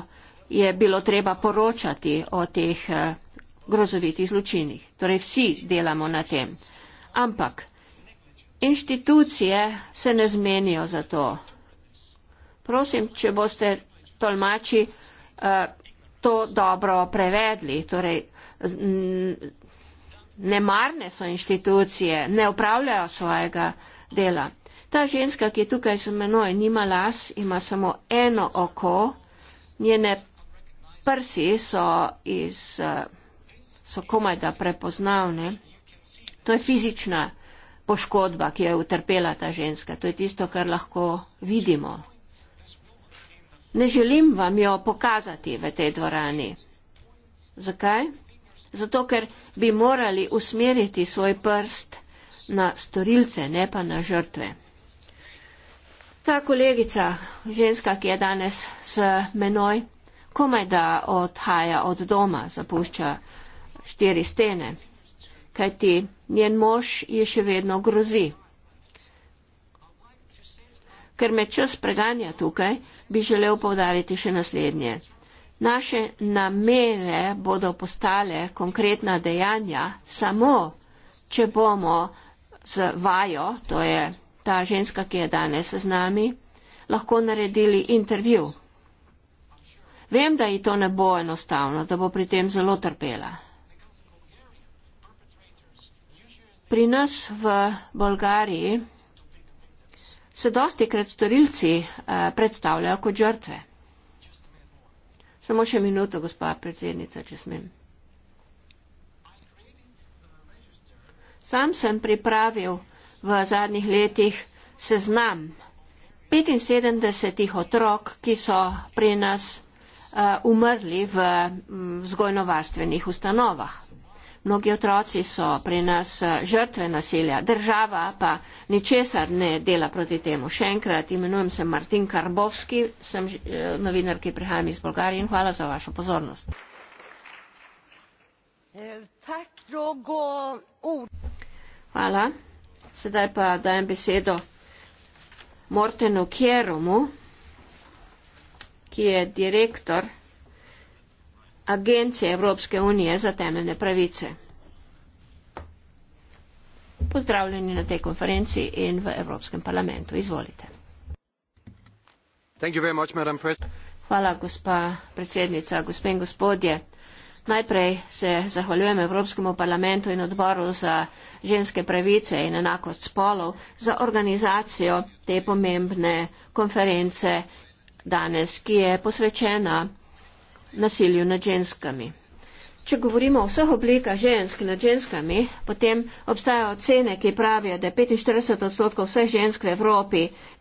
S1: je bilo treba poročati o teh eh, grozovitih zločinih. Torej vsi delamo na tem. Ampak inštitucije se ne zmenijo za to. Prosim, če boste tolmači eh, to dobro prevedli. Torej, nemarne so inštitucije, ne upravljajo svojega dela. Ta ženska, ki je tukaj z menoj, nima las, ima samo eno oko, njene prsi so, iz, eh, so komaj da prepoznavne. To je fizična poškodba, ki jo je utrpela ta ženska. To je tisto, kar lahko vidimo Ne želim vam jo pokazati v tej dvorani. Zakaj? Zato, ker bi morali usmeriti svoj prst na storilce, ne pa na žrtve. Ta kolegica, ženska, ki je danes s menoj, komaj da odhaja od doma, zapušča štiri stene, kajti njen mož ji še vedno grozi. Ker me čas preganja tukaj, bi želel povdariti še naslednje. Naše namere bodo postale konkretna dejanja samo, če bomo z vajo, to je ta ženska, ki je danes z nami, lahko naredili intervju. Vem, da ji to ne bo enostavno, da bo pri tem zelo trpela. Pri nas v Bolgariji se dosti krat storilci eh, predstavljajo kot žrtve. Samo še minuto, gospa predsednica, če smem. Sam sem pripravil v zadnjih letih seznam 75 otrok, ki so pri nas uh, umrli v mm, vzgojno-varstvenih ustanovah. Mnogi otroci so pri nas eh, žrtve nasilja, država pa ničesar ne dela proti temu. Še enkrat imenujem se Martin Karbovski, sem eh, novinar, ki prihajam iz Bolgarije in hvala za vašo pozornost. Eh, hvala. Sedaj pa dajem besedo Mortenu Kjeromu, ki je direktor Agencije Evropske unije za temeljne pravice. Pozdravljeni na tej konferenci in v Evropskem parlamentu. Izvolite. Much, Hvala, gospa predsednica, gospe in gospodje. Najprej se zahvaljujem Evropskemu parlamentu in odboru za ženske pravice in enakost spolov za organizacijo te pomembne konference danes, ki je posvečena nasilju nad ženskami. Če govorimo o vseh oblikah žensk nad ženskami, potem obstajajo ocene, ki pravijo, da je 45 odstotkov vseh žensk v Evropi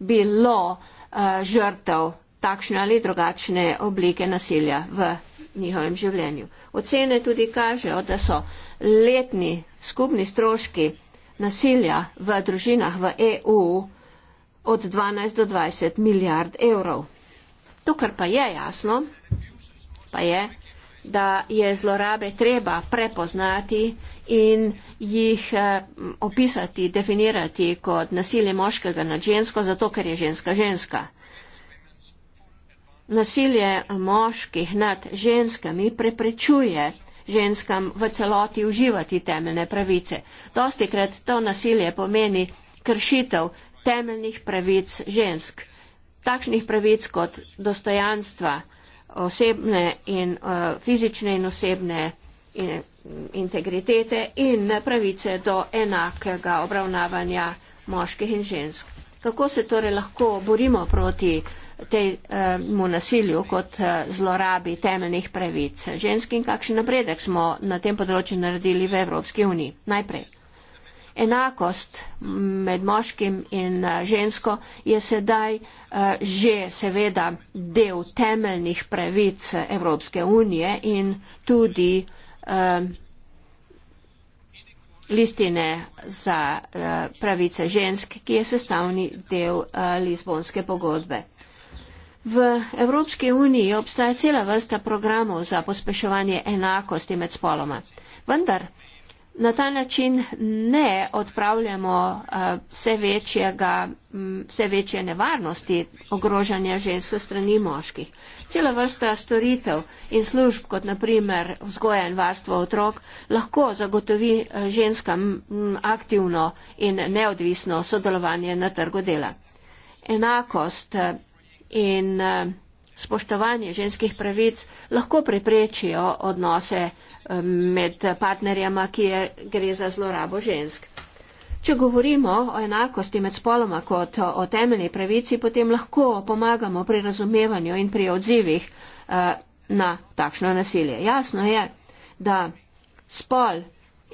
S1: bilo uh, žrtev takšne ali drugačne oblike nasilja v njihovem življenju. Ocene tudi kažejo, da so letni skupni stroški nasilja v družinah v EU od 12 do 20 milijard evrov. To, kar pa je jasno, pa je, da je zlorabe treba prepoznati in jih eh, opisati, definirati kot nasilje moškega nad žensko, zato ker je ženska ženska. Nasilje moških nad ženskami preprečuje ženskam v celoti uživati temeljne pravice. Dosti krat to nasilje pomeni kršitev temeljnih pravic žensk, takšnih pravic kot dostojanstva, osebne in eh, fizične in osebne integritete in pravice do enakega obravnavanja moških in žensk. Kako se torej lahko borimo proti temu nasilju kot eh, zlorabi temeljnih pravic žensk in kakšen napredek smo na tem področju naredili v Evropski uniji? Najprej enakost med moškim in eh, žensko je sedaj eh, že seveda del temeljnih pravic Evropske unije in tudi eh, listine za pravice žensk, ki je sestavni del Lizbonske pogodbe. V Evropski uniji obstaja cela vrsta programov za pospeševanje enakosti med spoloma. Vendar Na ta način ne odpravljamo eh, vse, večjega, vse večje nevarnosti ogrožanja žensk strani moških. Cela vrsta storitev in služb, kot naprimer vzgoja in varstvo otrok, lahko zagotovi eh, ženskam aktivno in neodvisno sodelovanje na trgu dela. Enakost eh, in spoštovanje ženskih pravic lahko preprečijo odnose med partnerjama, ki je, gre za zlorabo žensk. Če govorimo o enakosti med spoloma kot o, o temeljni pravici, potem lahko pomagamo pri razumevanju in pri odzivih eh, na takšno nasilje. Jasno je, da spol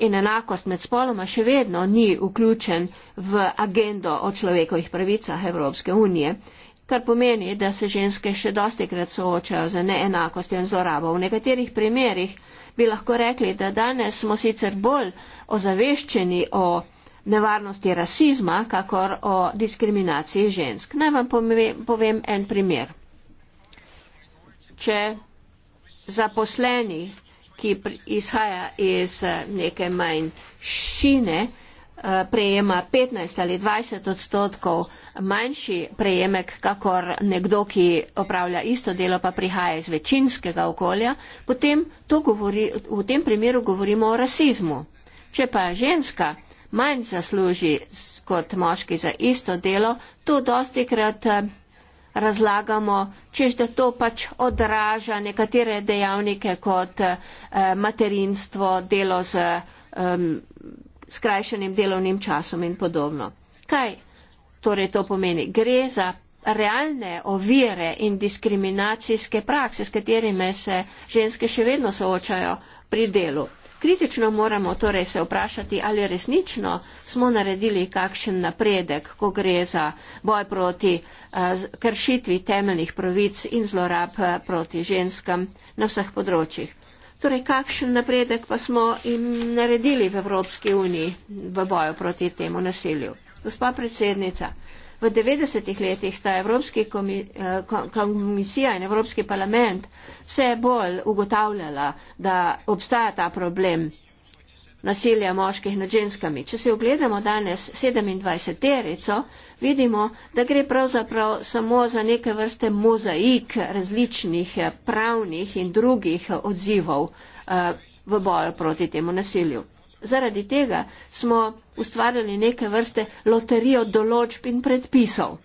S1: in enakost med spoloma še vedno ni vključen v agendo o človekovih pravicah Evropske unije, kar pomeni, da se ženske še dostikrat soočajo z neenakostjo in zlorabo. V nekaterih primerjih bi lahko rekli, da danes smo sicer bolj ozaveščeni o nevarnosti rasizma, kakor o diskriminaciji žensk. Naj vam povem en primer. Če zaposleni, ki izhaja iz eh, neke manjšine, Eh, prejema 15 ali 20 odstotkov manjši prejemek, kakor nekdo, ki opravlja isto delo, pa prihaja iz večinskega okolja, potem govori, v tem primeru govorimo o rasizmu. Če pa ženska manj zasluži kot moški za isto delo, to dosti krat eh, razlagamo, čež da to pač odraža nekatere dejavnike kot eh, materinstvo, delo z um, skrajšanim delovnim časom in podobno. Kaj torej to pomeni? Gre za realne ovire in diskriminacijske prakse, s katerimi se ženske še vedno soočajo pri delu. Kritično moramo torej se vprašati, ali resnično smo naredili kakšen napredek, ko gre za boj proti uh, kršitvi temeljnih pravic in zlorab eh, proti ženskam na vseh področjih. Torej, kakšen napredek pa smo jim naredili v Evropski uniji v boju proti temu nasilju? Gospa predsednica, v 90-ih letih sta Evropski eh, komisija in Evropski parlament vse bolj ugotavljala, da obstaja ta problem nasilja moških nad ženskami. Če se ogledamo danes 27-terico, vidimo, da gre pravzaprav samo za neke vrste mozaik različnih eh, pravnih in drugih eh, odzivov eh, v boju proti temu nasilju. Zaradi tega smo ustvarjali neke vrste loterijo določb in predpisov.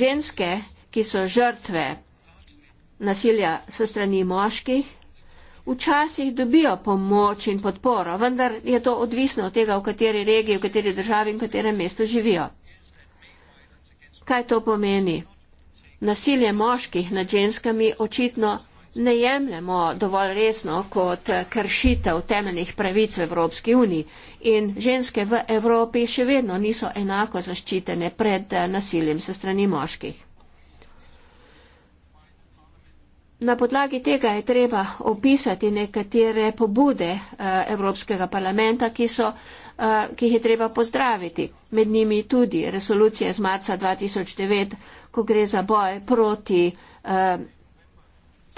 S1: Ženske, ki so žrtve nasilja s strani moških, včasih dobijo pomoč in podporo, vendar je to odvisno od tega, v kateri regiji, v kateri državi in v katerem mestu živijo. Kaj to pomeni? Nasilje moških nad ženskami očitno ne jemljemo dovolj resno kot kršitev temeljnih pravic v Evropski uniji in ženske v Evropi še vedno niso enako zaščitene pred nasiljem se strani moških. Na podlagi tega je treba opisati nekatere pobude eh, Evropskega parlamenta, ki, so, eh, ki jih je treba pozdraviti. Med njimi tudi resolucija z marca 2009, ko gre za boj proti eh,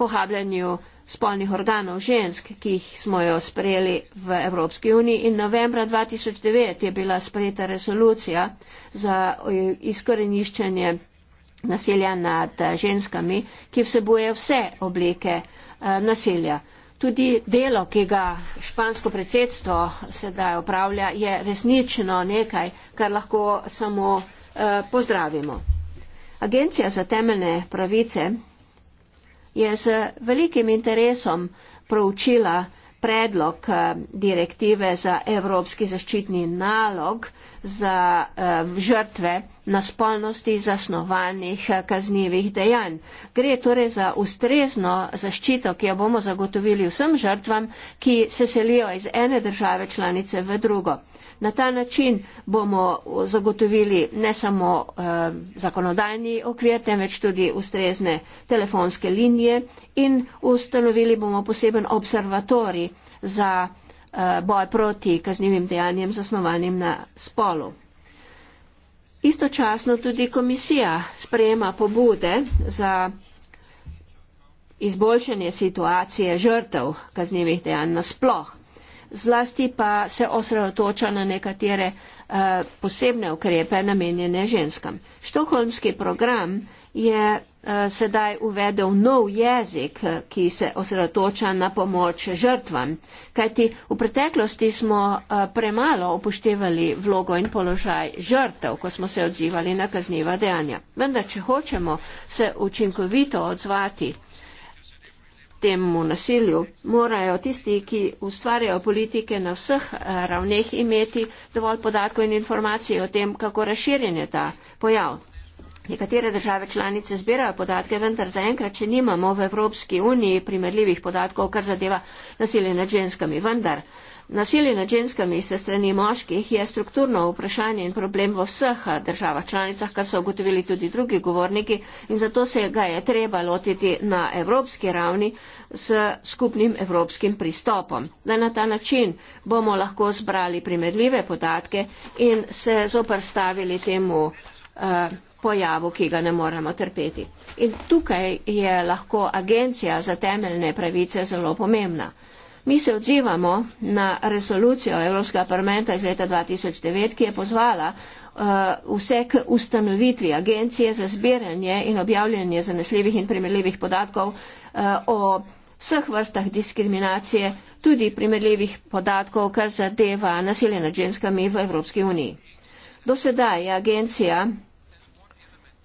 S1: pohabljanju spolnih organov žensk, ki jih smo jo sprejeli v Evropski uniji. In novembra 2009 je bila sprejeta resolucija za izkoreniščanje nasilja nad eh, ženskami, ki vsebuje vse oblike eh, nasilja. Tudi delo, ki ga špansko predsedstvo sedaj upravlja, je resnično nekaj, kar lahko samo eh, pozdravimo. Agencija za temeljne pravice je z velikim interesom proučila predlog direktive za evropski zaščitni nalog za žrtve na spolnosti zasnovanih eh, kaznjivih dejanj. Gre torej za ustrezno zaščito, ki jo bomo zagotovili vsem žrtvam, ki se selijo iz ene države članice v drugo. Na ta način bomo eh, zagotovili ne samo eh, zakonodajni okvir, temveč tudi ustrezne telefonske linije in ustanovili bomo poseben observatori za eh, boj proti kaznjivim dejanjem zasnovanim na spolu. Istočasno tudi komisija sprejema pobude za izboljšanje situacije žrtev kaznjivih dejanj nasploh. Zlasti pa se osredotoča na nekatere eh, posebne ukrepe namenjene ženskam. Štokholmski program je Eh, sedaj uvedel nov jezik, eh, ki se osredotoča na pomoč žrtvam. Kajti v preteklosti smo eh, premalo upoštevali vlogo in položaj žrtev, ko smo se odzivali na kazniva dejanja. Vendar, če hočemo se učinkovito odzvati temu nasilju, morajo tisti, ki ustvarjajo politike na vseh ravneh, imeti dovolj podatkov in informacij o tem, kako razširjen je ta pojav. Nekatere države članice zbirajo podatke, vendar zaenkrat, če nimamo v Evropski uniji primerljivih podatkov, kar zadeva nasilje nad ženskami. Vendar, nasilje nad ženskami se strani moških je strukturno vprašanje in problem v vseh državah članicah, kar so ugotovili tudi drugi govorniki in zato se ga je treba lotiti na evropski ravni s skupnim evropskim pristopom. Da na ta način bomo lahko zbrali primerljive podatke in se zoprstavili temu. Uh, pojavu, ki ga ne moremo trpeti. In tukaj je lahko agencija za temeljne pravice zelo pomembna. Mi se odzivamo na resolucijo Evropskega parlamenta iz leta 2009, ki je pozvala eh, vse k ustanovitvi agencije za zbiranje in objavljanje zanesljivih in primerljivih podatkov eh, o vseh vrstah diskriminacije, tudi primerljivih podatkov, kar zadeva nasilje nad ženskami v Evropski uniji. Do sedaj je agencija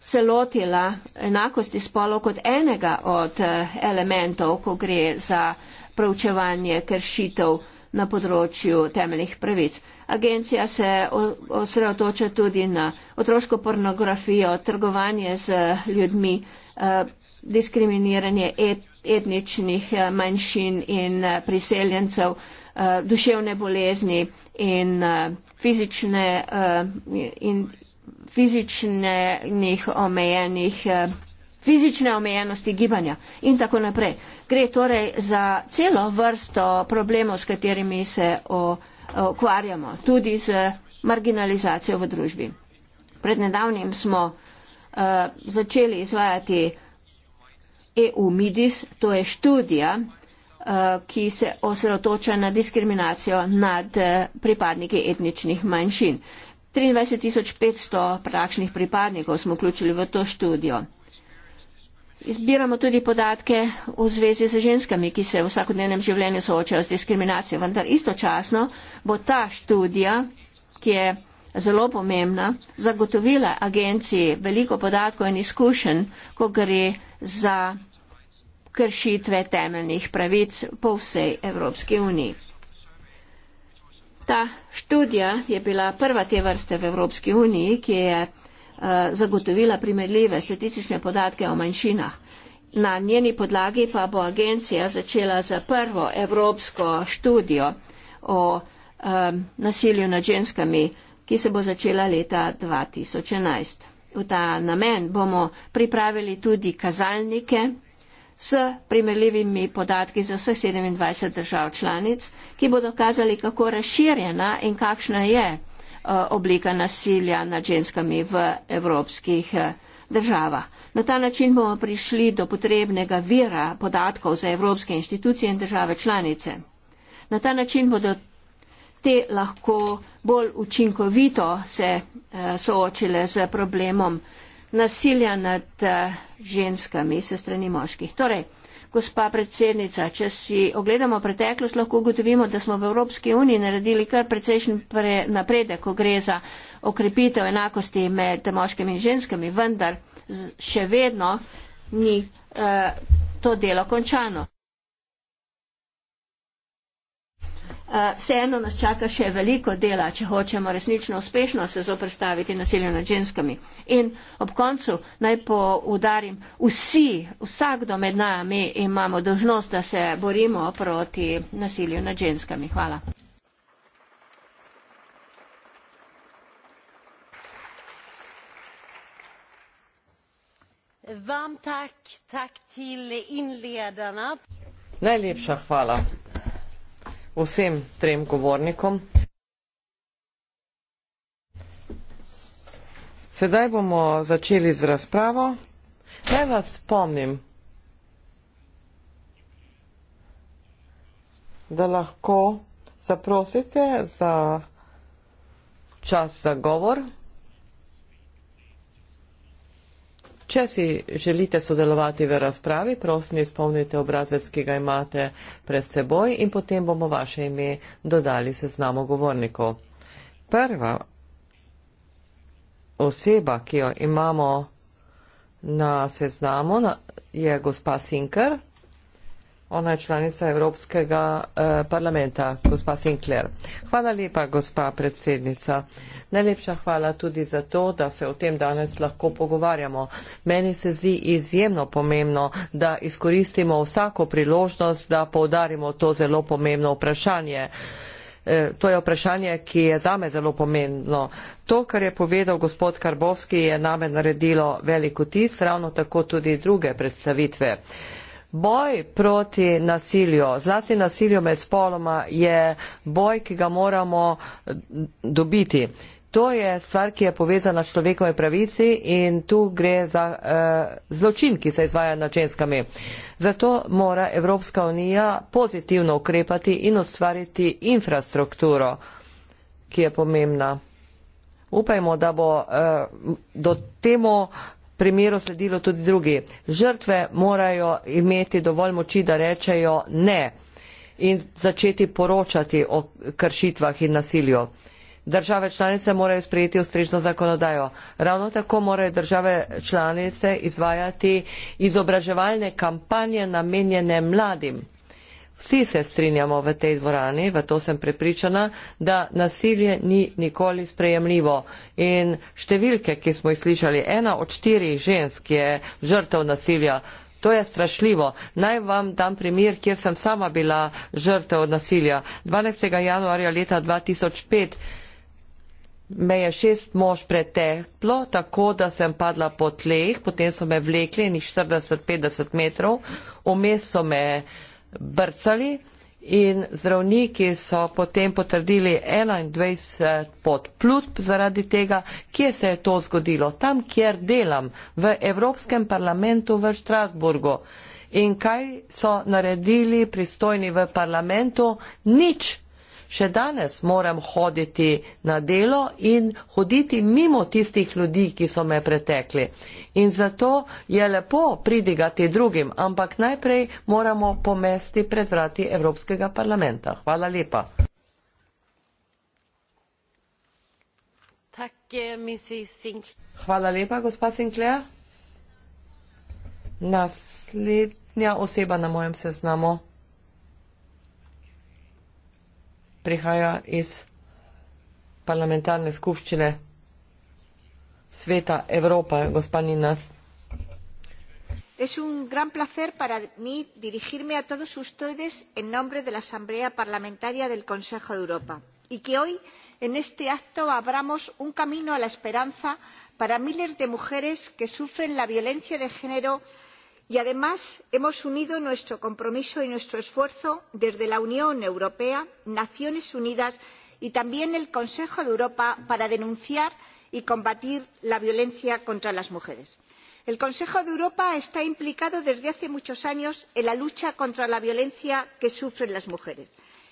S1: se lotila enakosti spolo kot enega od eh, elementov, ko gre za preučevanje kršitev na področju temeljih pravic. Agencija se osredotoča tudi na otroško pornografijo, trgovanje z eh, ljudmi, eh, diskriminiranje etničnih manjšin in priseljencev, duševne bolezni in fizične in fizičnih omejenih, eh, fizične omejenosti gibanja in tako naprej. Gre torej za celo vrsto problemov, s katerimi se eh, ukvarjamo, tudi z marginalizacijo v družbi. Pred nedavnim smo uh, začeli izvajati EU MIDIS, to je študija, uh, ki se osredotoča na diskriminacijo nad uh, pripadniki etničnih manjšin. 23.500 prakšnih pripadnikov smo vključili v to študijo. Izbiramo tudi podatke v zvezi z ženskami, ki se v vsakodnevnem življenju soočajo z diskriminacijo, vendar istočasno bo ta študija, ki je zelo pomembna, zagotovila agenciji veliko podatkov in izkušenj, ko gre za kršitve temeljnih pravic po vsej Evropski uniji. Ta študija je bila prva te vrste v Evropski uniji, ki je eh, zagotovila primerljive statistične podatke o manjšinah. Na njeni podlagi pa bo agencija začela za prvo evropsko študijo o um, nasilju nad ženskami, ki se bo začela leta 2011. V ta namen bomo pripravili tudi kazalnike s primerljivimi podatki za vse 27 držav članic, ki bodo kazali, kako razširjena in kakšna je eh, oblika nasilja nad ženskami v evropskih eh, državah. Na ta način bomo prišli do potrebnega vira podatkov za evropske inštitucije in države članice. Na ta način bodo te lahko bolj učinkovito se eh, soočile z problemom nasilja nad eh, ženskami se strani moških. Torej, gospa predsednica, če si ogledamo preteklost, lahko ugotovimo, da smo v Evropski uniji naredili kar precejšen pre napredek, ko gre za okrepitev enakosti med moškimi in ženskami, vendar še vedno ni uh, to delo končano. Eh, vseeno nas čaka še veliko dela, če hočemo resnično uspešno se zoprstaviti nasilju nad ženskami. In ob koncu naj poudarim, vsi, vsakdo med nami imamo dožnost, da se borimo proti nasilju nad ženskami. Hvala.
S2: Vam tak, tak til inledana.
S5: Najlepša hvala vsem trem govornikom. Sedaj bomo začeli z razpravo. Naj vas spomnim, da lahko zaprosite za čas za govor. Če si želite sodelovati v razpravi, prosim, izpolnite obrazec, ki ga imate pred seboj in potem bomo vaše ime dodali se znamo govornikov. Prva oseba, ki jo imamo na seznamu, je gospa Sinker. Ona je članica Evropskega eh, parlamenta, gospa Sinclair. Hvala lepa, gospa predsednica. Najlepša hvala tudi za to, da se o tem danes lahko pogovarjamo. Meni se zdi izjemno pomembno, da izkoristimo vsako priložnost, da povdarimo to zelo pomembno vprašanje. Eh, to je vprašanje, ki je zame zelo pomembno. To, kar je povedal gospod Karbovski, je name naredilo veliko tis, ravno tako tudi druge predstavitve boj proti nasilju, zlasti nasilju med spoloma, je boj, ki ga moramo eh, dobiti. To je stvar, ki je povezana s človekove pravici in tu gre za eh, zločin, ki se izvaja nad ženskami. Zato mora Evropska unija pozitivno ukrepati in ustvariti infrastrukturo, ki je pomembna. Upajmo, da bo eh, do temu primeru sledilo tudi drugi. Žrtve morajo imeti dovolj moči, da rečejo ne in začeti poročati o kršitvah in nasilju. Države članice morajo sprejeti ustrežno zakonodajo. Ravno tako morajo države članice izvajati izobraževalne kampanje namenjene mladim vsi se strinjamo v tej dvorani, v to sem prepričana, da nasilje ni nikoli sprejemljivo. In številke, ki smo jih slišali, ena od štirih žensk je žrtev nasilja. To je strašljivo. Naj vam dam primer, kjer sem sama bila žrtev nasilja. 12. januarja leta 2005 me je šest mož preteklo, tako da sem padla po tleh, potem so me vlekli in jih 40-50 metrov, omes so me. Uh, brcali in zdravniki so potem potrdili 21 podplutb zaradi tega, kje se je to zgodilo. Tam, kjer delam, v Evropskem parlamentu v Štrasburgu. In kaj so naredili pristojni v parlamentu? Nič še danes moram hoditi na delo in hoditi mimo tistih ljudi, ki so me pretekli. In zato je lepo pridigati drugim, ampak najprej moramo pomesti pred vrati Evropskega parlamenta. Hvala lepa.
S2: Eh,
S5: Hvala lepa, gospa Sinclair. Naslednja oseba na mojem seznamu. prihaja iz parlamentarne skupščine sveta Evropa, gospa Ninas.
S6: Es un gran placer para mí dirigirme a todos ustedes en nombre de la Asamblea Parlamentaria del Consejo de Europa y que hoy, en este acto, abramos un camino a la esperanza para miles de mujeres que sufren la violencia de género y además hemos unido nuestro compromiso y nuestro esfuerzo desde la unión europea las naciones unidas y también el consejo de europa para denunciar y combatir la violencia contra las mujeres. el consejo de europa está implicado desde hace muchos años en la lucha contra la violencia que sufren las mujeres.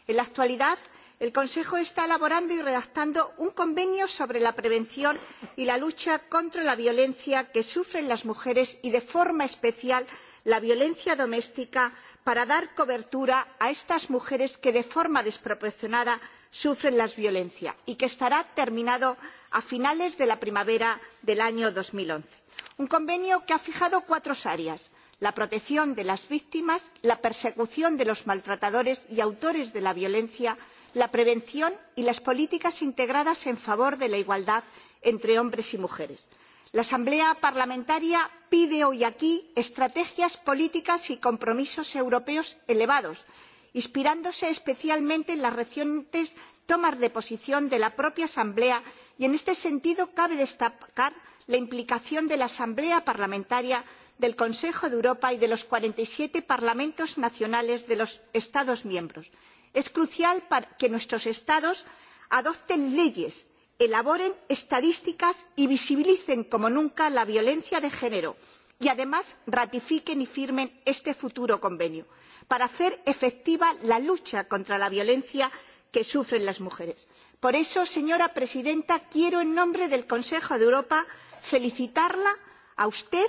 S6: en la actualidad se el consejo está elaborando y redactando un convenio sobre la prevención y la lucha contra la violencia que sufren las mujeres y de forma especial la violencia doméstica para dar cobertura a estas mujeres que de forma desproporcionada sufren la violencia y que estará terminado a finales de la primavera del año. dos mil once un convenio que ha fijado cuatro áreas la protección de las víctimas la persecución de los maltratadores y autores de la violencia la prevención y las políticas integradas en favor de la igualdad entre hombres y mujeres. la asamblea parlamentaria pide hoy aquí estrategias políticas y compromisos europeos elevados inspirándose especialmente en las recientes tomas de posición de la propia asamblea y en este sentido cabe destacar la implicación de la asamblea parlamentaria del consejo de europa y de los cuarenta y siete parlamentos nacionales de los estados miembros es crucial que nuestros estados adopten leyes elaboren estadísticas y visibilicen como nunca la violencia de género y además ratifiquen y firmen este futuro convenio para hacer efectiva la lucha contra la violencia que sufren las mujeres. por eso señora presidenta quiero en nombre del consejo de europa felicitarla a usted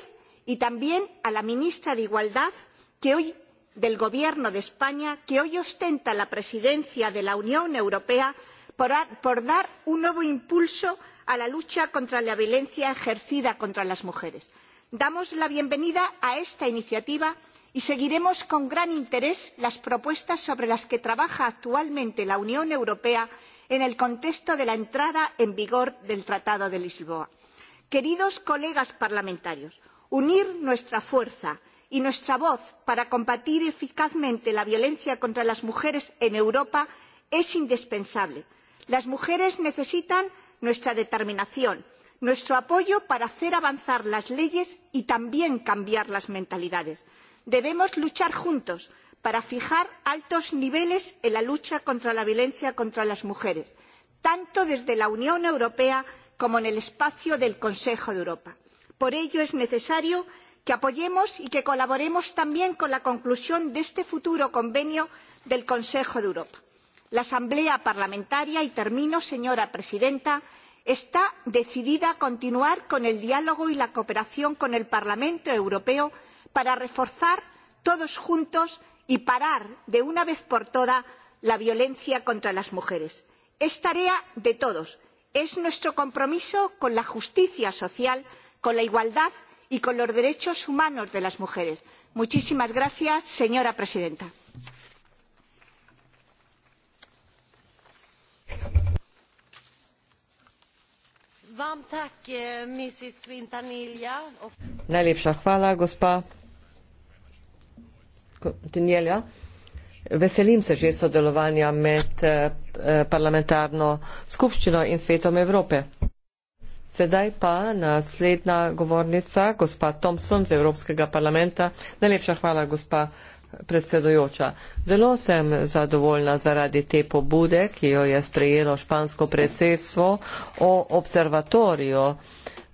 S6: y también a la ministra de igualdad que hoy del gobierno de españa que hoy ostenta la presidencia de la unión europea por dar un nuevo impulso a la lucha contra la violencia ejercida contra las mujeres. damos la bienvenida a esta iniciativa y seguiremos con gran interés las propuestas sobre las que trabaja actualmente la unión europea en el contexto de la entrada en vigor del tratado de lisboa. queridos colegas parlamentarios unir nuestra fuerza y nuestra voz para combatir eficazmente la violencia contra las mujeres en europa es indispensable. las mujeres necesitan nuestra determinación nuestro apoyo para hacer avanzar las leyes y también cambiar las mentalidades. debemos luchar juntos para fijar altos niveles en la lucha contra la violencia contra las mujeres tanto desde la unión europea como en el espacio del consejo de europa. por ello es necesario que apoyemos y que colaboremos también con la conclusión de este futuro convenio del consejo de europa. la asamblea parlamentaria y termino señora presidenta está decidida a continuar con el diálogo y la cooperación con el parlamento europeo para reforzar todos juntos y parar de una vez por todas la violencia contra las mujeres. es tarea de todos es nuestro compromiso con la justicia social con la igualdad y con los derechos humanos de las mujeres. muchísimas gracias señora presidenta.
S2: Eh,
S5: Najlepša hvala, gospa Tinjelja. Veselim se že sodelovanja med eh, parlamentarno skupščino in svetom Evrope. Sedaj pa naslednja govornica, gospa Thompson z Evropskega parlamenta. Najlepša hvala, gospa predsedojoča. Zelo sem zadovoljna zaradi te pobude, ki jo je sprejelo špansko predsedstvo o observatoriju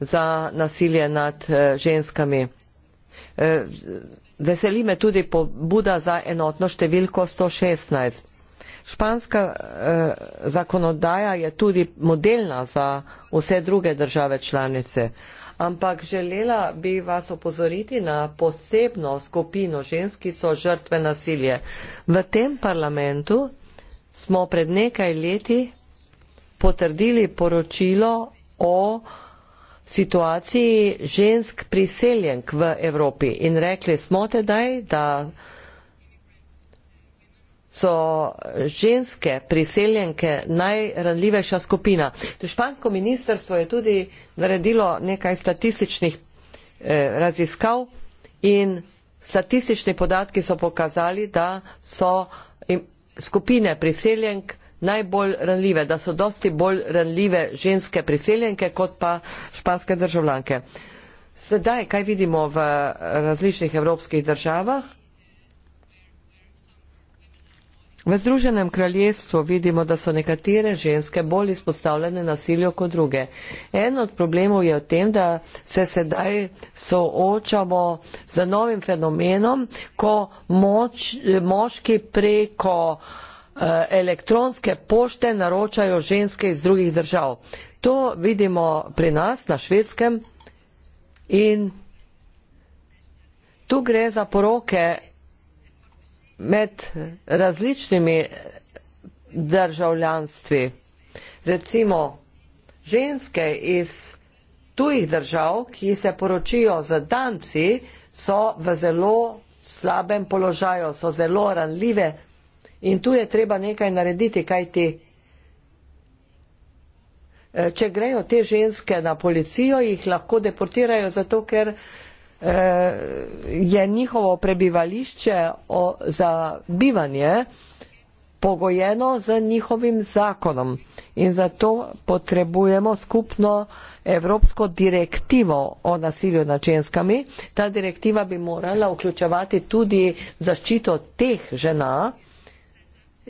S5: za nasilje nad eh, ženskami. Eh, veseli me tudi pobuda za enotno številko 116 španska eh, zakonodaja je tudi modelna za vse druge države članice. Ampak želela bi vas opozoriti na posebno skupino žensk, ki so žrtve nasilje. V tem parlamentu smo pred nekaj leti potrdili poročilo o situaciji žensk priseljenk v Evropi in rekli smo tedaj, da so ženske priseljenke najranljivejša skupina. To špansko ministrstvo je tudi naredilo nekaj statističnih eh, raziskav in statistični podatki so pokazali, da so skupine priseljenk najbolj ranljive, da so dosti bolj ranljive ženske priseljenke kot pa španske državljanke. Sedaj, kaj vidimo v eh, različnih evropskih državah? V Združenem kraljestvu vidimo, da so nekatere ženske bolj izpostavljene nasilju kot druge. En od problemov je v tem, da se sedaj soočamo z novim fenomenom, ko moč, moški preko eh, elektronske pošte naročajo ženske iz drugih držav. To vidimo pri nas na švedskem in tu gre za poroke med različnimi državljanstvi. Recimo ženske iz tujih držav, ki se poročijo z danci, so v zelo slabem položaju, so zelo ranljive in tu je treba nekaj narediti, kajti eh, če grejo te ženske na policijo, jih lahko deportirajo zato, ker Eh, je njihovo prebivališče o, za bivanje pogojeno z njihovim zakonom in zato potrebujemo skupno evropsko direktivo o nasilju nad ženskami. Ta direktiva bi morala vključevati tudi zaščito teh žena,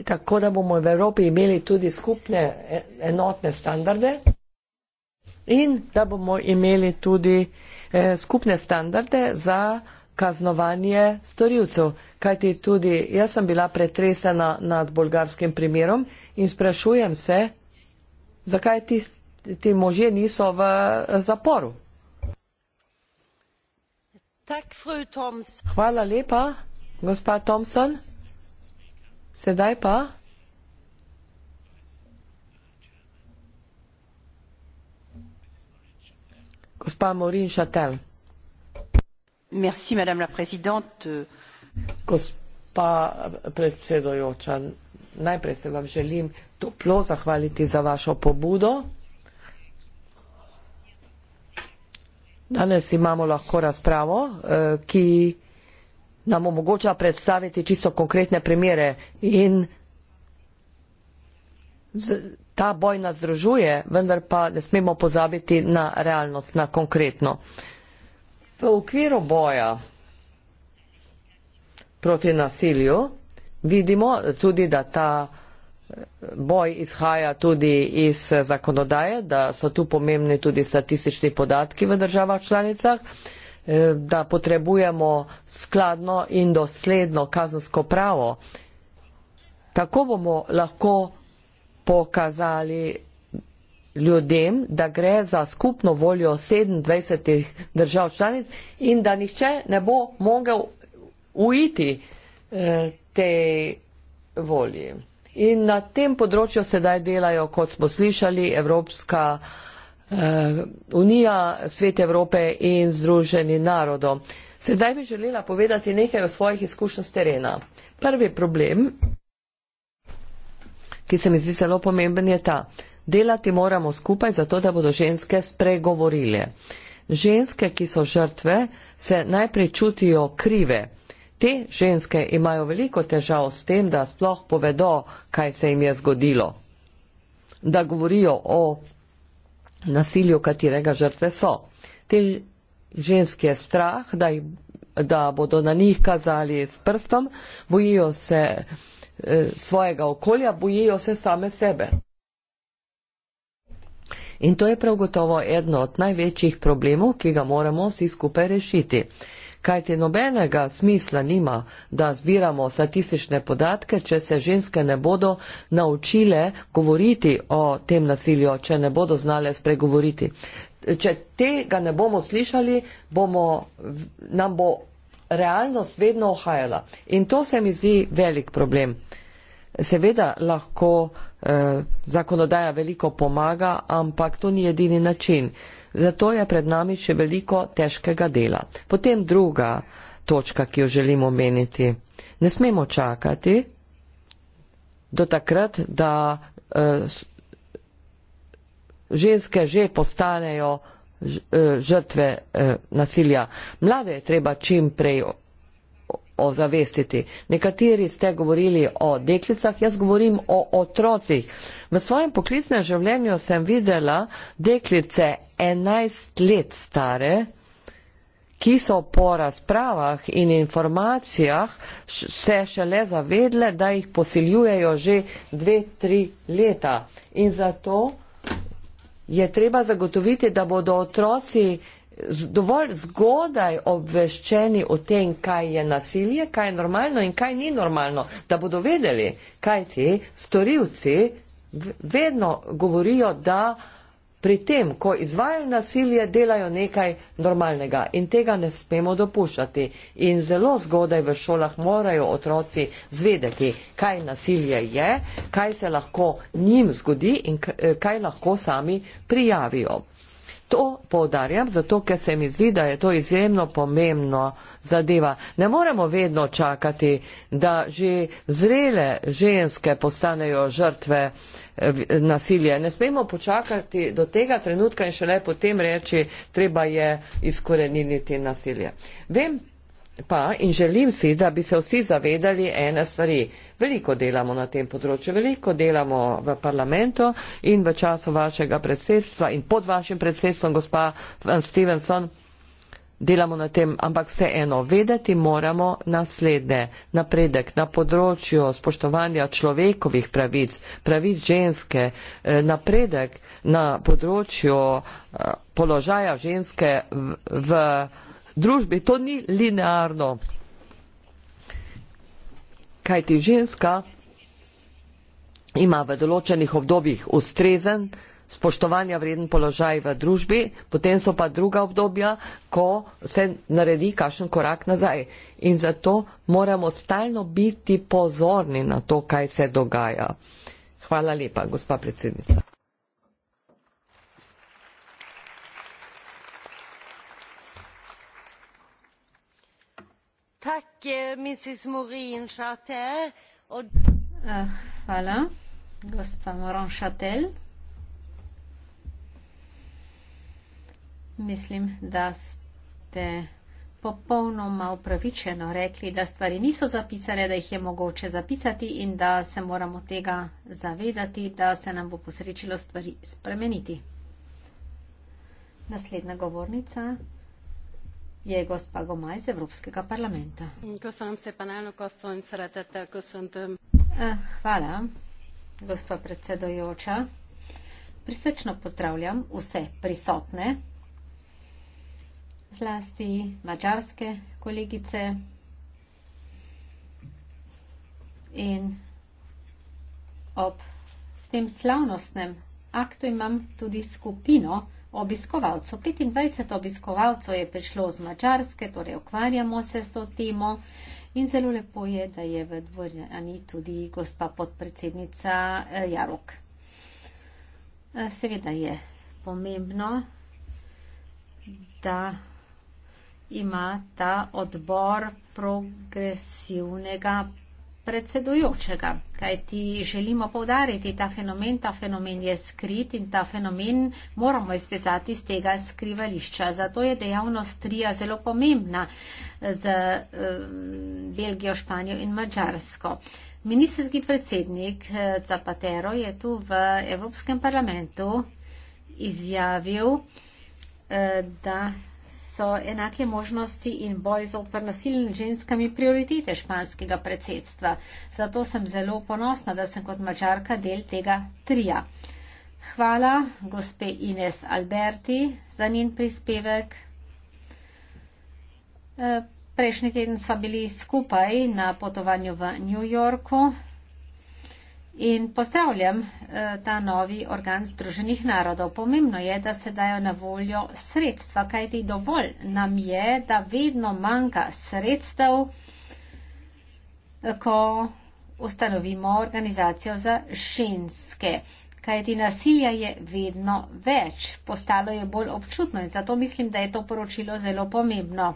S5: tako da bomo v Evropi imeli tudi skupne e, enotne standarde in da bomo imeli tudi Eh, skupne standarde za kaznovanje storilcev. Kajti tudi jaz sem bila pretresena nad bolgarskim primerom in sprašujem se, zakaj ti, ti možje niso v eh, zaporu. Hvala lepa, gospa Thompson. Sedaj pa. gospa predsedujoča najprej se vam želim toplo zahvaliti za vašo pobudo danes imamo lahko razpravo eh, ki nam omogoča predstaviti čisto konkretne primere in z, ta boj nas združuje, vendar pa ne smemo pozabiti na realnost, na konkretno. V okviru boja proti nasilju vidimo tudi, da ta eh, boj izhaja tudi iz eh, zakonodaje, da so tu pomembni tudi statistični podatki v državah članicah, eh, da potrebujemo skladno in dosledno kazensko pravo. Tako bomo lahko pokazali ljudem, da gre za skupno voljo 27 držav članic in da nihče ne bo mogel uiti eh, tej volji. In na tem področju sedaj delajo, kot smo slišali, Evropska eh, unija, svet Evrope in Združeni narodo. Sedaj bi želela povedati nekaj o svojih izkušnjah z terena. Prvi problem ki se mi zdi zelo pomemben, je ta. Delati moramo skupaj, zato da bodo ženske spregovorile. Ženske, ki so žrtve, se najprej čutijo krive. Te ženske imajo veliko težav s tem, da sploh povedo, kaj se jim je zgodilo. Da govorijo o nasilju, katerega žrtve so. Te ženske je strah, da, jih, da bodo na njih kazali s prstom, bojijo se, Eh, svojega okolja, bojijo se same sebe. In to je prav gotovo eno od največjih problemov, ki ga moramo vsi skupaj rešiti. Kaj ti nobenega smisla nima, da zbiramo statistične podatke, če se ženske ne bodo naučile govoriti o tem nasilju, če ne bodo znale spregovoriti. Če tega ne bomo slišali, bomo, nam bo realnost vedno ohajala. In to se mi zdi velik problem. Seveda lahko eh, zakonodaja veliko pomaga, ampak to ni edini način. Zato je pred nami še veliko težkega dela. Potem druga točka, ki jo želimo omeniti. Ne smemo čakati do takrat, da eh, ženske že postanejo E, žrtve e, nasilja. Mlade je treba čim prej ozavestiti. Nekateri ste govorili o deklicah, jaz govorim o otrocih. V svojem poklicnem življenju sem videla deklice 11 let stare, ki so po razpravah in informacijah se šele zavedle, da jih posiljujejo že 2-3 leta. In zato je treba zagotoviti, da bodo otroci dovolj zgodaj obveščeni o tem, kaj je nasilje, kaj je normalno in kaj ni normalno, da bodo vedeli, kaj ti storilci vedno govorijo, da uh, pri tem, ko izvajajo nasilje, delajo nekaj normalnega in tega ne smemo dopuščati. In zelo zgodaj v šolah morajo otroci zvedeti, kaj nasilje je, kaj se lahko njim zgodi in eh, kaj lahko sami prijavijo. To poudarjam, zato ker se mi zdi, da je to izjemno pomembno zadeva. Ne moremo vedno čakati, da že zrele ženske postanejo žrtve uh, Eh, nasilje. Ne smemo počakati do tega trenutka in šele potem reči, treba je izkoreniniti nasilje. Vem pa in želim si, da bi se vsi zavedali ene stvari. Veliko delamo na tem področju, veliko delamo v parlamentu in v času vašega predsedstva in pod vašim predsedstvom, gospa Stevenson delamo na tem, ampak vseeno vedeti moramo naslednje napredek na področju spoštovanja človekovih pravic, pravic ženske, eh, napredek na področju eh, položaja ženske v družbi. To ni linearno. Kaj ti ženska ima v določenih obdobjih ustrezen, spoštovanja vreden položaj v družbi, potem so pa druga obdobja, ko se naredi kakšen korak nazaj. In zato moramo stalno biti pozorni na to, kaj se dogaja. Hvala lepa, gospa predsednica.
S2: Tak, Morin, Od... uh,
S4: hvala, gospa Moron Šatel. Mislim, da ste popolnoma upravičeno rekli, da stvari niso zapisane, da jih je mogoče zapisati in da se moramo tega zavedati, da se nam bo posrečilo stvari spremeniti. Naslednja govornica je gospa Gomaj iz Evropskega parlamenta. Eh, hvala, gospa predsedojoča. Prisrečno pozdravljam vse prisotne zlasti mačarske kolegice. In ob tem slavnostnem aktu imam tudi skupino obiskovalcev. 25 obiskovalcev je prišlo z Mačarske, torej ukvarjamo se s to temo. In zelo lepo je, da je v dvorani tudi gospa podpredsednica eh, Jarok. Eh, seveda je pomembno, da ima ta odbor progresivnega predsedujočega. Kaj ti želimo povdariti, ta fenomen, ta fenomen je skrit in ta fenomen moramo izpezati iz tega skrivališča. Zato je dejavnost trija zelo pomembna z eh, Belgijo, Španijo in Mačarsko. Ministrski predsednik eh, Zapatero je tu v Evropskem parlamentu izjavil, eh, da so enake možnosti in boj zoper nasilje nad ženskami prioritete španskega predsedstva. Zato sem zelo ponosna, da sem kot mačarka del tega trija. Hvala gospe Ines Alberti za njen prispevek. Eh, prejšnji teden smo bili skupaj na potovanju v New Yorku. In pozdravljam eh, ta novi organ Združenih narodov. Pomembno je, da se dajo na voljo sredstva, kajti dovolj nam je, da vedno manjka sredstev, ko ustanovimo organizacijo za ženske. Kajti nasilja je vedno več, postalo je bolj občutno in zato mislim, da je to poročilo zelo pomembno.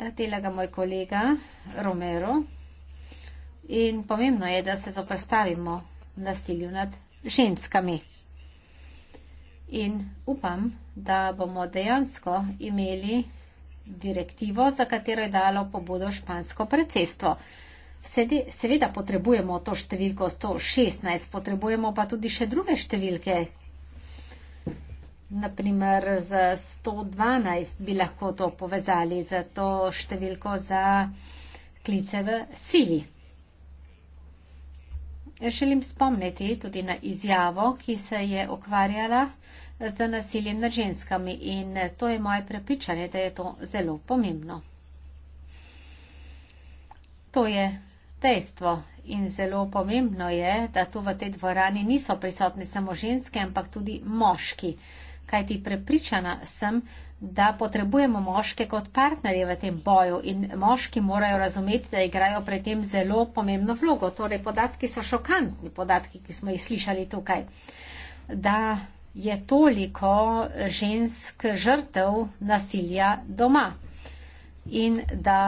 S4: Eh, delaga moj kolega Romero. In pomembno je, da se zoprstavimo nasilju nad ženskami. In upam, da bomo dejansko imeli direktivo, za katero je dalo pobudo špansko predsedstvo. Seveda potrebujemo to številko 116, potrebujemo pa tudi še druge številke. Naprimer, za 112 bi lahko to povezali, za to številko za klice v sili želim spomniti tudi na izjavo, ki se je ukvarjala z nasiljem nad ženskami in to je moje prepričanje, da je to zelo pomembno. To je dejstvo in zelo pomembno je, da tu v tej dvorani niso prisotni samo ženske, ampak tudi moški, kajti prepričana sem, da potrebujemo moške kot partnerje v tem boju in moški morajo razumeti, da igrajo pri tem zelo pomembno vlogo. Torej, podatki so šokantni, podatki, ki smo jih slišali tukaj, da je toliko žensk žrtev nasilja doma in da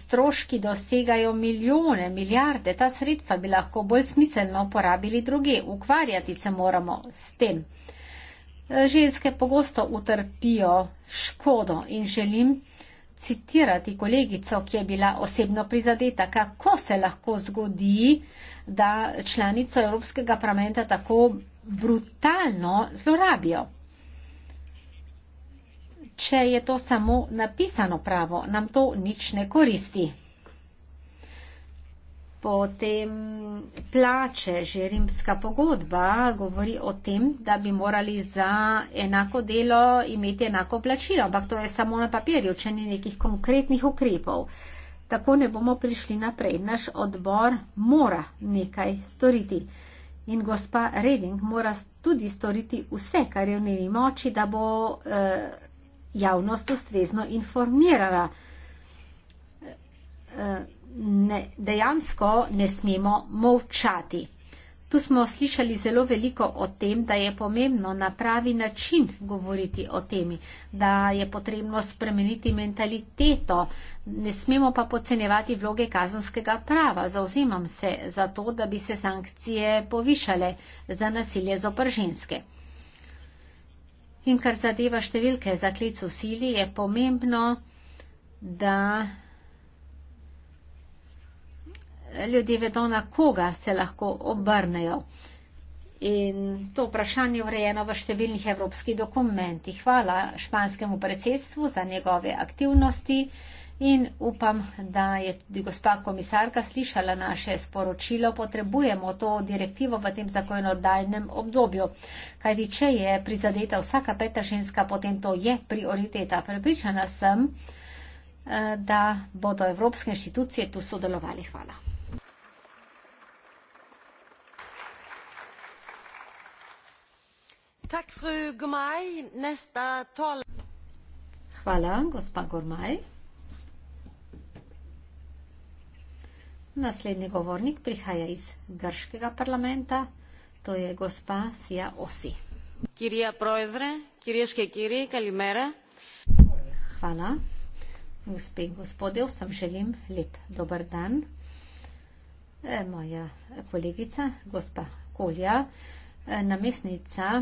S4: stroški dosegajo milijone, milijarde. Ta sredstva bi lahko bolj smiselno porabili druge. Ukvarjati se moramo s tem. Ženske pogosto utrpijo škodo in želim citirati kolegico, ki je bila osebno prizadeta, kako se lahko zgodi, da članico Evropskega parlamenta tako brutalno zlorabijo. Če je to samo napisano pravo, nam to nič ne koristi. Potem plače, že rimska pogodba govori o tem, da bi morali za enako delo imeti enako plačilo, ampak to je samo na papirju, če ni nekih konkretnih ukrepov. Tako ne bomo prišli naprej. Naš odbor mora nekaj storiti. In gospa Reding mora tudi storiti vse, kar je v njeni moči, da bo eh, javnost ustrezno informirala. Eh, ne, dejansko ne smemo molčati. Tu smo slišali zelo veliko o tem, da je pomembno na pravi način govoriti o temi, da je potrebno spremeniti mentaliteto. Ne smemo pa podcenjevati vloge kazanskega prava. Zauzemam se za to, da bi se sankcije povišale za nasilje z oprženske. In kar zadeva številke za klic v sili, je pomembno, da ljudje vedo, na koga se lahko obrnejo. In to vprašanje je urejeno v številnih evropskih dokumentih. Hvala španskemu predsedstvu za njegove aktivnosti in upam, da je tudi gospa komisarka slišala naše sporočilo. Potrebujemo to direktivo v tem zakonodajnem obdobju. Kajti, če je prizadeta vsaka peta ženska, potem to je prioriteta. Prepričana sem, eh, da bodo evropske inštitucije tu sodelovali. Hvala. Hvala, gospa Gormaj. Naslednji govornik prihaja iz grškega parlamenta, to je gospa Sija Osi.
S1: Kirija proezre, kirijske kirije, kalimera.
S4: Hvala. Gospe in gospode, vsem želim lep dober dan. E, moja kolegica, gospa Kolja, e, namestnica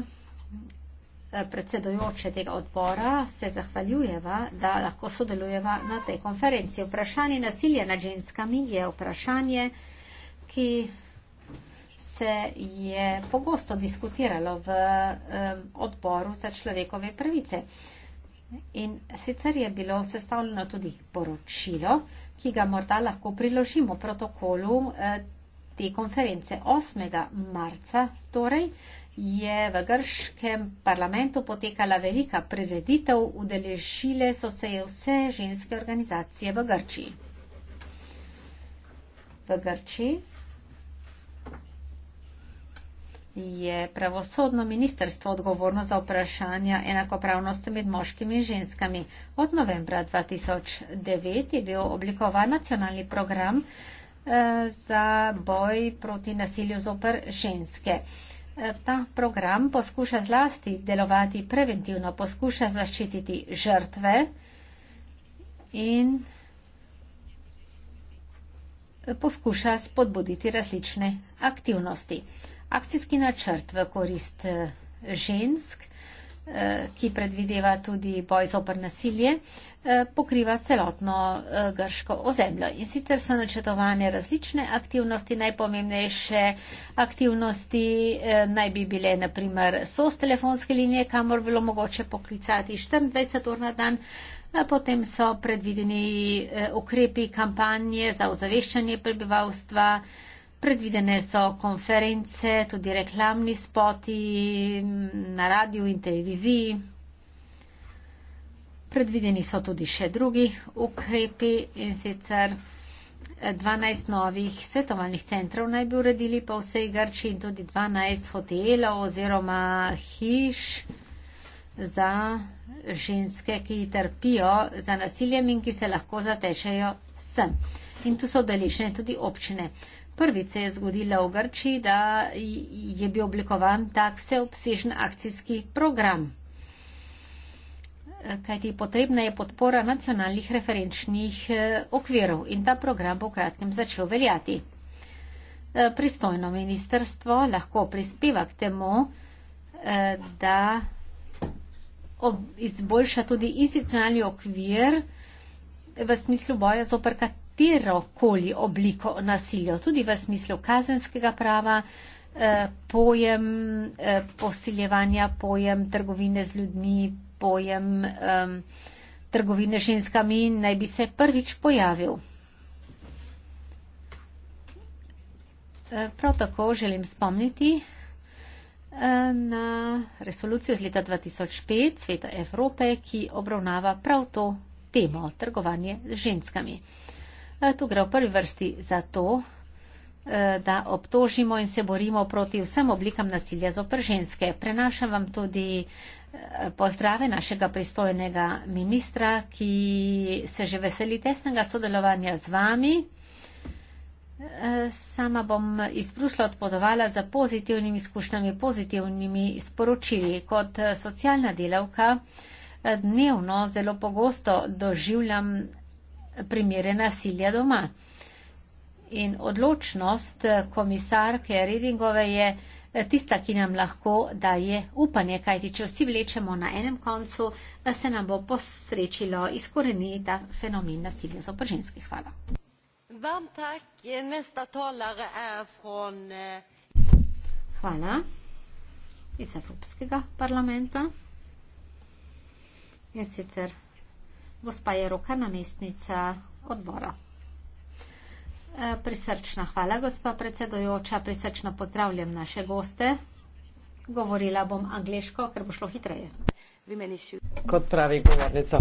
S4: Eh, predsedojoče tega odbora, se zahvaljujeva, da lahko sodelujeva na tej konferenciji. Vprašanje nasilja nad ženskami je vprašanje, ki se je pogosto diskutiralo v um, odboru za človekove pravice. In sicer je bilo sestavljeno tudi poročilo, ki ga morda lahko priložimo protokolu eh, te konference 8. marca, torej je v grškem parlamentu potekala velika prireditev, udeležile so se je vse ženske organizacije v Grčiji. V Grčiji je pravosodno ministrstvo odgovorno za vprašanja enakopravnosti med moškimi in ženskami. Od novembra 2009 je bil oblikovan nacionalni program eh, za boj proti nasilju zoper ženske. Eh, ta program poskuša zlasti delovati preventivno, poskuša zaščititi žrtve in poskuša spodbuditi različne aktivnosti. Akcijski načrt v korist eh, žensk Eh, ki predvideva tudi boj zopr nasilje, eh, pokriva celotno eh, grško ozemljo. In sicer so načrtovane različne aktivnosti, najpomembnejše aktivnosti naj bi bile naprimer SOS telefonske linije, kamor bilo mogoče poklicati 24 ur na dan. Potem so predvideni ukrepi kampanje za ozaveščanje prebivalstva. Predvidene so konference, tudi reklamni spoti na radiju in televiziji. Predvideni so tudi še drugi ukrepi in sicer 12 novih svetovalnih centrov naj bi uredili po vsej Grči in tudi 12 hotelov oziroma hiš za ženske, ki trpijo za nasiljem in ki se lahko zatečejo sem. In tu so odlične tudi občine. Prvič se je zgodilo v Grčiji, da je bil oblikovan tak vseobsežen akcijski program. Kajti potrebna je podpora nacionalnih referenčnih eh, okvirov in ta program bo v kratkem začel veljati. Eh, pristojno ministrstvo lahko prispeva k temu, eh, da izboljša tudi institucionalni okvir v smislu boja z oprkatnostjo katero koli obliko nasilja, tudi v smislu kazenskega prava, eh, pojem eh, posiljevanja, pojem trgovine z ljudmi, pojem um, trgovine ženskami naj bi se prvič pojavil. Eh, prav tako želim spomniti na resolucijo z leta 2005 Sveta Evrope, ki obravnava prav to temo trgovanje z ženskami. Eh, tu gre v prvi vrsti za to, eh, da obtožimo in se borimo proti vsem oblikam nasilja zoper ženske. Prenašam vam tudi eh, pozdrave našega pristojnega ministra, ki se že veseli tesnega sodelovanja z vami. Sama bom iz Brusla odpodovala za pozitivnimi izkušnjami, pozitivnimi sporočili. Kot socialna delavka dnevno zelo pogosto doživljam primere nasilja doma. In odločnost komisarke Redingove je eh, tista, ki nam lahko daje upanje, kajti če vsi vlečemo na enem koncu, se nam bo posrečilo izkoreniti ta fenomen nasilja z oprženskih. Hvala.
S2: Eh, eh,
S4: Hvala iz Evropskega parlamenta. In sicer gospa Jeroka, namestnica odbora. E, prisrčna hvala, gospa predsedojoča, prisrčno pozdravljam naše goste. Govorila bom angliško, ker bo šlo hitreje.
S5: Kot pravi govornica.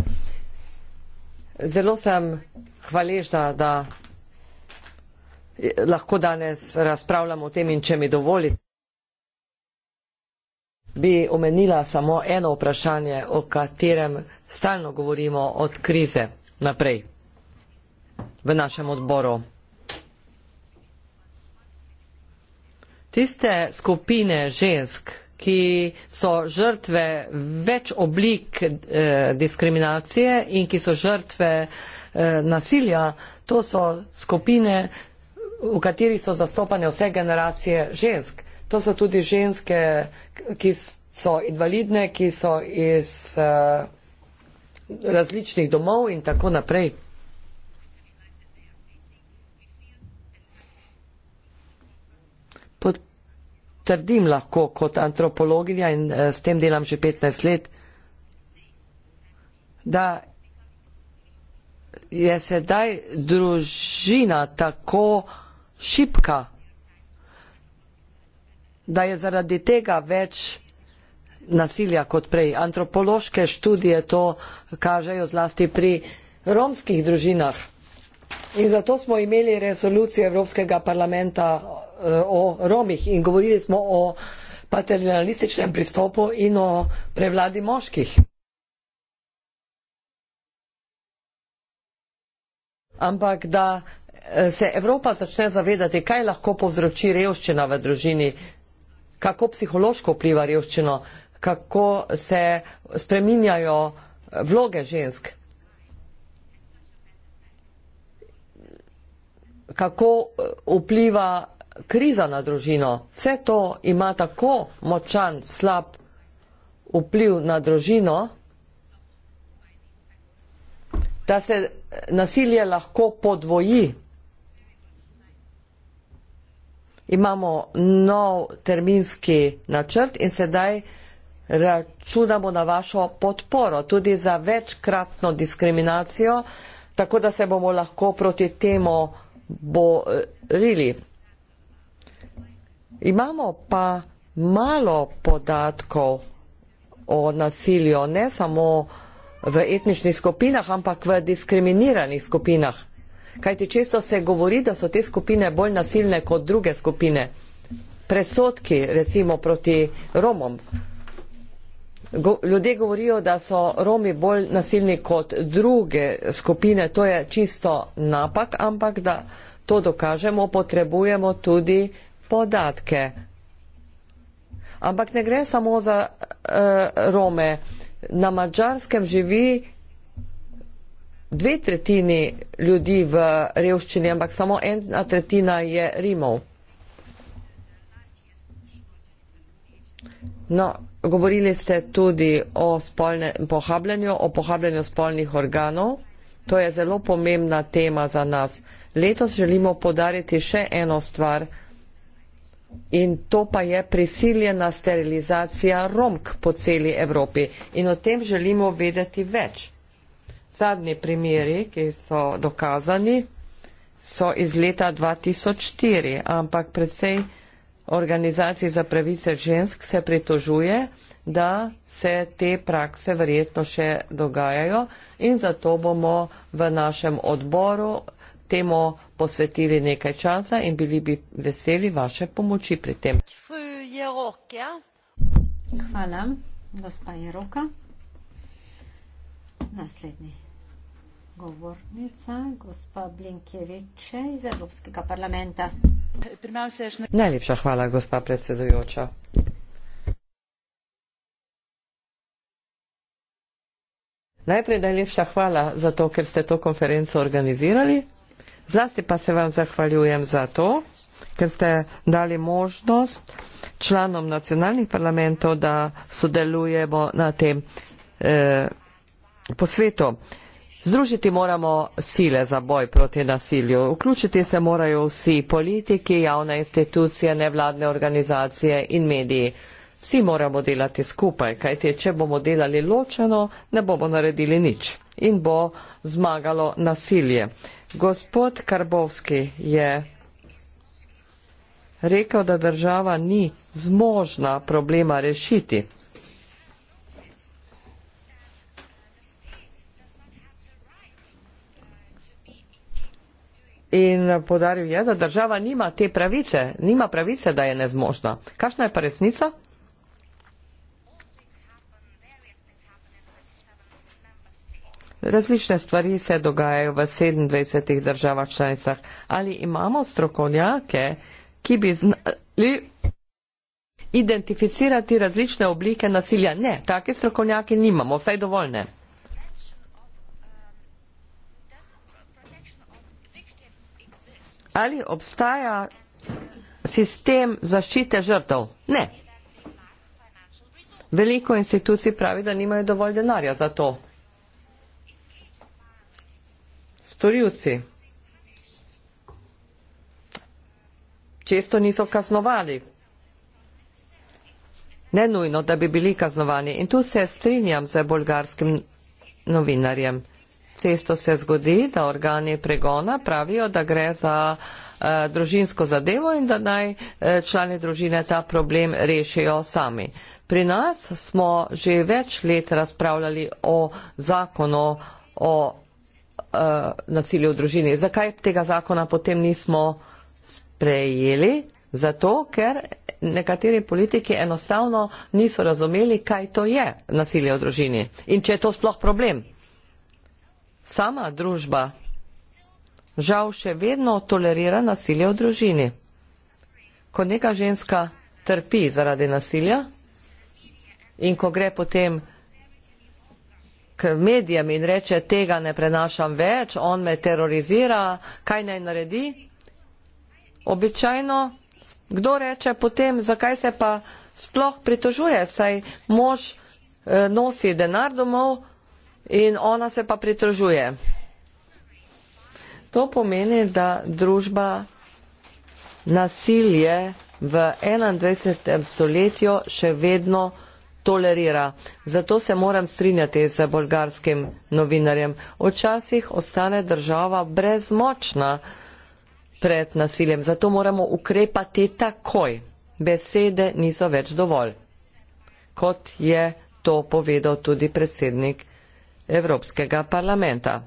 S5: Zelo sem hvaležna, da lahko danes razpravljamo o tem in če mi dovolite bi omenila samo eno vprašanje, o katerem stalno govorimo od krize naprej v našem odboru. Tiste skupine žensk, ki so žrtve več oblik eh, diskriminacije in ki so žrtve eh, nasilja, to so skupine, v kateri so zastopane vse generacije žensk to so tudi ženske, ki so invalidne, ki so iz eh, različnih domov in tako naprej. Trdim lahko kot antropologinja in eh, s tem delam že 15 let, da je sedaj družina tako šipka, da je zaradi tega več nasilja kot prej. Antropološke študije to kažejo zlasti pri romskih družinah. In zato smo imeli resolucijo Evropskega parlamenta eh, o Romih in govorili smo o paternalističnem pristopu in o prevladi moških. Ampak da eh, se Evropa začne zavedati, kaj lahko povzroči revščina v družini, kako psihološko vpliva revščino, kako se spreminjajo vloge žensk, kako eh, vpliva kriza na družino. Vse to ima tako močan, slab vpliv na družino, da se eh, nasilje lahko podvoji imamo nov terminski načrt in sedaj računamo na vašo podporo tudi za večkratno diskriminacijo, tako da se bomo lahko proti temu borili. Imamo pa malo podatkov o nasilju, ne samo v etničnih skupinah, ampak v diskriminiranih skupinah. Kajti često se govori, da so te skupine bolj nasilne kot druge skupine. Predsotki, recimo proti Romom. Go, ljudje govorijo, da so Romi bolj nasilni kot druge skupine. To je čisto napak, ampak da to dokažemo, potrebujemo tudi podatke. Ampak ne gre samo za uh, Rome. Na Mačarskem živi dve tretjini ljudi v revščini, ampak samo ena tretjina je Rimov. No, govorili ste tudi o spolnem pohabljanju, o pohabljanju spolnih organov. To je zelo pomembna tema za nas. Letos želimo podariti še eno stvar in to pa je prisiljena sterilizacija romk po celi Evropi in o tem želimo vedeti več zadnji primeri, ki so dokazani, so iz leta 2004, ampak predvsej organizacij za pravice žensk se pritožuje, da se te prakse verjetno še dogajajo in zato bomo v našem odboru temu posvetili nekaj časa in bili bi veseli vaše pomoči pri tem.
S4: Hvala, gospa Jeroka. Naslednji govornica, gospa Blinkeviče iz Evropskega parlamenta.
S5: Najlepša hvala, gospa predsedujoča. Najprej najlepša hvala za to, ker ste to konferenco organizirali. Zlasti pa se vam zahvaljujem za to, ker ste dali možnost članom nacionalnih parlamentov, da sodelujemo na tem eh, po svetu. Združiti moramo sile za boj proti nasilju. Vključiti se morajo vsi politiki, javne institucije, nevladne organizacije in mediji. Vsi moramo delati skupaj, kajte če bomo delali ločeno, ne bomo naredili nič in bo zmagalo nasilje. Gospod Karbovski je rekel, da država ni zmožna problema rešiti. In podaril je, da država nima te pravice, nima pravice, da je nezmožna. Kakšna je pa resnica? Različne stvari se dogajajo v 27 državah članicah. Ali imamo strokovnjake, ki bi znali identificirati različne oblike nasilja? Ne, take strokovnjake nimamo, vsaj dovolj ne. ali obstaja sistem zaščite žrtev? Ne. Veliko institucij pravi, da nimajo dovolj denarja za to. Storilci. Često niso kaznovali. Ne nujno, da bi bili kaznovani. In tu se strinjam z bolgarskim novinarjem cesto se zgodi, da organi pregona pravijo, da gre za eh, družinsko zadevo in da naj eh, člani družine ta problem rešijo sami. Pri nas smo že več let razpravljali o zakonu o eh, nasilju v družini. Zakaj tega zakona potem nismo sprejeli? Zato, ker nekateri politiki enostavno niso razumeli, kaj to je nasilje v družini in če je to sploh problem sama družba žal še vedno tolerira nasilje v družini. Ko neka ženska trpi zaradi nasilja in ko gre potem k medijem in reče, tega ne prenašam več, on me terorizira, kaj naj naredi, običajno kdo reče potem, zakaj se pa sploh pritožuje, saj mož eh, nosi denar domov, in ona se pa pritožuje. To pomeni, da družba nasilje v 21. stoletju še vedno tolerira. Zato se moram strinjati z bolgarskim novinarjem. Včasih ostane država brezmočna pred nasiljem, zato moramo ukrepati takoj. Besede niso več dovolj, kot je to povedal tudi predsednik. Evropskega parlamenta.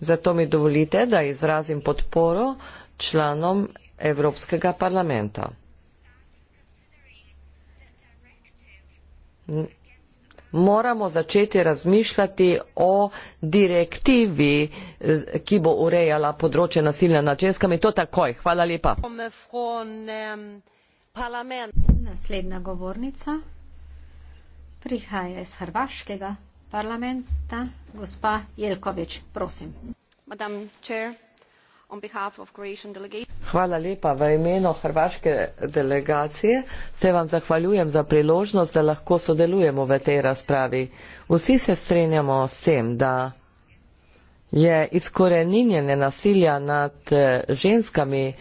S5: Zato mi dovolite, da izrazim podporo članom Evropskega parlamenta. Moramo začeti razmišljati o direktivi, ki bo urejala področje nasilja nad ženskami. To takoj. Hvala lepa.
S4: Naslednja govornica prihaja iz Hrvaškega parlamenta gospa Jelkovič, prosim.
S5: Hvala lepa v imenu hrvaške delegacije. Se vam zahvaljujem za priložnost, da lahko sodelujemo v tej razpravi. Vsi se strenjamo s tem, da je izkoreninjene nasilja nad eh, ženskami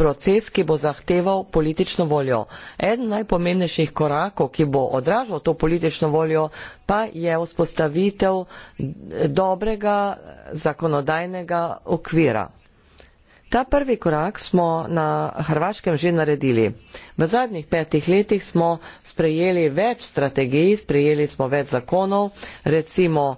S5: proces, ki bo zahteval politično voljo. Eden najpomembnejših korakov, ki bo odražal to politično voljo, pa je vzpostavitev dobrega zakonodajnega okvira. Ta prvi korak smo na Hrvaškem že naredili. V zadnjih petih letih smo sprejeli več strategij, sprejeli smo več zakonov, recimo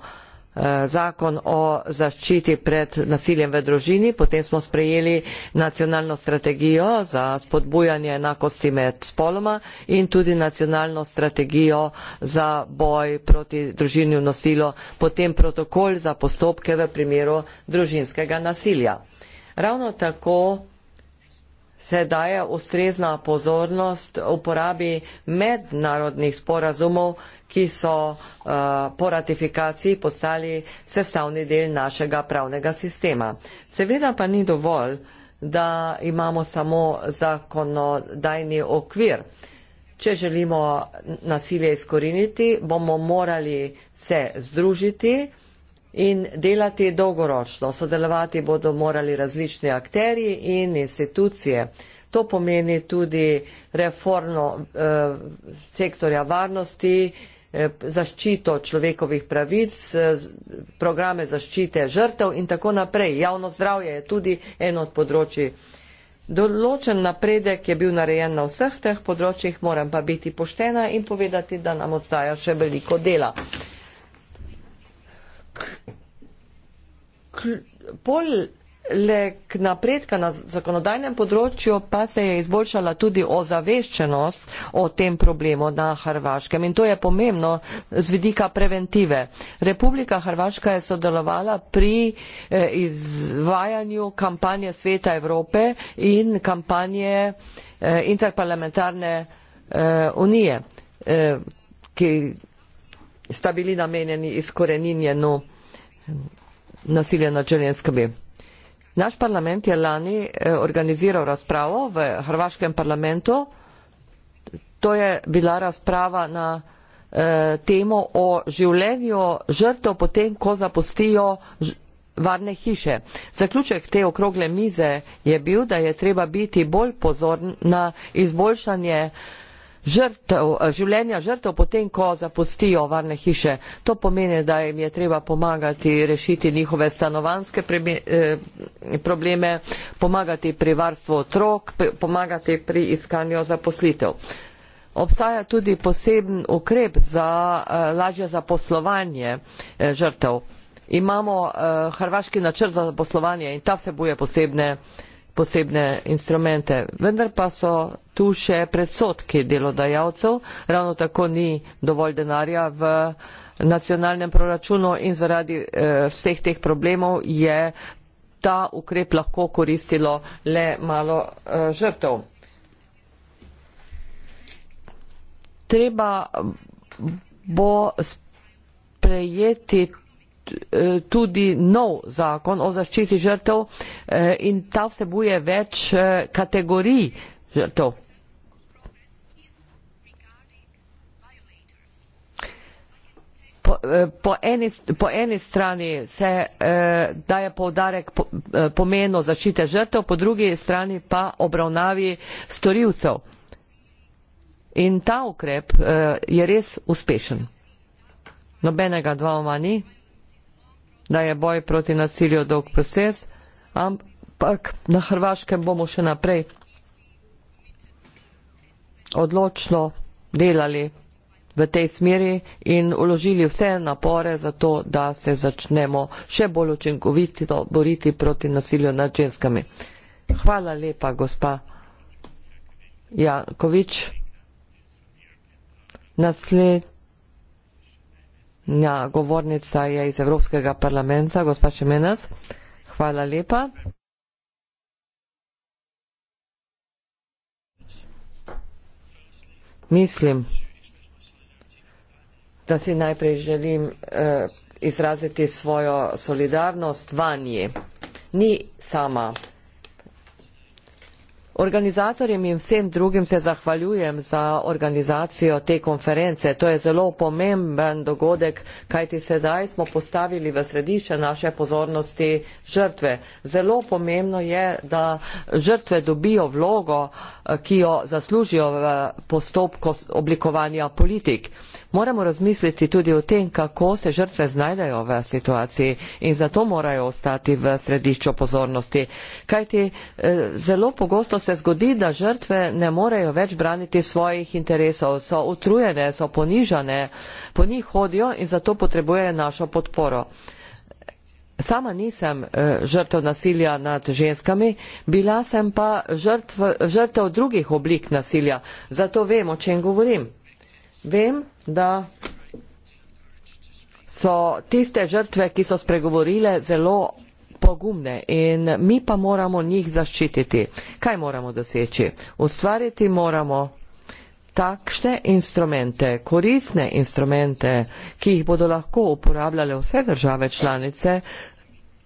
S5: Eh, zakon o zaščiti pred nasiljem v družini, potem smo sprejeli nacionalno strategijo za spodbujanje enakosti med spoloma in tudi nacionalno strategijo za boj proti družini v nasilju, potem protokol za postopke v primeru družinskega nasilja. Ravno tako se daje ustrezna pozornost uporabi mednarodnih sporazumov, ki so uh, po ratifikaciji postali sestavni del našega pravnega sistema. Seveda pa ni dovolj, da imamo samo zakonodajni okvir. Če želimo nasilje izkoriniti, bomo morali se združiti, in delati dolgoročno. Sodelovati bodo morali različni akteri in institucije. To pomeni tudi reformo eh, sektorja varnosti, eh, zaščito človekovih pravic, eh, programe zaščite žrtev in tako naprej. Javno zdravje je tudi eno od področji. Določen napredek je bil narejen na vseh teh področjih, moram pa biti poštena in povedati, da nam ostaja še veliko dela. poleg napredka na zakonodajnem področju pa se je izboljšala tudi ozaveščenost o tem problemu na Hrvaškem in to je pomembno z vidika preventive. Republika Hrvaška je sodelovala pri eh, izvajanju kampanje Sveta Evrope in kampanje eh, interparlamentarne eh, unije, ki sta bili namenjeni izkoreninjenu nasilja nad ženskami. Naš parlament je lani eh, organiziral razpravo v hrvaškem parlamentu. To je bila razprava na eh, temo o življenju žrtev potem, ko zapustijo varne hiše. Zaključek te okrogle mize je bil, da je treba biti bolj pozorn na izboljšanje eh, žrtev, eh, življenja žrtev potem, ko zapustijo varne hiše. To pomeni, da jim je treba pomagati rešiti njihove stanovanske eh, probleme, pomagati pri varstvu otrok, pomagati pri iskanju zaposlitev. Obstaja tudi poseben ukrep za eh, lažje zaposlovanje žrtev. Imamo hrvaški načrt za zaposlovanje in ta vsebuje posebne posebne instrumente. Vendar pa so tu še predsotki delodajalcev, ravno tako ni dovolj denarja v nacionalnem proračunu in zaradi eh, vseh teh problemov je ta ukrep lahko koristilo le malo eh, žrtev. Treba bo sprejeti Eh, tudi nov zakon o zaščiti žrtev eh, in ta vsebuje več eh, kategorij žrtev. Po, po, eni, po eni strani se eh, daje povdarek po, eh, pomenu zaščite žrtev, po drugi strani pa obravnavi storilcev. In ta ukrep eh, je res uspešen. Nobenega dvoma ni da je boj proti nasilju dolg proces, ampak na Hrvaškem bomo še naprej odločno delali v tej smeri in uložili vse napore za to, da se začnemo še bolj učinkovito boriti proti nasilju nad ženskami. Hvala lepa, gospa Jankovič. Naslednji. Ja, govornica je iz Evropskega parlamenta, gospa Čemenac. Hvala lepa. Mislim, da si najprej želim eh, izraziti svojo solidarnost vanji. Ni sama organizatorjem in vsem drugim se zahvaljujem za organizacijo te konference. To je zelo pomemben dogodek, kajti sedaj smo postavili v središče naše pozornosti žrtve. Zelo pomembno je, da žrtve dobijo vlogo, eh, ki jo zaslužijo v postopku oblikovanja politik moramo razmisliti tudi o tem, kako se žrtve znajdajo v situaciji in zato morajo ostati v središču pozornosti. Kajti eh, zelo pogosto se zgodi, da žrtve ne morejo več braniti svojih interesov, so utrujene, so ponižane, po njih hodijo in zato potrebujejo našo podporo. Sama nisem eh, žrtev nasilja nad ženskami, bila sem pa žrtv, žrtev drugih oblik nasilja, zato vem, o čem govorim. Vem, da so tiste žrtve, ki so spregovorile, zelo pogumne in mi pa moramo njih zaščititi. Kaj moramo doseči? Ustvariti moramo takšne instrumente, koristne instrumente, ki jih bodo lahko uporabljale vse države članice,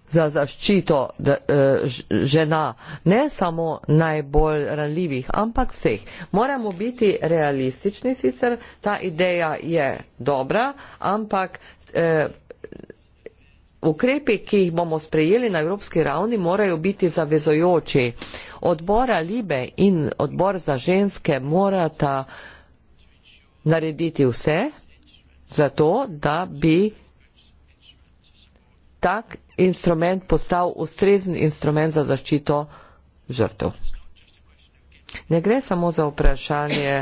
S5: za zaščito da, eh, žena, ne samo najbolj ranljivih, ampak vseh. Moramo biti realistični sicer, ta ideja je dobra, ampak eh, ukrepi, ki jih bomo sprejeli na evropski ravni, morajo biti zavezojoči. Odbora Libe in odbor za ženske morata narediti vse, zato da bi tak instrument postal ustrezen instrument za zaščito žrtev. Ne gre samo za vprašanje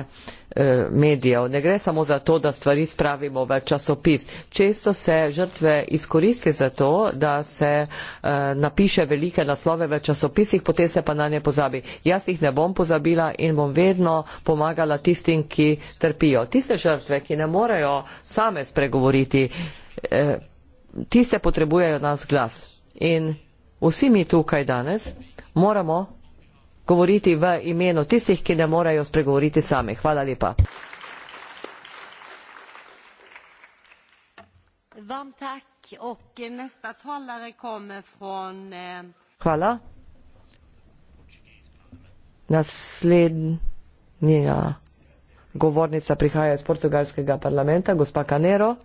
S5: eh, medijev, ne gre samo za to, da stvari spravimo v časopis. Često se žrtve izkoristi za to, da se eh, napiše velike naslove v časopisih, potem se pa na ne pozabi. Jaz jih ne bom pozabila in bom vedno pomagala tistim, ki trpijo. Tiste žrtve, ki ne morejo same spregovoriti, eh, tiste potrebujejo nas glas. In vsi mi tukaj danes moramo govoriti v imenu tistih, ki ne morejo spregovoriti sami. Hvala lepa. Eh, Hvala. Naslednja govornica prihaja iz portugalskega parlamenta, gospa Canero.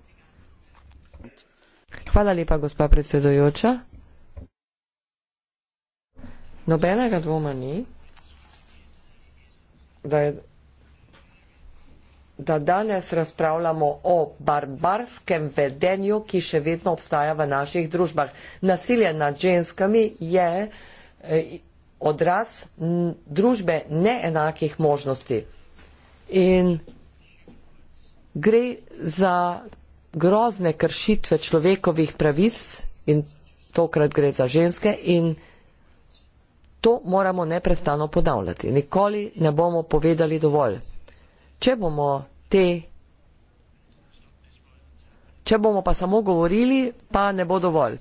S5: Hvala lepa, gospa predsedojoča. Nobenega dvoma ni, da, je, da danes razpravljamo o barbarskem vedenju, ki še vedno obstaja v naših družbah. Nasilje nad ženskami je eh, odraz družbe neenakih možnosti. In gre za grozne kršitve človekovih pravic in tokrat gre za ženske in to moramo neprestano ponavljati. Nikoli ne bomo povedali dovolj. Če bomo te Če bomo pa samo govorili, pa ne bo dovolj.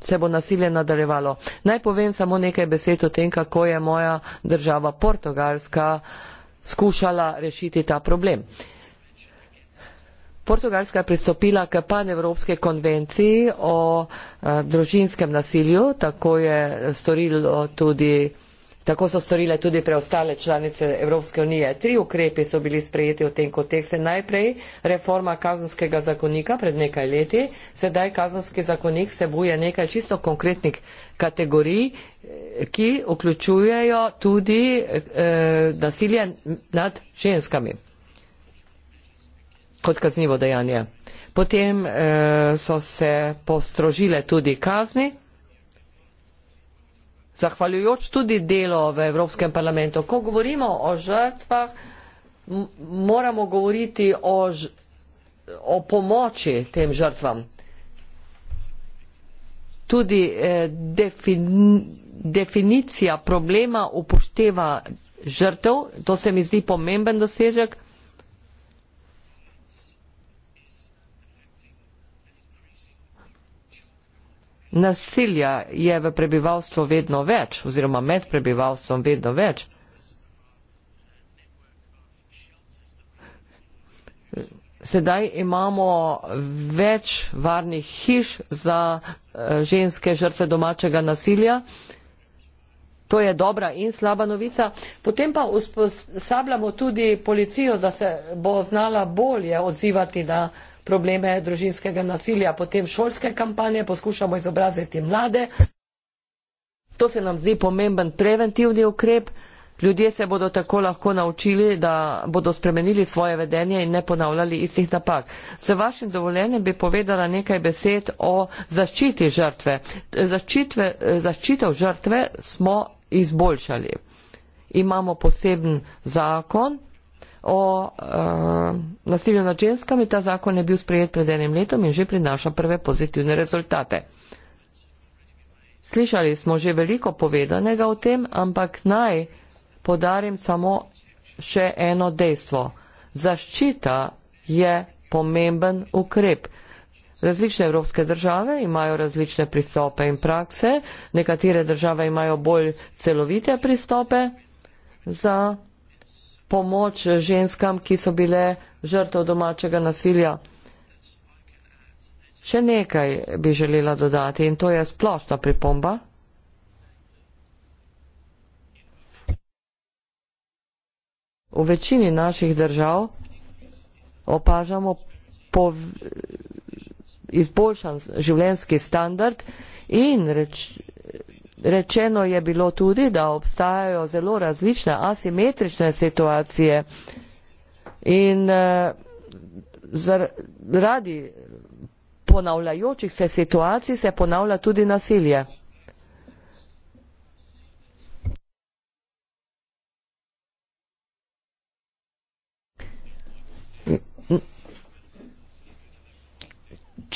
S5: Se bo nasilje nadaljevalo. Naj povem samo nekaj besed o tem, kako je moja država Portugalska skušala rešiti ta problem. Uh, Portugalska pristopila k panevropske konvenciji o eh, družinskem nasilju, tako je storilo tudi Tako so storile tudi preostale članice Evropske unije. Tri ukrepe so bili sprejeti v tem kontekstu. Najprej reforma kazanskega zakonika pred nekaj leti, sedaj kazanski zakonik vsebuje nekaj čisto konkretnih kategorij, eh, ki vključujejo tudi e, nasilje nad ženskami kot kaznivo dejanje. Potem eh, so se postrožile tudi kazni, zahvaljujoč tudi delo v Evropskem parlamentu. Ko govorimo o žrtvah, moramo govoriti o, o pomoči tem žrtvam. Tudi eh, defin, definicija problema upošteva žrtev, to se mi zdi pomemben dosežek. Nasilja je v prebivalstvu vedno več oziroma med prebivalstvom vedno več. Sedaj imamo več varnih hiš za eh, ženske žrtve domačega nasilja. To je dobra in slaba novica. Potem pa usposabljamo tudi policijo, da se bo znala bolje odzivati na probleme družinskega nasilja, potem šolske kampanje, poskušamo izobraziti mlade. To se nam zdi pomemben preventivni ukrep. Ljudje se bodo tako lahko naučili, da bodo spremenili svoje vedenje in ne ponavljali istih napak. Z vašim dovoljenjem bi povedala nekaj besed o zaščiti žrtve. Zaščitve, zaščitev žrtve smo izboljšali. Imamo poseben zakon, o uh, nasilju nad ženskami. Ta zakon je bil sprejet pred enim letom in že prinaša prve pozitivne rezultate. Slišali smo že veliko povedanega o tem, ampak naj podarim samo še eno dejstvo. Zaščita je pomemben ukrep. Različne evropske države imajo različne pristope in prakse, nekatere države imajo bolj celovite pristope za pomoč ženskam, ki so bile žrtev domačega nasilja. Še nekaj bi želela dodati in to je splošna pripomba. V večini naših držav opažamo pov... izboljšan življenski standard in reč... Rečeno je bilo tudi, da obstajajo zelo različne asimetrične situacije in eh, zaradi ponavljajočih se situacij se ponavlja tudi nasilje. Mm-hmm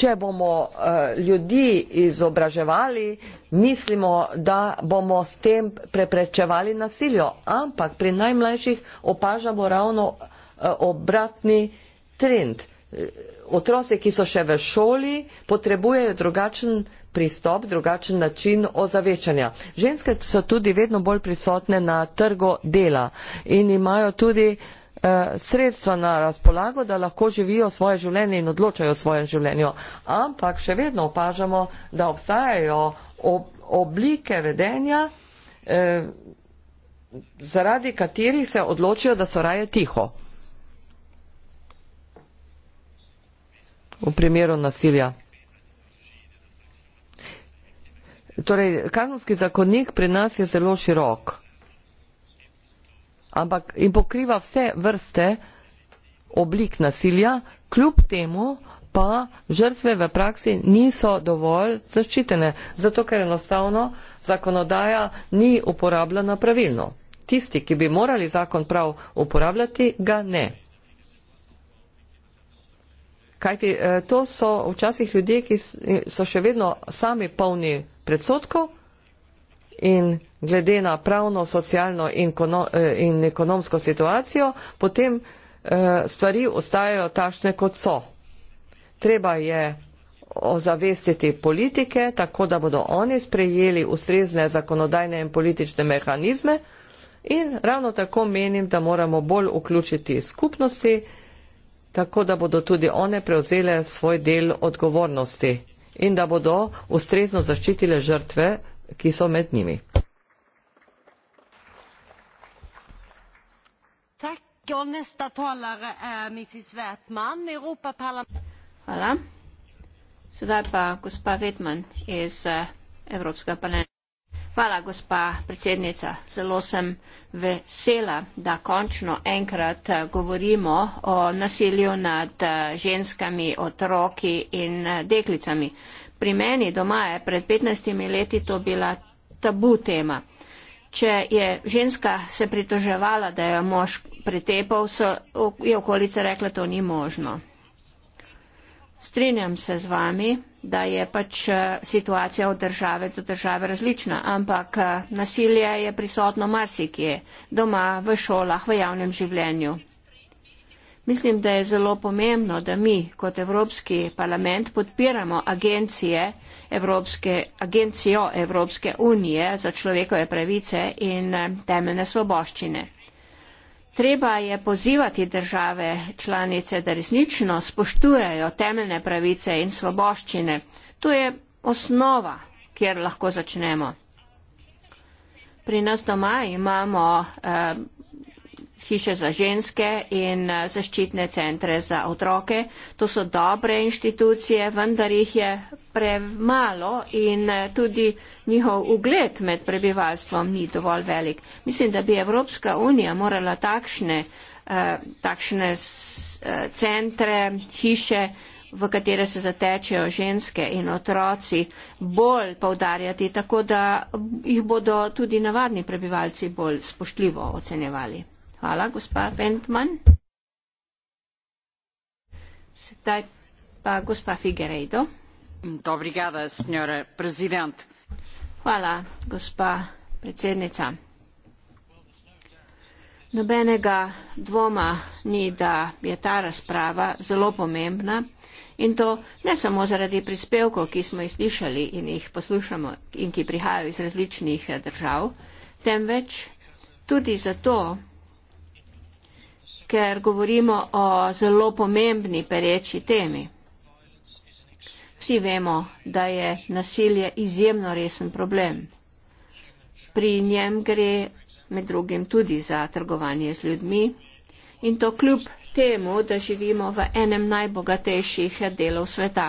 S5: če bomo eh, ljudi izobraževali, mislimo, da bomo s tem preprečevali nasiljo. Ampak pri najmlajših opažamo ravno eh, obratni trend. Otroci, ki so še v šoli, potrebujejo drugačen pristop, drugačen način ozavečanja. Ženske so tudi vedno bolj prisotne na trgu dela in imajo tudi uh, Eh, sredstva na razpolago, da lahko živijo svoje življenje in odločajo o svojem življenju. Ampak še vedno opažamo, da obstajajo ob, oblike vedenja, eh, zaradi katerih se odločijo, da so raje tiho. V primeru nasilja. Torej, kazenski zakonnik pri nas je zelo širok ampak in pokriva vse vrste oblik nasilja, kljub temu pa žrtve v praksi niso dovolj zaščitene, zato ker enostavno zakonodaja ni uporabljena pravilno. Tisti, ki bi morali zakon prav uporabljati, ga ne. Kajti eh, to so včasih ljudje, ki so še vedno sami polni predsotkov, in glede na pravno, socialno in, kono, eh, in ekonomsko situacijo, potem eh, stvari ostajajo takšne, kot so. Treba je ozavestiti politike, tako da bodo oni sprejeli ustrezne zakonodajne in politične mehanizme in ravno tako menim, da moramo bolj vključiti skupnosti, tako da bodo tudi one prevzele svoj del odgovornosti in da bodo ustrezno zaščitile žrtve ki so med njimi.
S1: Hvala. Sedaj pa gospa Vetman iz eh, Evropskega parlamenta. Hvala, gospa predsednica. Zelo sem vesela, da končno enkrat eh, govorimo o nasilju nad eh, ženskami, otroki in deklicami pri meni doma je pred 15 leti to bila tabu tema. Če je ženska se pritoževala, da je mož pretepal, so, je okolica rekla, da to ni možno. Strinjam se z vami, da je pač eh, situacija od države do države različna, ampak eh, nasilje je prisotno marsikje, doma, v šolah, v javnem življenju. Mislim, da je zelo pomembno, da mi kot Evropski parlament podpiramo agencije Evropske, agencijo Evropske unije za človekove pravice in eh, temeljne svoboščine. Treba je pozivati države članice, da resnično spoštujejo temeljne pravice in svoboščine. To je osnova, kjer lahko začnemo. Pri nas doma imamo eh, hiše za ženske in eh, zaščitne centre za otroke. To so dobre inštitucije, vendar jih je premalo in eh, tudi njihov ugled med prebivalstvom ni dovolj velik. Mislim, da bi Evropska unija morala takšne, eh, takšne centre, hiše, v katere se zatečejo ženske in otroci, bolj poudarjati, tako da jih bodo tudi navadni prebivalci bolj spoštljivo ocenjevali. Hvala, gospa Ventman. Sedaj pa gospa Figueiredo.
S2: Dobrigada, senjora prezident.
S1: Hvala, gospa predsednica. Nobenega dvoma ni, da je ta razprava zelo pomembna in to ne samo zaradi prispevkov, ki smo jih slišali in jih poslušamo in ki prihajajo iz različnih držav, temveč tudi zato, ker govorimo o zelo pomembni pereči temi. Vsi vemo, da je nasilje izjemno resen problem. Pri njem gre med drugim tudi za trgovanje z ljudmi in to kljub temu, da živimo v enem najbogatejših delov sveta.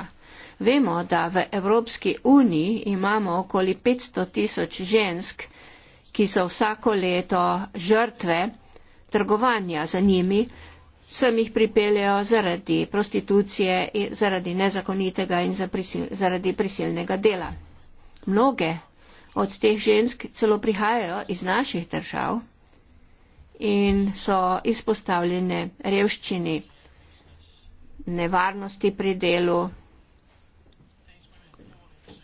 S1: Vemo, da v Evropski uniji imamo okoli 500 tisoč žensk, ki so vsako leto žrtve trgovanja za njimi, sem jih pripeljal zaradi prostitucije, zaradi nezakonitega in prisil, zaradi prisilnega dela. Mnoge od teh žensk celo prihajajo iz naših držav in so izpostavljene revščini, nevarnosti pri delu,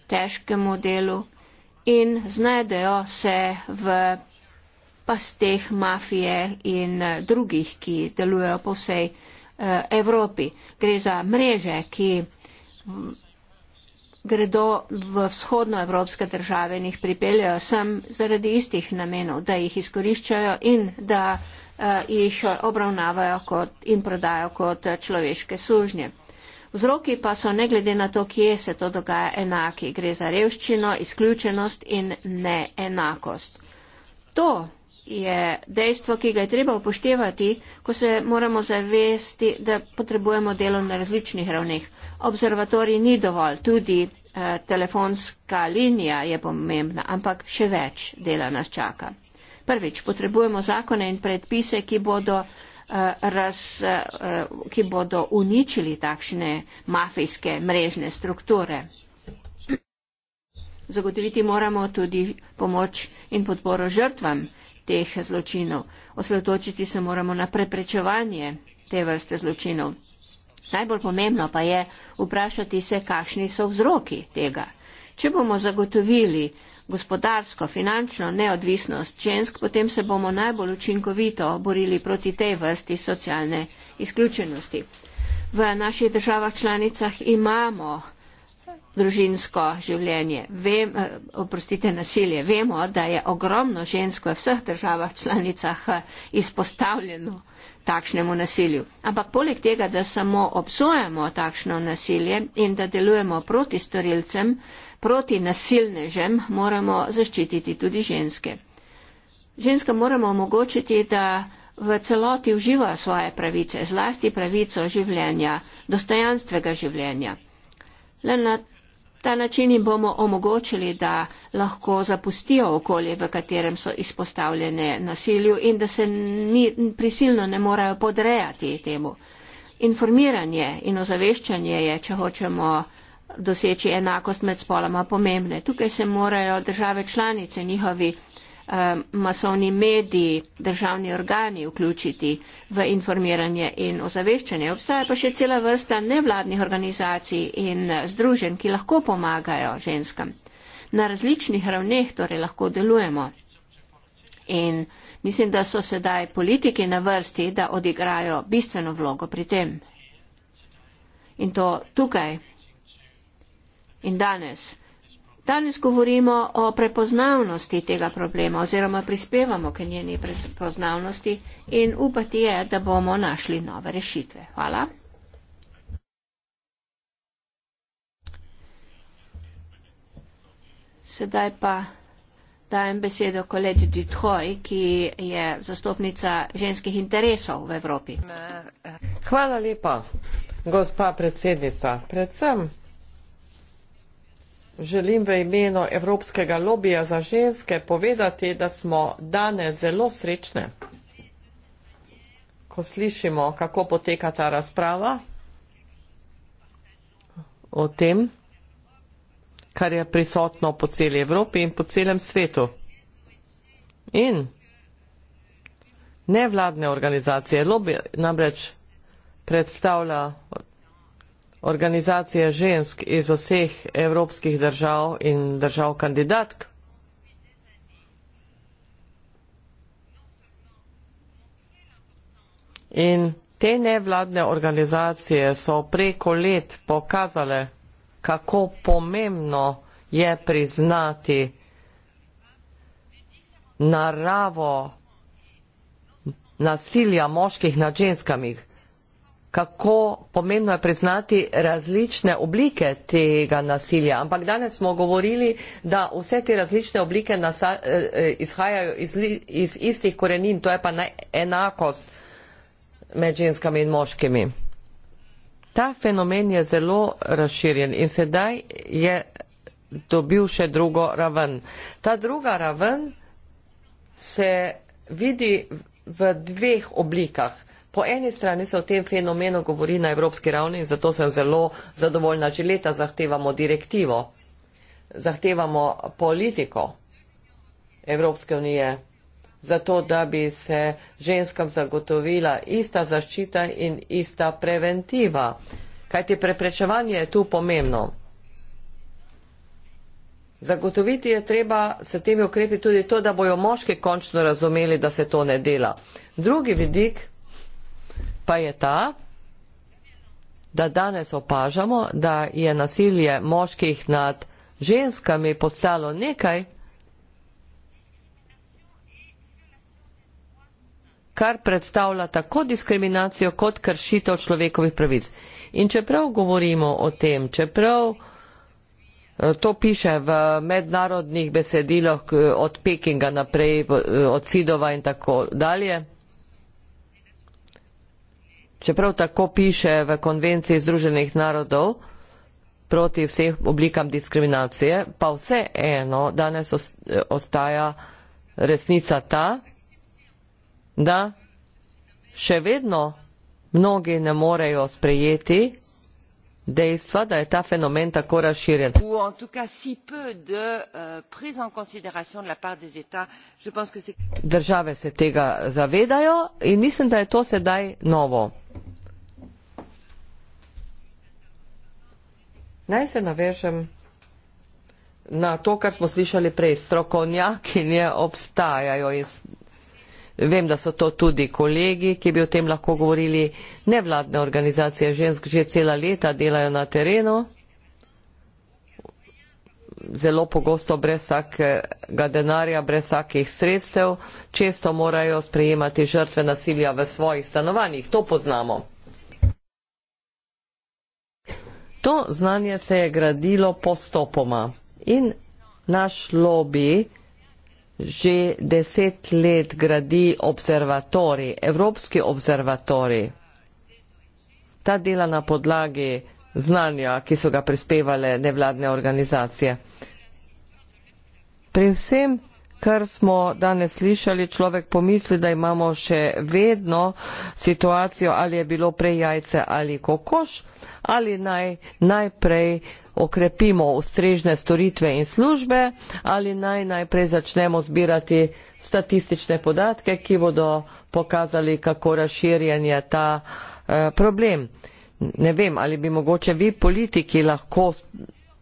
S1: težkemu delu in znajdejo se v pasteh mafije in eh, drugih, ki delujejo po vsej eh, Evropi. Gre za mreže, ki gredo v vzhodnoevropske države in jih pripeljajo sem zaradi istih namenov, da jih izkoriščajo in da eh, jih obravnavajo kot, in prodajo kot človeške sužnje. Vzroki pa so, ne glede na to, kje se to dogaja, enaki. Gre za revščino, izključenost in neenakost. To, je dejstvo, ki ga je treba upoštevati, ko se moramo zavesti, da potrebujemo delo na različnih ravneh. Observatorij ni dovolj, tudi eh, telefonska linija je pomembna, ampak še več dela nas čaka. Prvič, potrebujemo zakone in predpise, ki bodo, eh, raz, eh, ki bodo uničili takšne mafijske mrežne strukture. Zagotoviti moramo tudi pomoč in podporo žrtvam, teh zločinov. Osredotočiti se moramo na preprečevanje te vrste zločinov. Najbolj pomembno pa je vprašati se, kakšni so vzroki tega. Če bomo zagotovili gospodarsko, finančno neodvisnost žensk, potem se bomo najbolj učinkovito borili proti tej vrsti socialne izključenosti. V naših državah članicah imamo družinsko življenje, vem, eh, oprostite, nasilje. Vemo, da je ogromno žensk v vseh državah članicah eh, izpostavljeno takšnemu nasilju. Ampak poleg tega, da samo obsojamo takšno nasilje in da delujemo proti storilcem, proti nasilnežem, moramo zaščititi tudi ženske. Ženska moramo omogočiti, da v celoti uživa svoje pravice, zlasti pravico življenja, dostojanstvega življenja. Le na ta način jim bomo omogočili, da lahko zapustijo okolje, v katerem so izpostavljene nasilju in da se ni, prisilno ne morajo podrejati temu. Informiranje in ozaveščanje je, če hočemo doseči enakost med spoloma, pomembne. Tukaj se morajo države članice, njihovi Eh, masovni mediji, državni organi vključiti v informiranje in ozaveščanje. Obstaja pa še cela vrsta nevladnih organizacij in združenj, ki lahko pomagajo ženskam. Na različnih ravneh torej lahko delujemo. In mislim, da so sedaj politiki na vrsti, da odigrajo bistveno vlogo pri tem. In to tukaj. In danes. Danes govorimo o prepoznavnosti tega problema oziroma prispevamo k njeni prepoznavnosti in upati je, da bomo našli nove rešitve. Hvala. Sedaj pa dajem besedo kolegi Dutroj, ki je zastopnica ženskih interesov v Evropi.
S5: Hvala lepa, gospa predsednica. Predvsem Želim v imenu Evropskega lobija za ženske povedati, da smo danes zelo srečne, ko slišimo, kako poteka ta razprava o tem, kar je prisotno po celi Evropi in po celem svetu. In nevladne organizacije, lobby namreč predstavlja organizacije žensk iz vseh evropskih držav in držav kandidatk. In te nevladne organizacije so preko let pokazale, kako pomembno je priznati naravo nasilja moških nad ženskami, kako pomembno je priznati različne oblike tega nasilja. Ampak danes smo govorili, da vse te različne oblike nasa, eh, eh izhajajo iz, iz istih korenin, to je pa ne, enakost med ženskami in moškimi. Ta fenomen je zelo razširjen in sedaj je dobil še drugo raven. Ta druga raven se vidi v dveh oblikah. Po eni strani se o tem fenomenu govori na evropski ravni in zato sem zelo zadovoljna, že leta zahtevamo direktivo, zahtevamo politiko Evropske unije, zato da bi se ženskam zagotovila ista zaščita in ista preventiva, kajti preprečevanje je tu pomembno. Zagotoviti je treba se temi ukrepi tudi to, da bojo moški končno razumeli, da se to ne dela. Drugi vidik pa je ta, da danes opažamo, da je nasilje moških nad ženskami postalo nekaj, kar predstavlja tako diskriminacijo kot kršitev človekovih pravic. In čeprav govorimo o tem, čeprav e, to piše v mednarodnih besedilih od Pekinga naprej, e, od Sidova in tako dalje, čeprav tako piše v konvenciji Združenih narodov proti vseh oblikam diskriminacije, pa vseeno danes ostaja resnica ta, da še vedno mnogi ne morejo sprejeti dejstva, da je ta fenomen tako razširjen. Euh, Države se tega zavedajo in mislim, da je to sedaj novo. Naj se navežem na to, kar smo slišali prej. Strokovnjaki nje obstajajo. Jaz vem, da so to tudi kolegi, ki bi o tem lahko govorili. Nevladne organizacije žensk že cela leta delajo na terenu. Zelo pogosto brez vsakega denarja, brez vsakih sredstev, često morajo sprejemati žrtve nasilja v svojih stanovanjih. To poznamo. To znanje se je gradilo postopoma in naš lobby že deset let gradi observatori, evropski observatori. Ta dela na podlagi znanja, ki so ga prispevale nevladne organizacije. Pri vsem kar smo danes slišali, človek pomisli, da imamo še vedno situacijo, ali je bilo prej jajce ali kokoš, ali naj najprej okrepimo ustrežne storitve in službe, ali naj najprej začnemo zbirati statistične podatke, ki bodo pokazali, kako razširjen je ta eh, problem. Ne vem, ali bi mogoče vi politiki lahko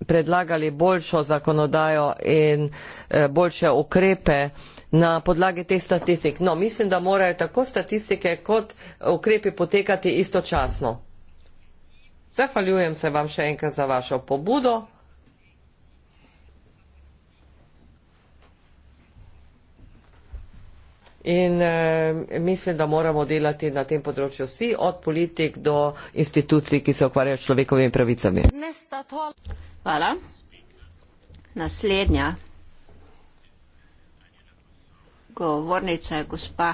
S5: predlagali boljšo zakonodajo in eh, boljše ukrepe na podlagi teh statistik. No, mislim, da morajo tako statistike kot ukrepi potekati istočasno. Zahvaljujem se vam še enkrat za vašo pobudo. In e, mislim, da moramo delati na tem področju vsi, od politik do institucij, ki se ukvarjajo človekovimi pravicami.
S1: Nestatol. Hvala. Naslednja govornica je gospa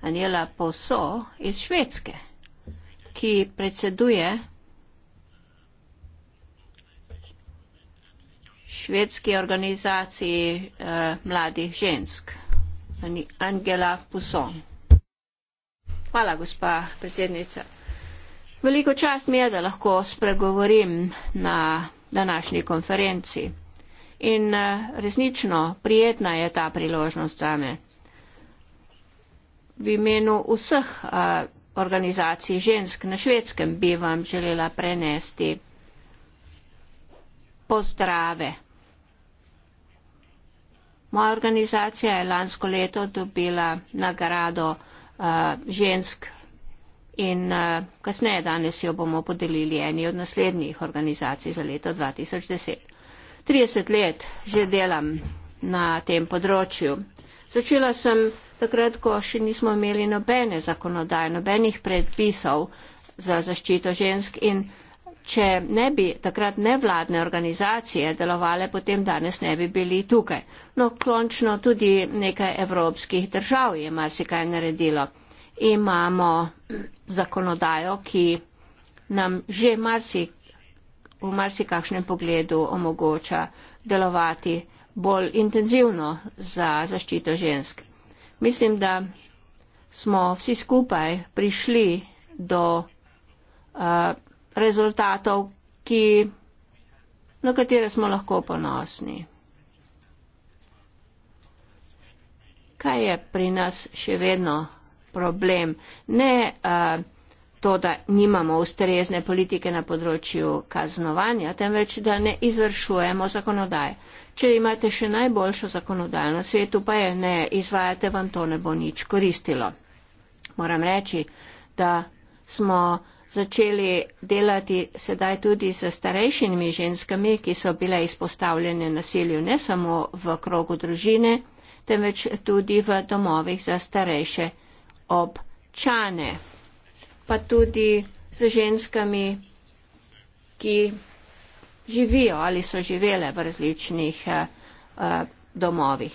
S1: Anjela Poso iz Švedske, ki predseduje švedski organizaciji eh, mladih žensk, Angela Puson. Hvala, gospa predsednica. Veliko čast mi je, da lahko spregovorim na današnji konferenci. In eh, resnično prijetna je ta priložnost za me. V imenu vseh eh, organizacij žensk na švedskem bi vam želela prenesti pozdrave. Moja organizacija je lansko leto dobila nagrado uh, žensk in uh, kasneje danes jo bomo podelili eni od naslednjih organizacij za leto 2010. 30 let že delam na tem področju. Začela sem takrat, ko še nismo imeli nobene zakonodaje, nobenih predpisov za zaščito žensk in če ne bi takrat nevladne organizacije delovale, potem danes ne bi bili tukaj. No, končno tudi nekaj evropskih držav je marsikaj naredilo imamo zakonodajo, ki nam že marsi, v marsikakšnem pogledu omogoča delovati bolj intenzivno za zaščito žensk. Mislim, da smo vsi skupaj prišli do uh, rezultatov, ki, na katere smo lahko ponosni. Kaj je pri nas še vedno problem. Ne eh, to, da nimamo ustrezne politike na področju kaznovanja, temveč, da ne izvršujemo zakonodaje. Če imate še najboljšo zakonodajo na svetu, pa je ne izvajate, vam to ne bo nič koristilo. Moram reči, da smo začeli delati sedaj tudi s starejšimi ženskami, ki so bile izpostavljene nasilju ne samo v krogu družine, temveč tudi v domovih za starejše ženske občane, pa tudi z ženskami, ki živijo ali so živele v različnih eh, eh, domovih.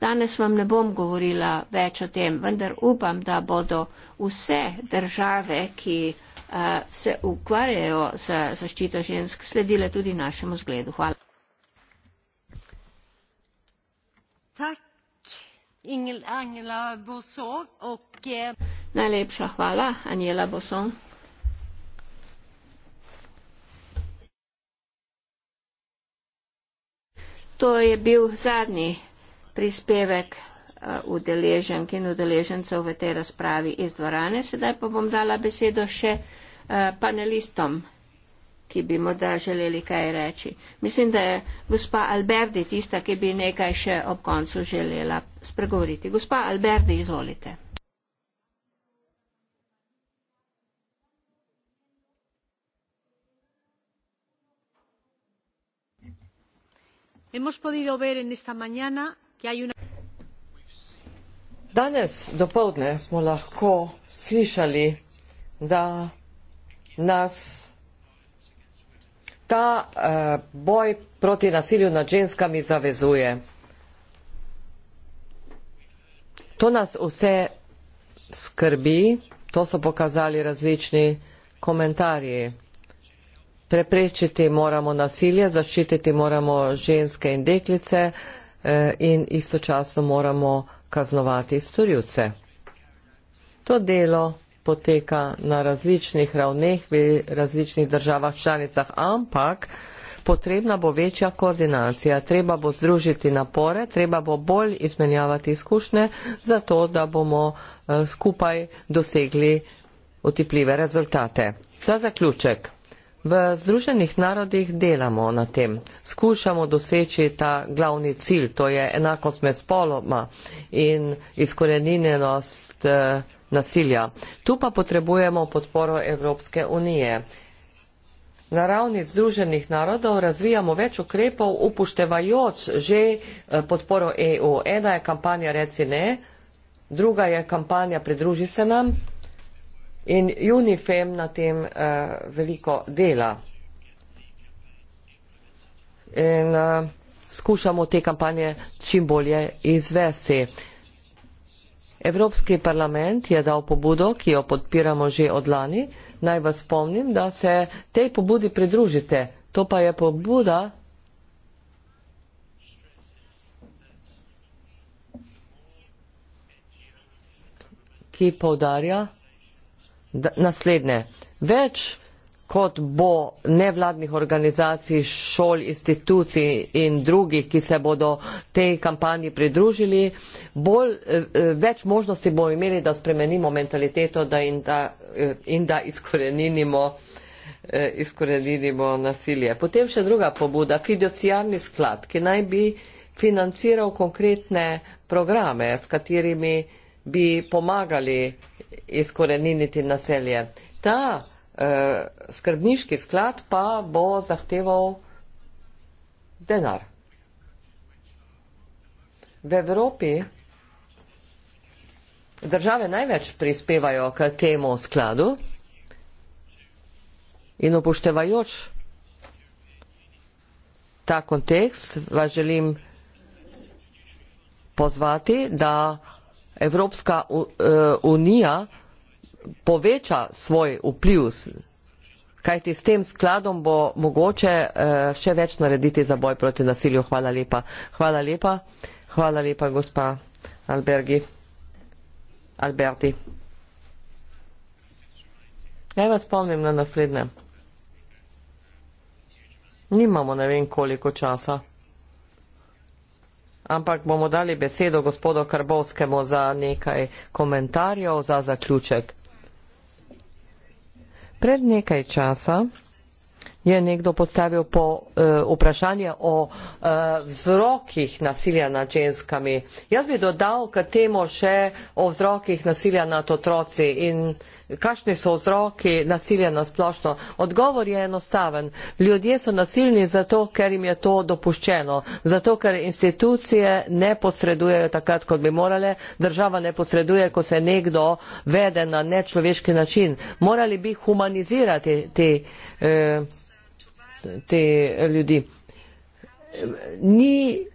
S1: Danes vam ne bom govorila več o tem, vendar upam, da bodo vse države, ki eh, se ukvarjajo z za zaščito žensk, sledile tudi našemu zgledu. Hvala.
S2: Tak, Ingel, Angela Bosov. Ok.
S1: Najlepša hvala, Anjela Boson. To je bil zadnji prispevek uh, udeleženk in udeležencev v tej razpravi iz dvorane. Sedaj pa bom dala besedo še uh, panelistom, ki bi morda želeli kaj reči. Mislim, da je gospa Alberdi tista, ki bi nekaj še ob koncu želela spregovoriti. Gospa Alberdi, izvolite.
S5: danes dopoldne smo lahko slišali da nas ta uh, boj proti nasilju nad ženskami zavezuje to nas vse skrbi to so pokazali različni komentarji preprečiti moramo nasilje, zaščititi moramo ženske in deklice eh, in istočasno moramo kaznovati storilce. To delo poteka na različnih ravneh v različnih državah članicah, ampak potrebna bo večja koordinacija, treba bo združiti napore, treba bo bolj izmenjavati izkušnje, zato da bomo eh, skupaj dosegli otipljive rezultate. Za zaključek. V Združenih narodih delamo na tem. Skušamo doseči ta glavni cilj, to je enakost med spoloma in izkoreninjenost eh, nasilja. Tu pa potrebujemo podporo Evropske unije. Na ravni Združenih narodov razvijamo več ukrepov, upoštevajoč že eh, podporo EU. Ena je kampanja Reci ne, druga je kampanja Pridruži se nam, In UNIFEM na tem uh, veliko dela. In uh, skušamo te kampanje čim bolje izvesti. Evropski parlament je dal pobudo, ki jo podpiramo že od lani. Naj vas spomnim, da se tej pobudi pridružite. To pa je pobuda. ki poudarja, naslednje. Več kot bo nevladnih organizacij, šol, institucij in drugih, ki se bodo tej kampanji pridružili, bolj, eh, eh, več možnosti bomo imeli, da spremenimo mentaliteto da in, da, eh, in da izkoreninimo, izkoreninimo nasilje. Potem še druga pobuda, fiduciarni sklad, ki naj bi financiral konkretne programe, s katerimi bi pomagali izkoreniniti naselje. Ta eh, skrbniški sklad pa bo zahteval denar. V Evropi države največ prispevajo k temu skladu in upoštevajoč ta kontekst vas želim pozvati, da Evropska e, unija poveča svoj vpliv, kajti s tem skladom bo mogoče e, še več narediti za boj proti nasilju. Hvala lepa. Hvala lepa. Hvala lepa, gospa Albergi. Alberti. Naj vas spomnim na naslednje. Nimamo ne vem koliko časa ampak bomo dali besedo gospodu Karbovskemu za nekaj komentarjev, za zaključek. Pred nekaj časa je nekdo postavil po, uh, vprašanje o uh, vzrokih nasilja nad ženskami. Jaz bi dodal k temu še o vzrokih nasilja nad otroci in uh, kakšni so vzroki nasilja na splošno. Odgovor je enostaven. Ljudje so nasilni zato, ker jim je to dopuščeno, zato, ker institucije ne posredujejo takrat, kot bi morale, država ne posreduje, ko se nekdo vede na nečloveški način. Morali bi humanizirati te, eh, te ljudi. Ni,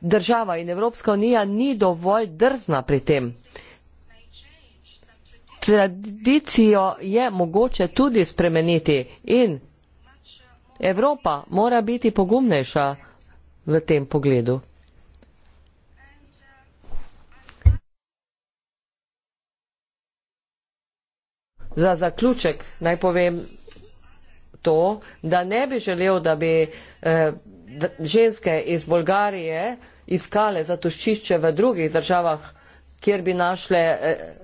S5: država in Evropska unija ni dovolj drzna pri tem tradicijo je mogoče tudi spremeniti in Evropa mora biti pogumnejša v tem pogledu. Za zaključek naj povem to, da ne bi želel, da bi eh, ženske iz Bolgarije iskale zatoščišče v drugih državah, kjer bi našle. Eh,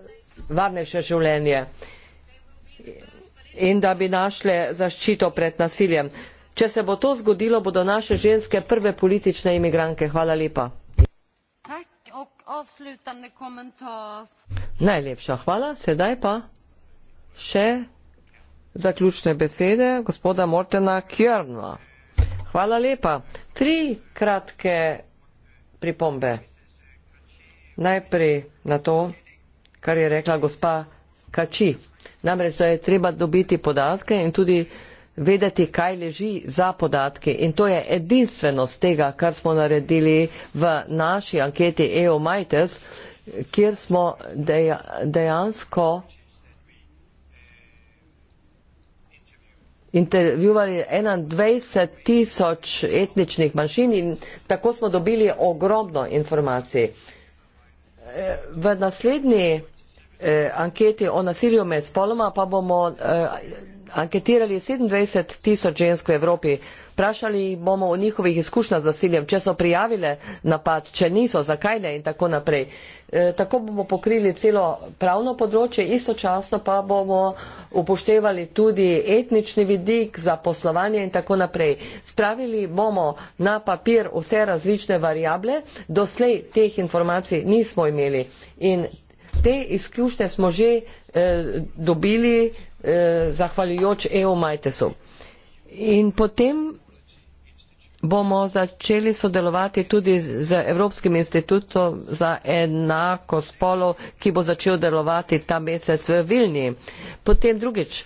S5: varnejše življenje in da bi našle zaščito pred nasiljem. Če se bo to zgodilo, bodo naše ženske prve politične imigranke. Hvala lepa. Najlepša hvala. Sedaj pa še zaključne besede gospoda Mortena Kjörna. Hvala lepa. Tri kratke pripombe. Najprej na to, kar je rekla gospa Kači. Namreč, da je treba dobiti podatke in tudi vedeti, kaj leži za podatke. In to je edinstvenost tega, kar smo naredili v naši anketi EO Majtes, kjer smo deja, dejansko intervjuvali 21 tisoč etničnih manjšin in tako smo dobili ogromno informacij v naslednji eh, anketi o nasilju med spoloma pa bomo eh, anketirali 27 tisoč žensk v Evropi. Vprašali bomo o njihovih izkušnjah z nasiljem, če so prijavile napad, če niso, zakaj ne in tako naprej. Eh, Eh, tako bomo pokrili celo pravno področje, istočasno pa bomo upoštevali tudi etnični vidik za poslovanje in tako naprej. Spravili bomo na papir vse različne variable, doslej teh informacij nismo imeli in te izkušnje smo že eh, dobili eh, zahvaljujoč EU Majtesu. In potem bomo začeli sodelovati tudi z Evropskim institutom za enako spolo, ki bo začel delovati ta mesec v Vilni. Potem drugič,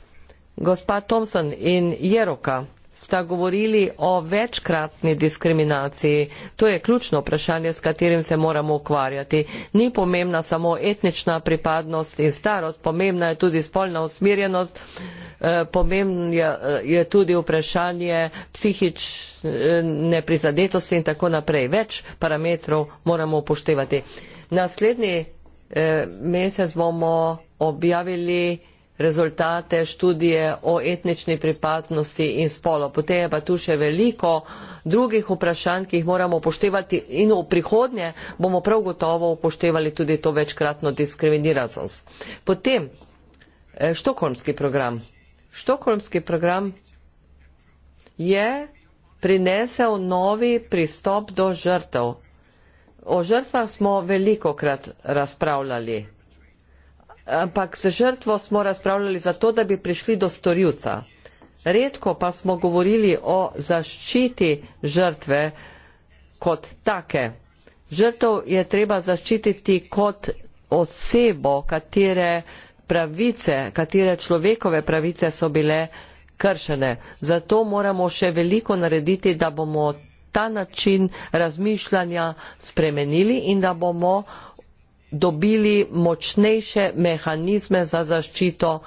S5: gospa Thompson in Jeroka, sta govorili o večkratni diskriminaciji. To je ključno vprašanje, s katerim se moramo ukvarjati. Ni pomembna samo etnična pripadnost in starost, pomembna je tudi spolna usmirjenost, eh, pomembno eh, je tudi vprašanje psihične prizadetosti in tako naprej. Več parametrov moramo upoštevati. Naslednji eh, mesec bomo objavili rezultate študije o etnični pripadnosti in spolu. Potem je pa tu še veliko drugih vprašanj, ki jih moramo upoštevati in v prihodnje bomo prav gotovo upoštevali tudi to večkratno diskriminiranost. Potem eh, Štokholmski program. Štokholmski program je prinesel novi pristop do žrtev. O žrtvah smo veliko krat razpravljali ampak z žrtvo smo razpravljali zato, da bi prišli do storilca. Redko pa smo govorili o zaščiti žrtve kot take. Žrtov je treba zaščititi kot osebo, katere pravice, katere človekove pravice so bile kršene. Zato moramo še veliko narediti, da bomo ta način razmišljanja spremenili in da bomo dobili močnejše mehanizme za zaščito uh,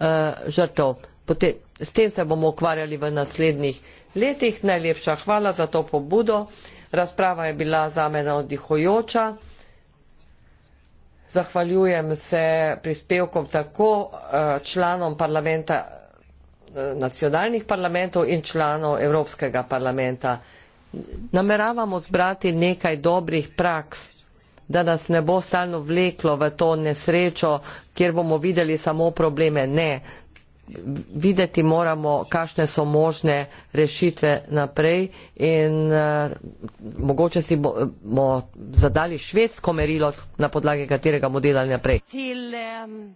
S5: eh, žrtov. Potem, s tem se bomo ukvarjali v naslednjih letih. Najlepša hvala za to pobudo. Razprava je bila za me navdihujoča. Zahvaljujem se prispevkom tako eh, članom parlamenta, eh, nacionalnih parlamentov in članov Evropskega parlamenta. Nameravamo zbrati nekaj dobrih praks da nas ne bo stalno vleklo v to nesrečo, kjer bomo videli samo probleme. Ne, videti moramo, kakšne so možne rešitve naprej in uh, mogoče si bomo zadali švedsko merilo, na podlagi katerega modelali naprej.
S2: Til, um,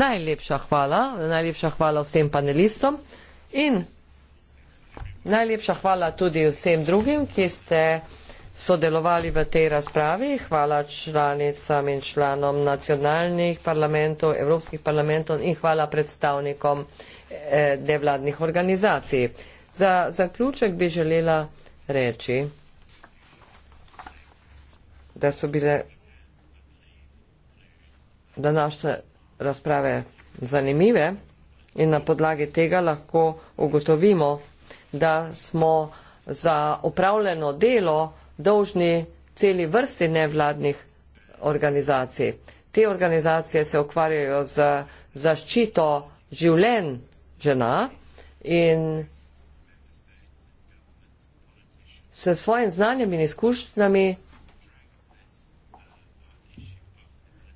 S5: najlepša hvala, najlepša hvala vsem panelistom in najlepša hvala tudi vsem drugim, ki ste sodelovali v tej razpravi. Hvala članicam in članom nacionalnih parlamentov, evropskih parlamentov in hvala predstavnikom eh, nevladnih organizacij. Za zaključek bi želela reči, da so bile današnje razprave zanimive in na podlagi tega lahko ugotovimo, da smo za upravljeno delo dolžni celi vrsti nevladnih organizacij. Te organizacije se ukvarjajo z zaščito življenj žena in s svojim znanjem in izkušnjami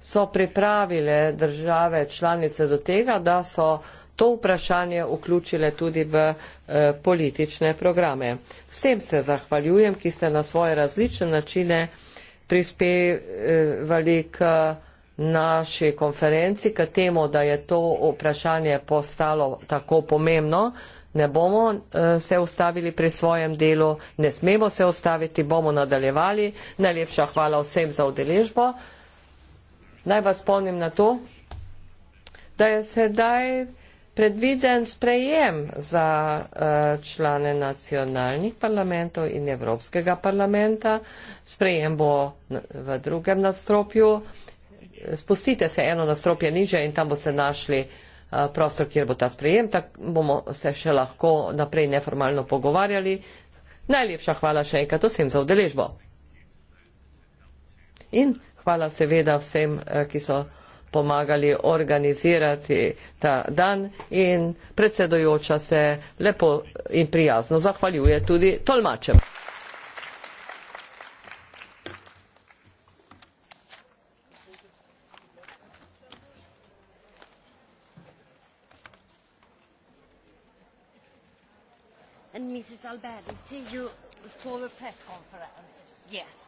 S5: so pripravile države članice do tega, da so to vprašanje vključile tudi v e, politične programe. Vsem se zahvaljujem, ki ste na svoje različne načine prispevali k naši konferenci, k temu, da je to vprašanje postalo tako pomembno. Ne bomo eh, se ustavili pri svojem delu, ne smemo se ustaviti, bomo nadaljevali. Najlepša hvala vsem za udeležbo. Naj vas spomnim na to, da je sedaj predviden sprejem za eh, člane nacionalnih parlamentov in Evropskega parlamenta. Sprejem bo v drugem nastropju. Spustite se eno nastropje niže in tam boste našli eh, prostor, kjer bo ta sprejem. Tako bomo se še lahko naprej neformalno pogovarjali. Najlepša hvala še enkrat vsem za udeležbo. In hvala seveda vsem, eh, ki so pomagali organizirati ta dan in predsedojoča se lepo in prijazno zahvaljuje tudi tolmačem.
S2: And Mrs. Alberti, see you for the press conference. Yes.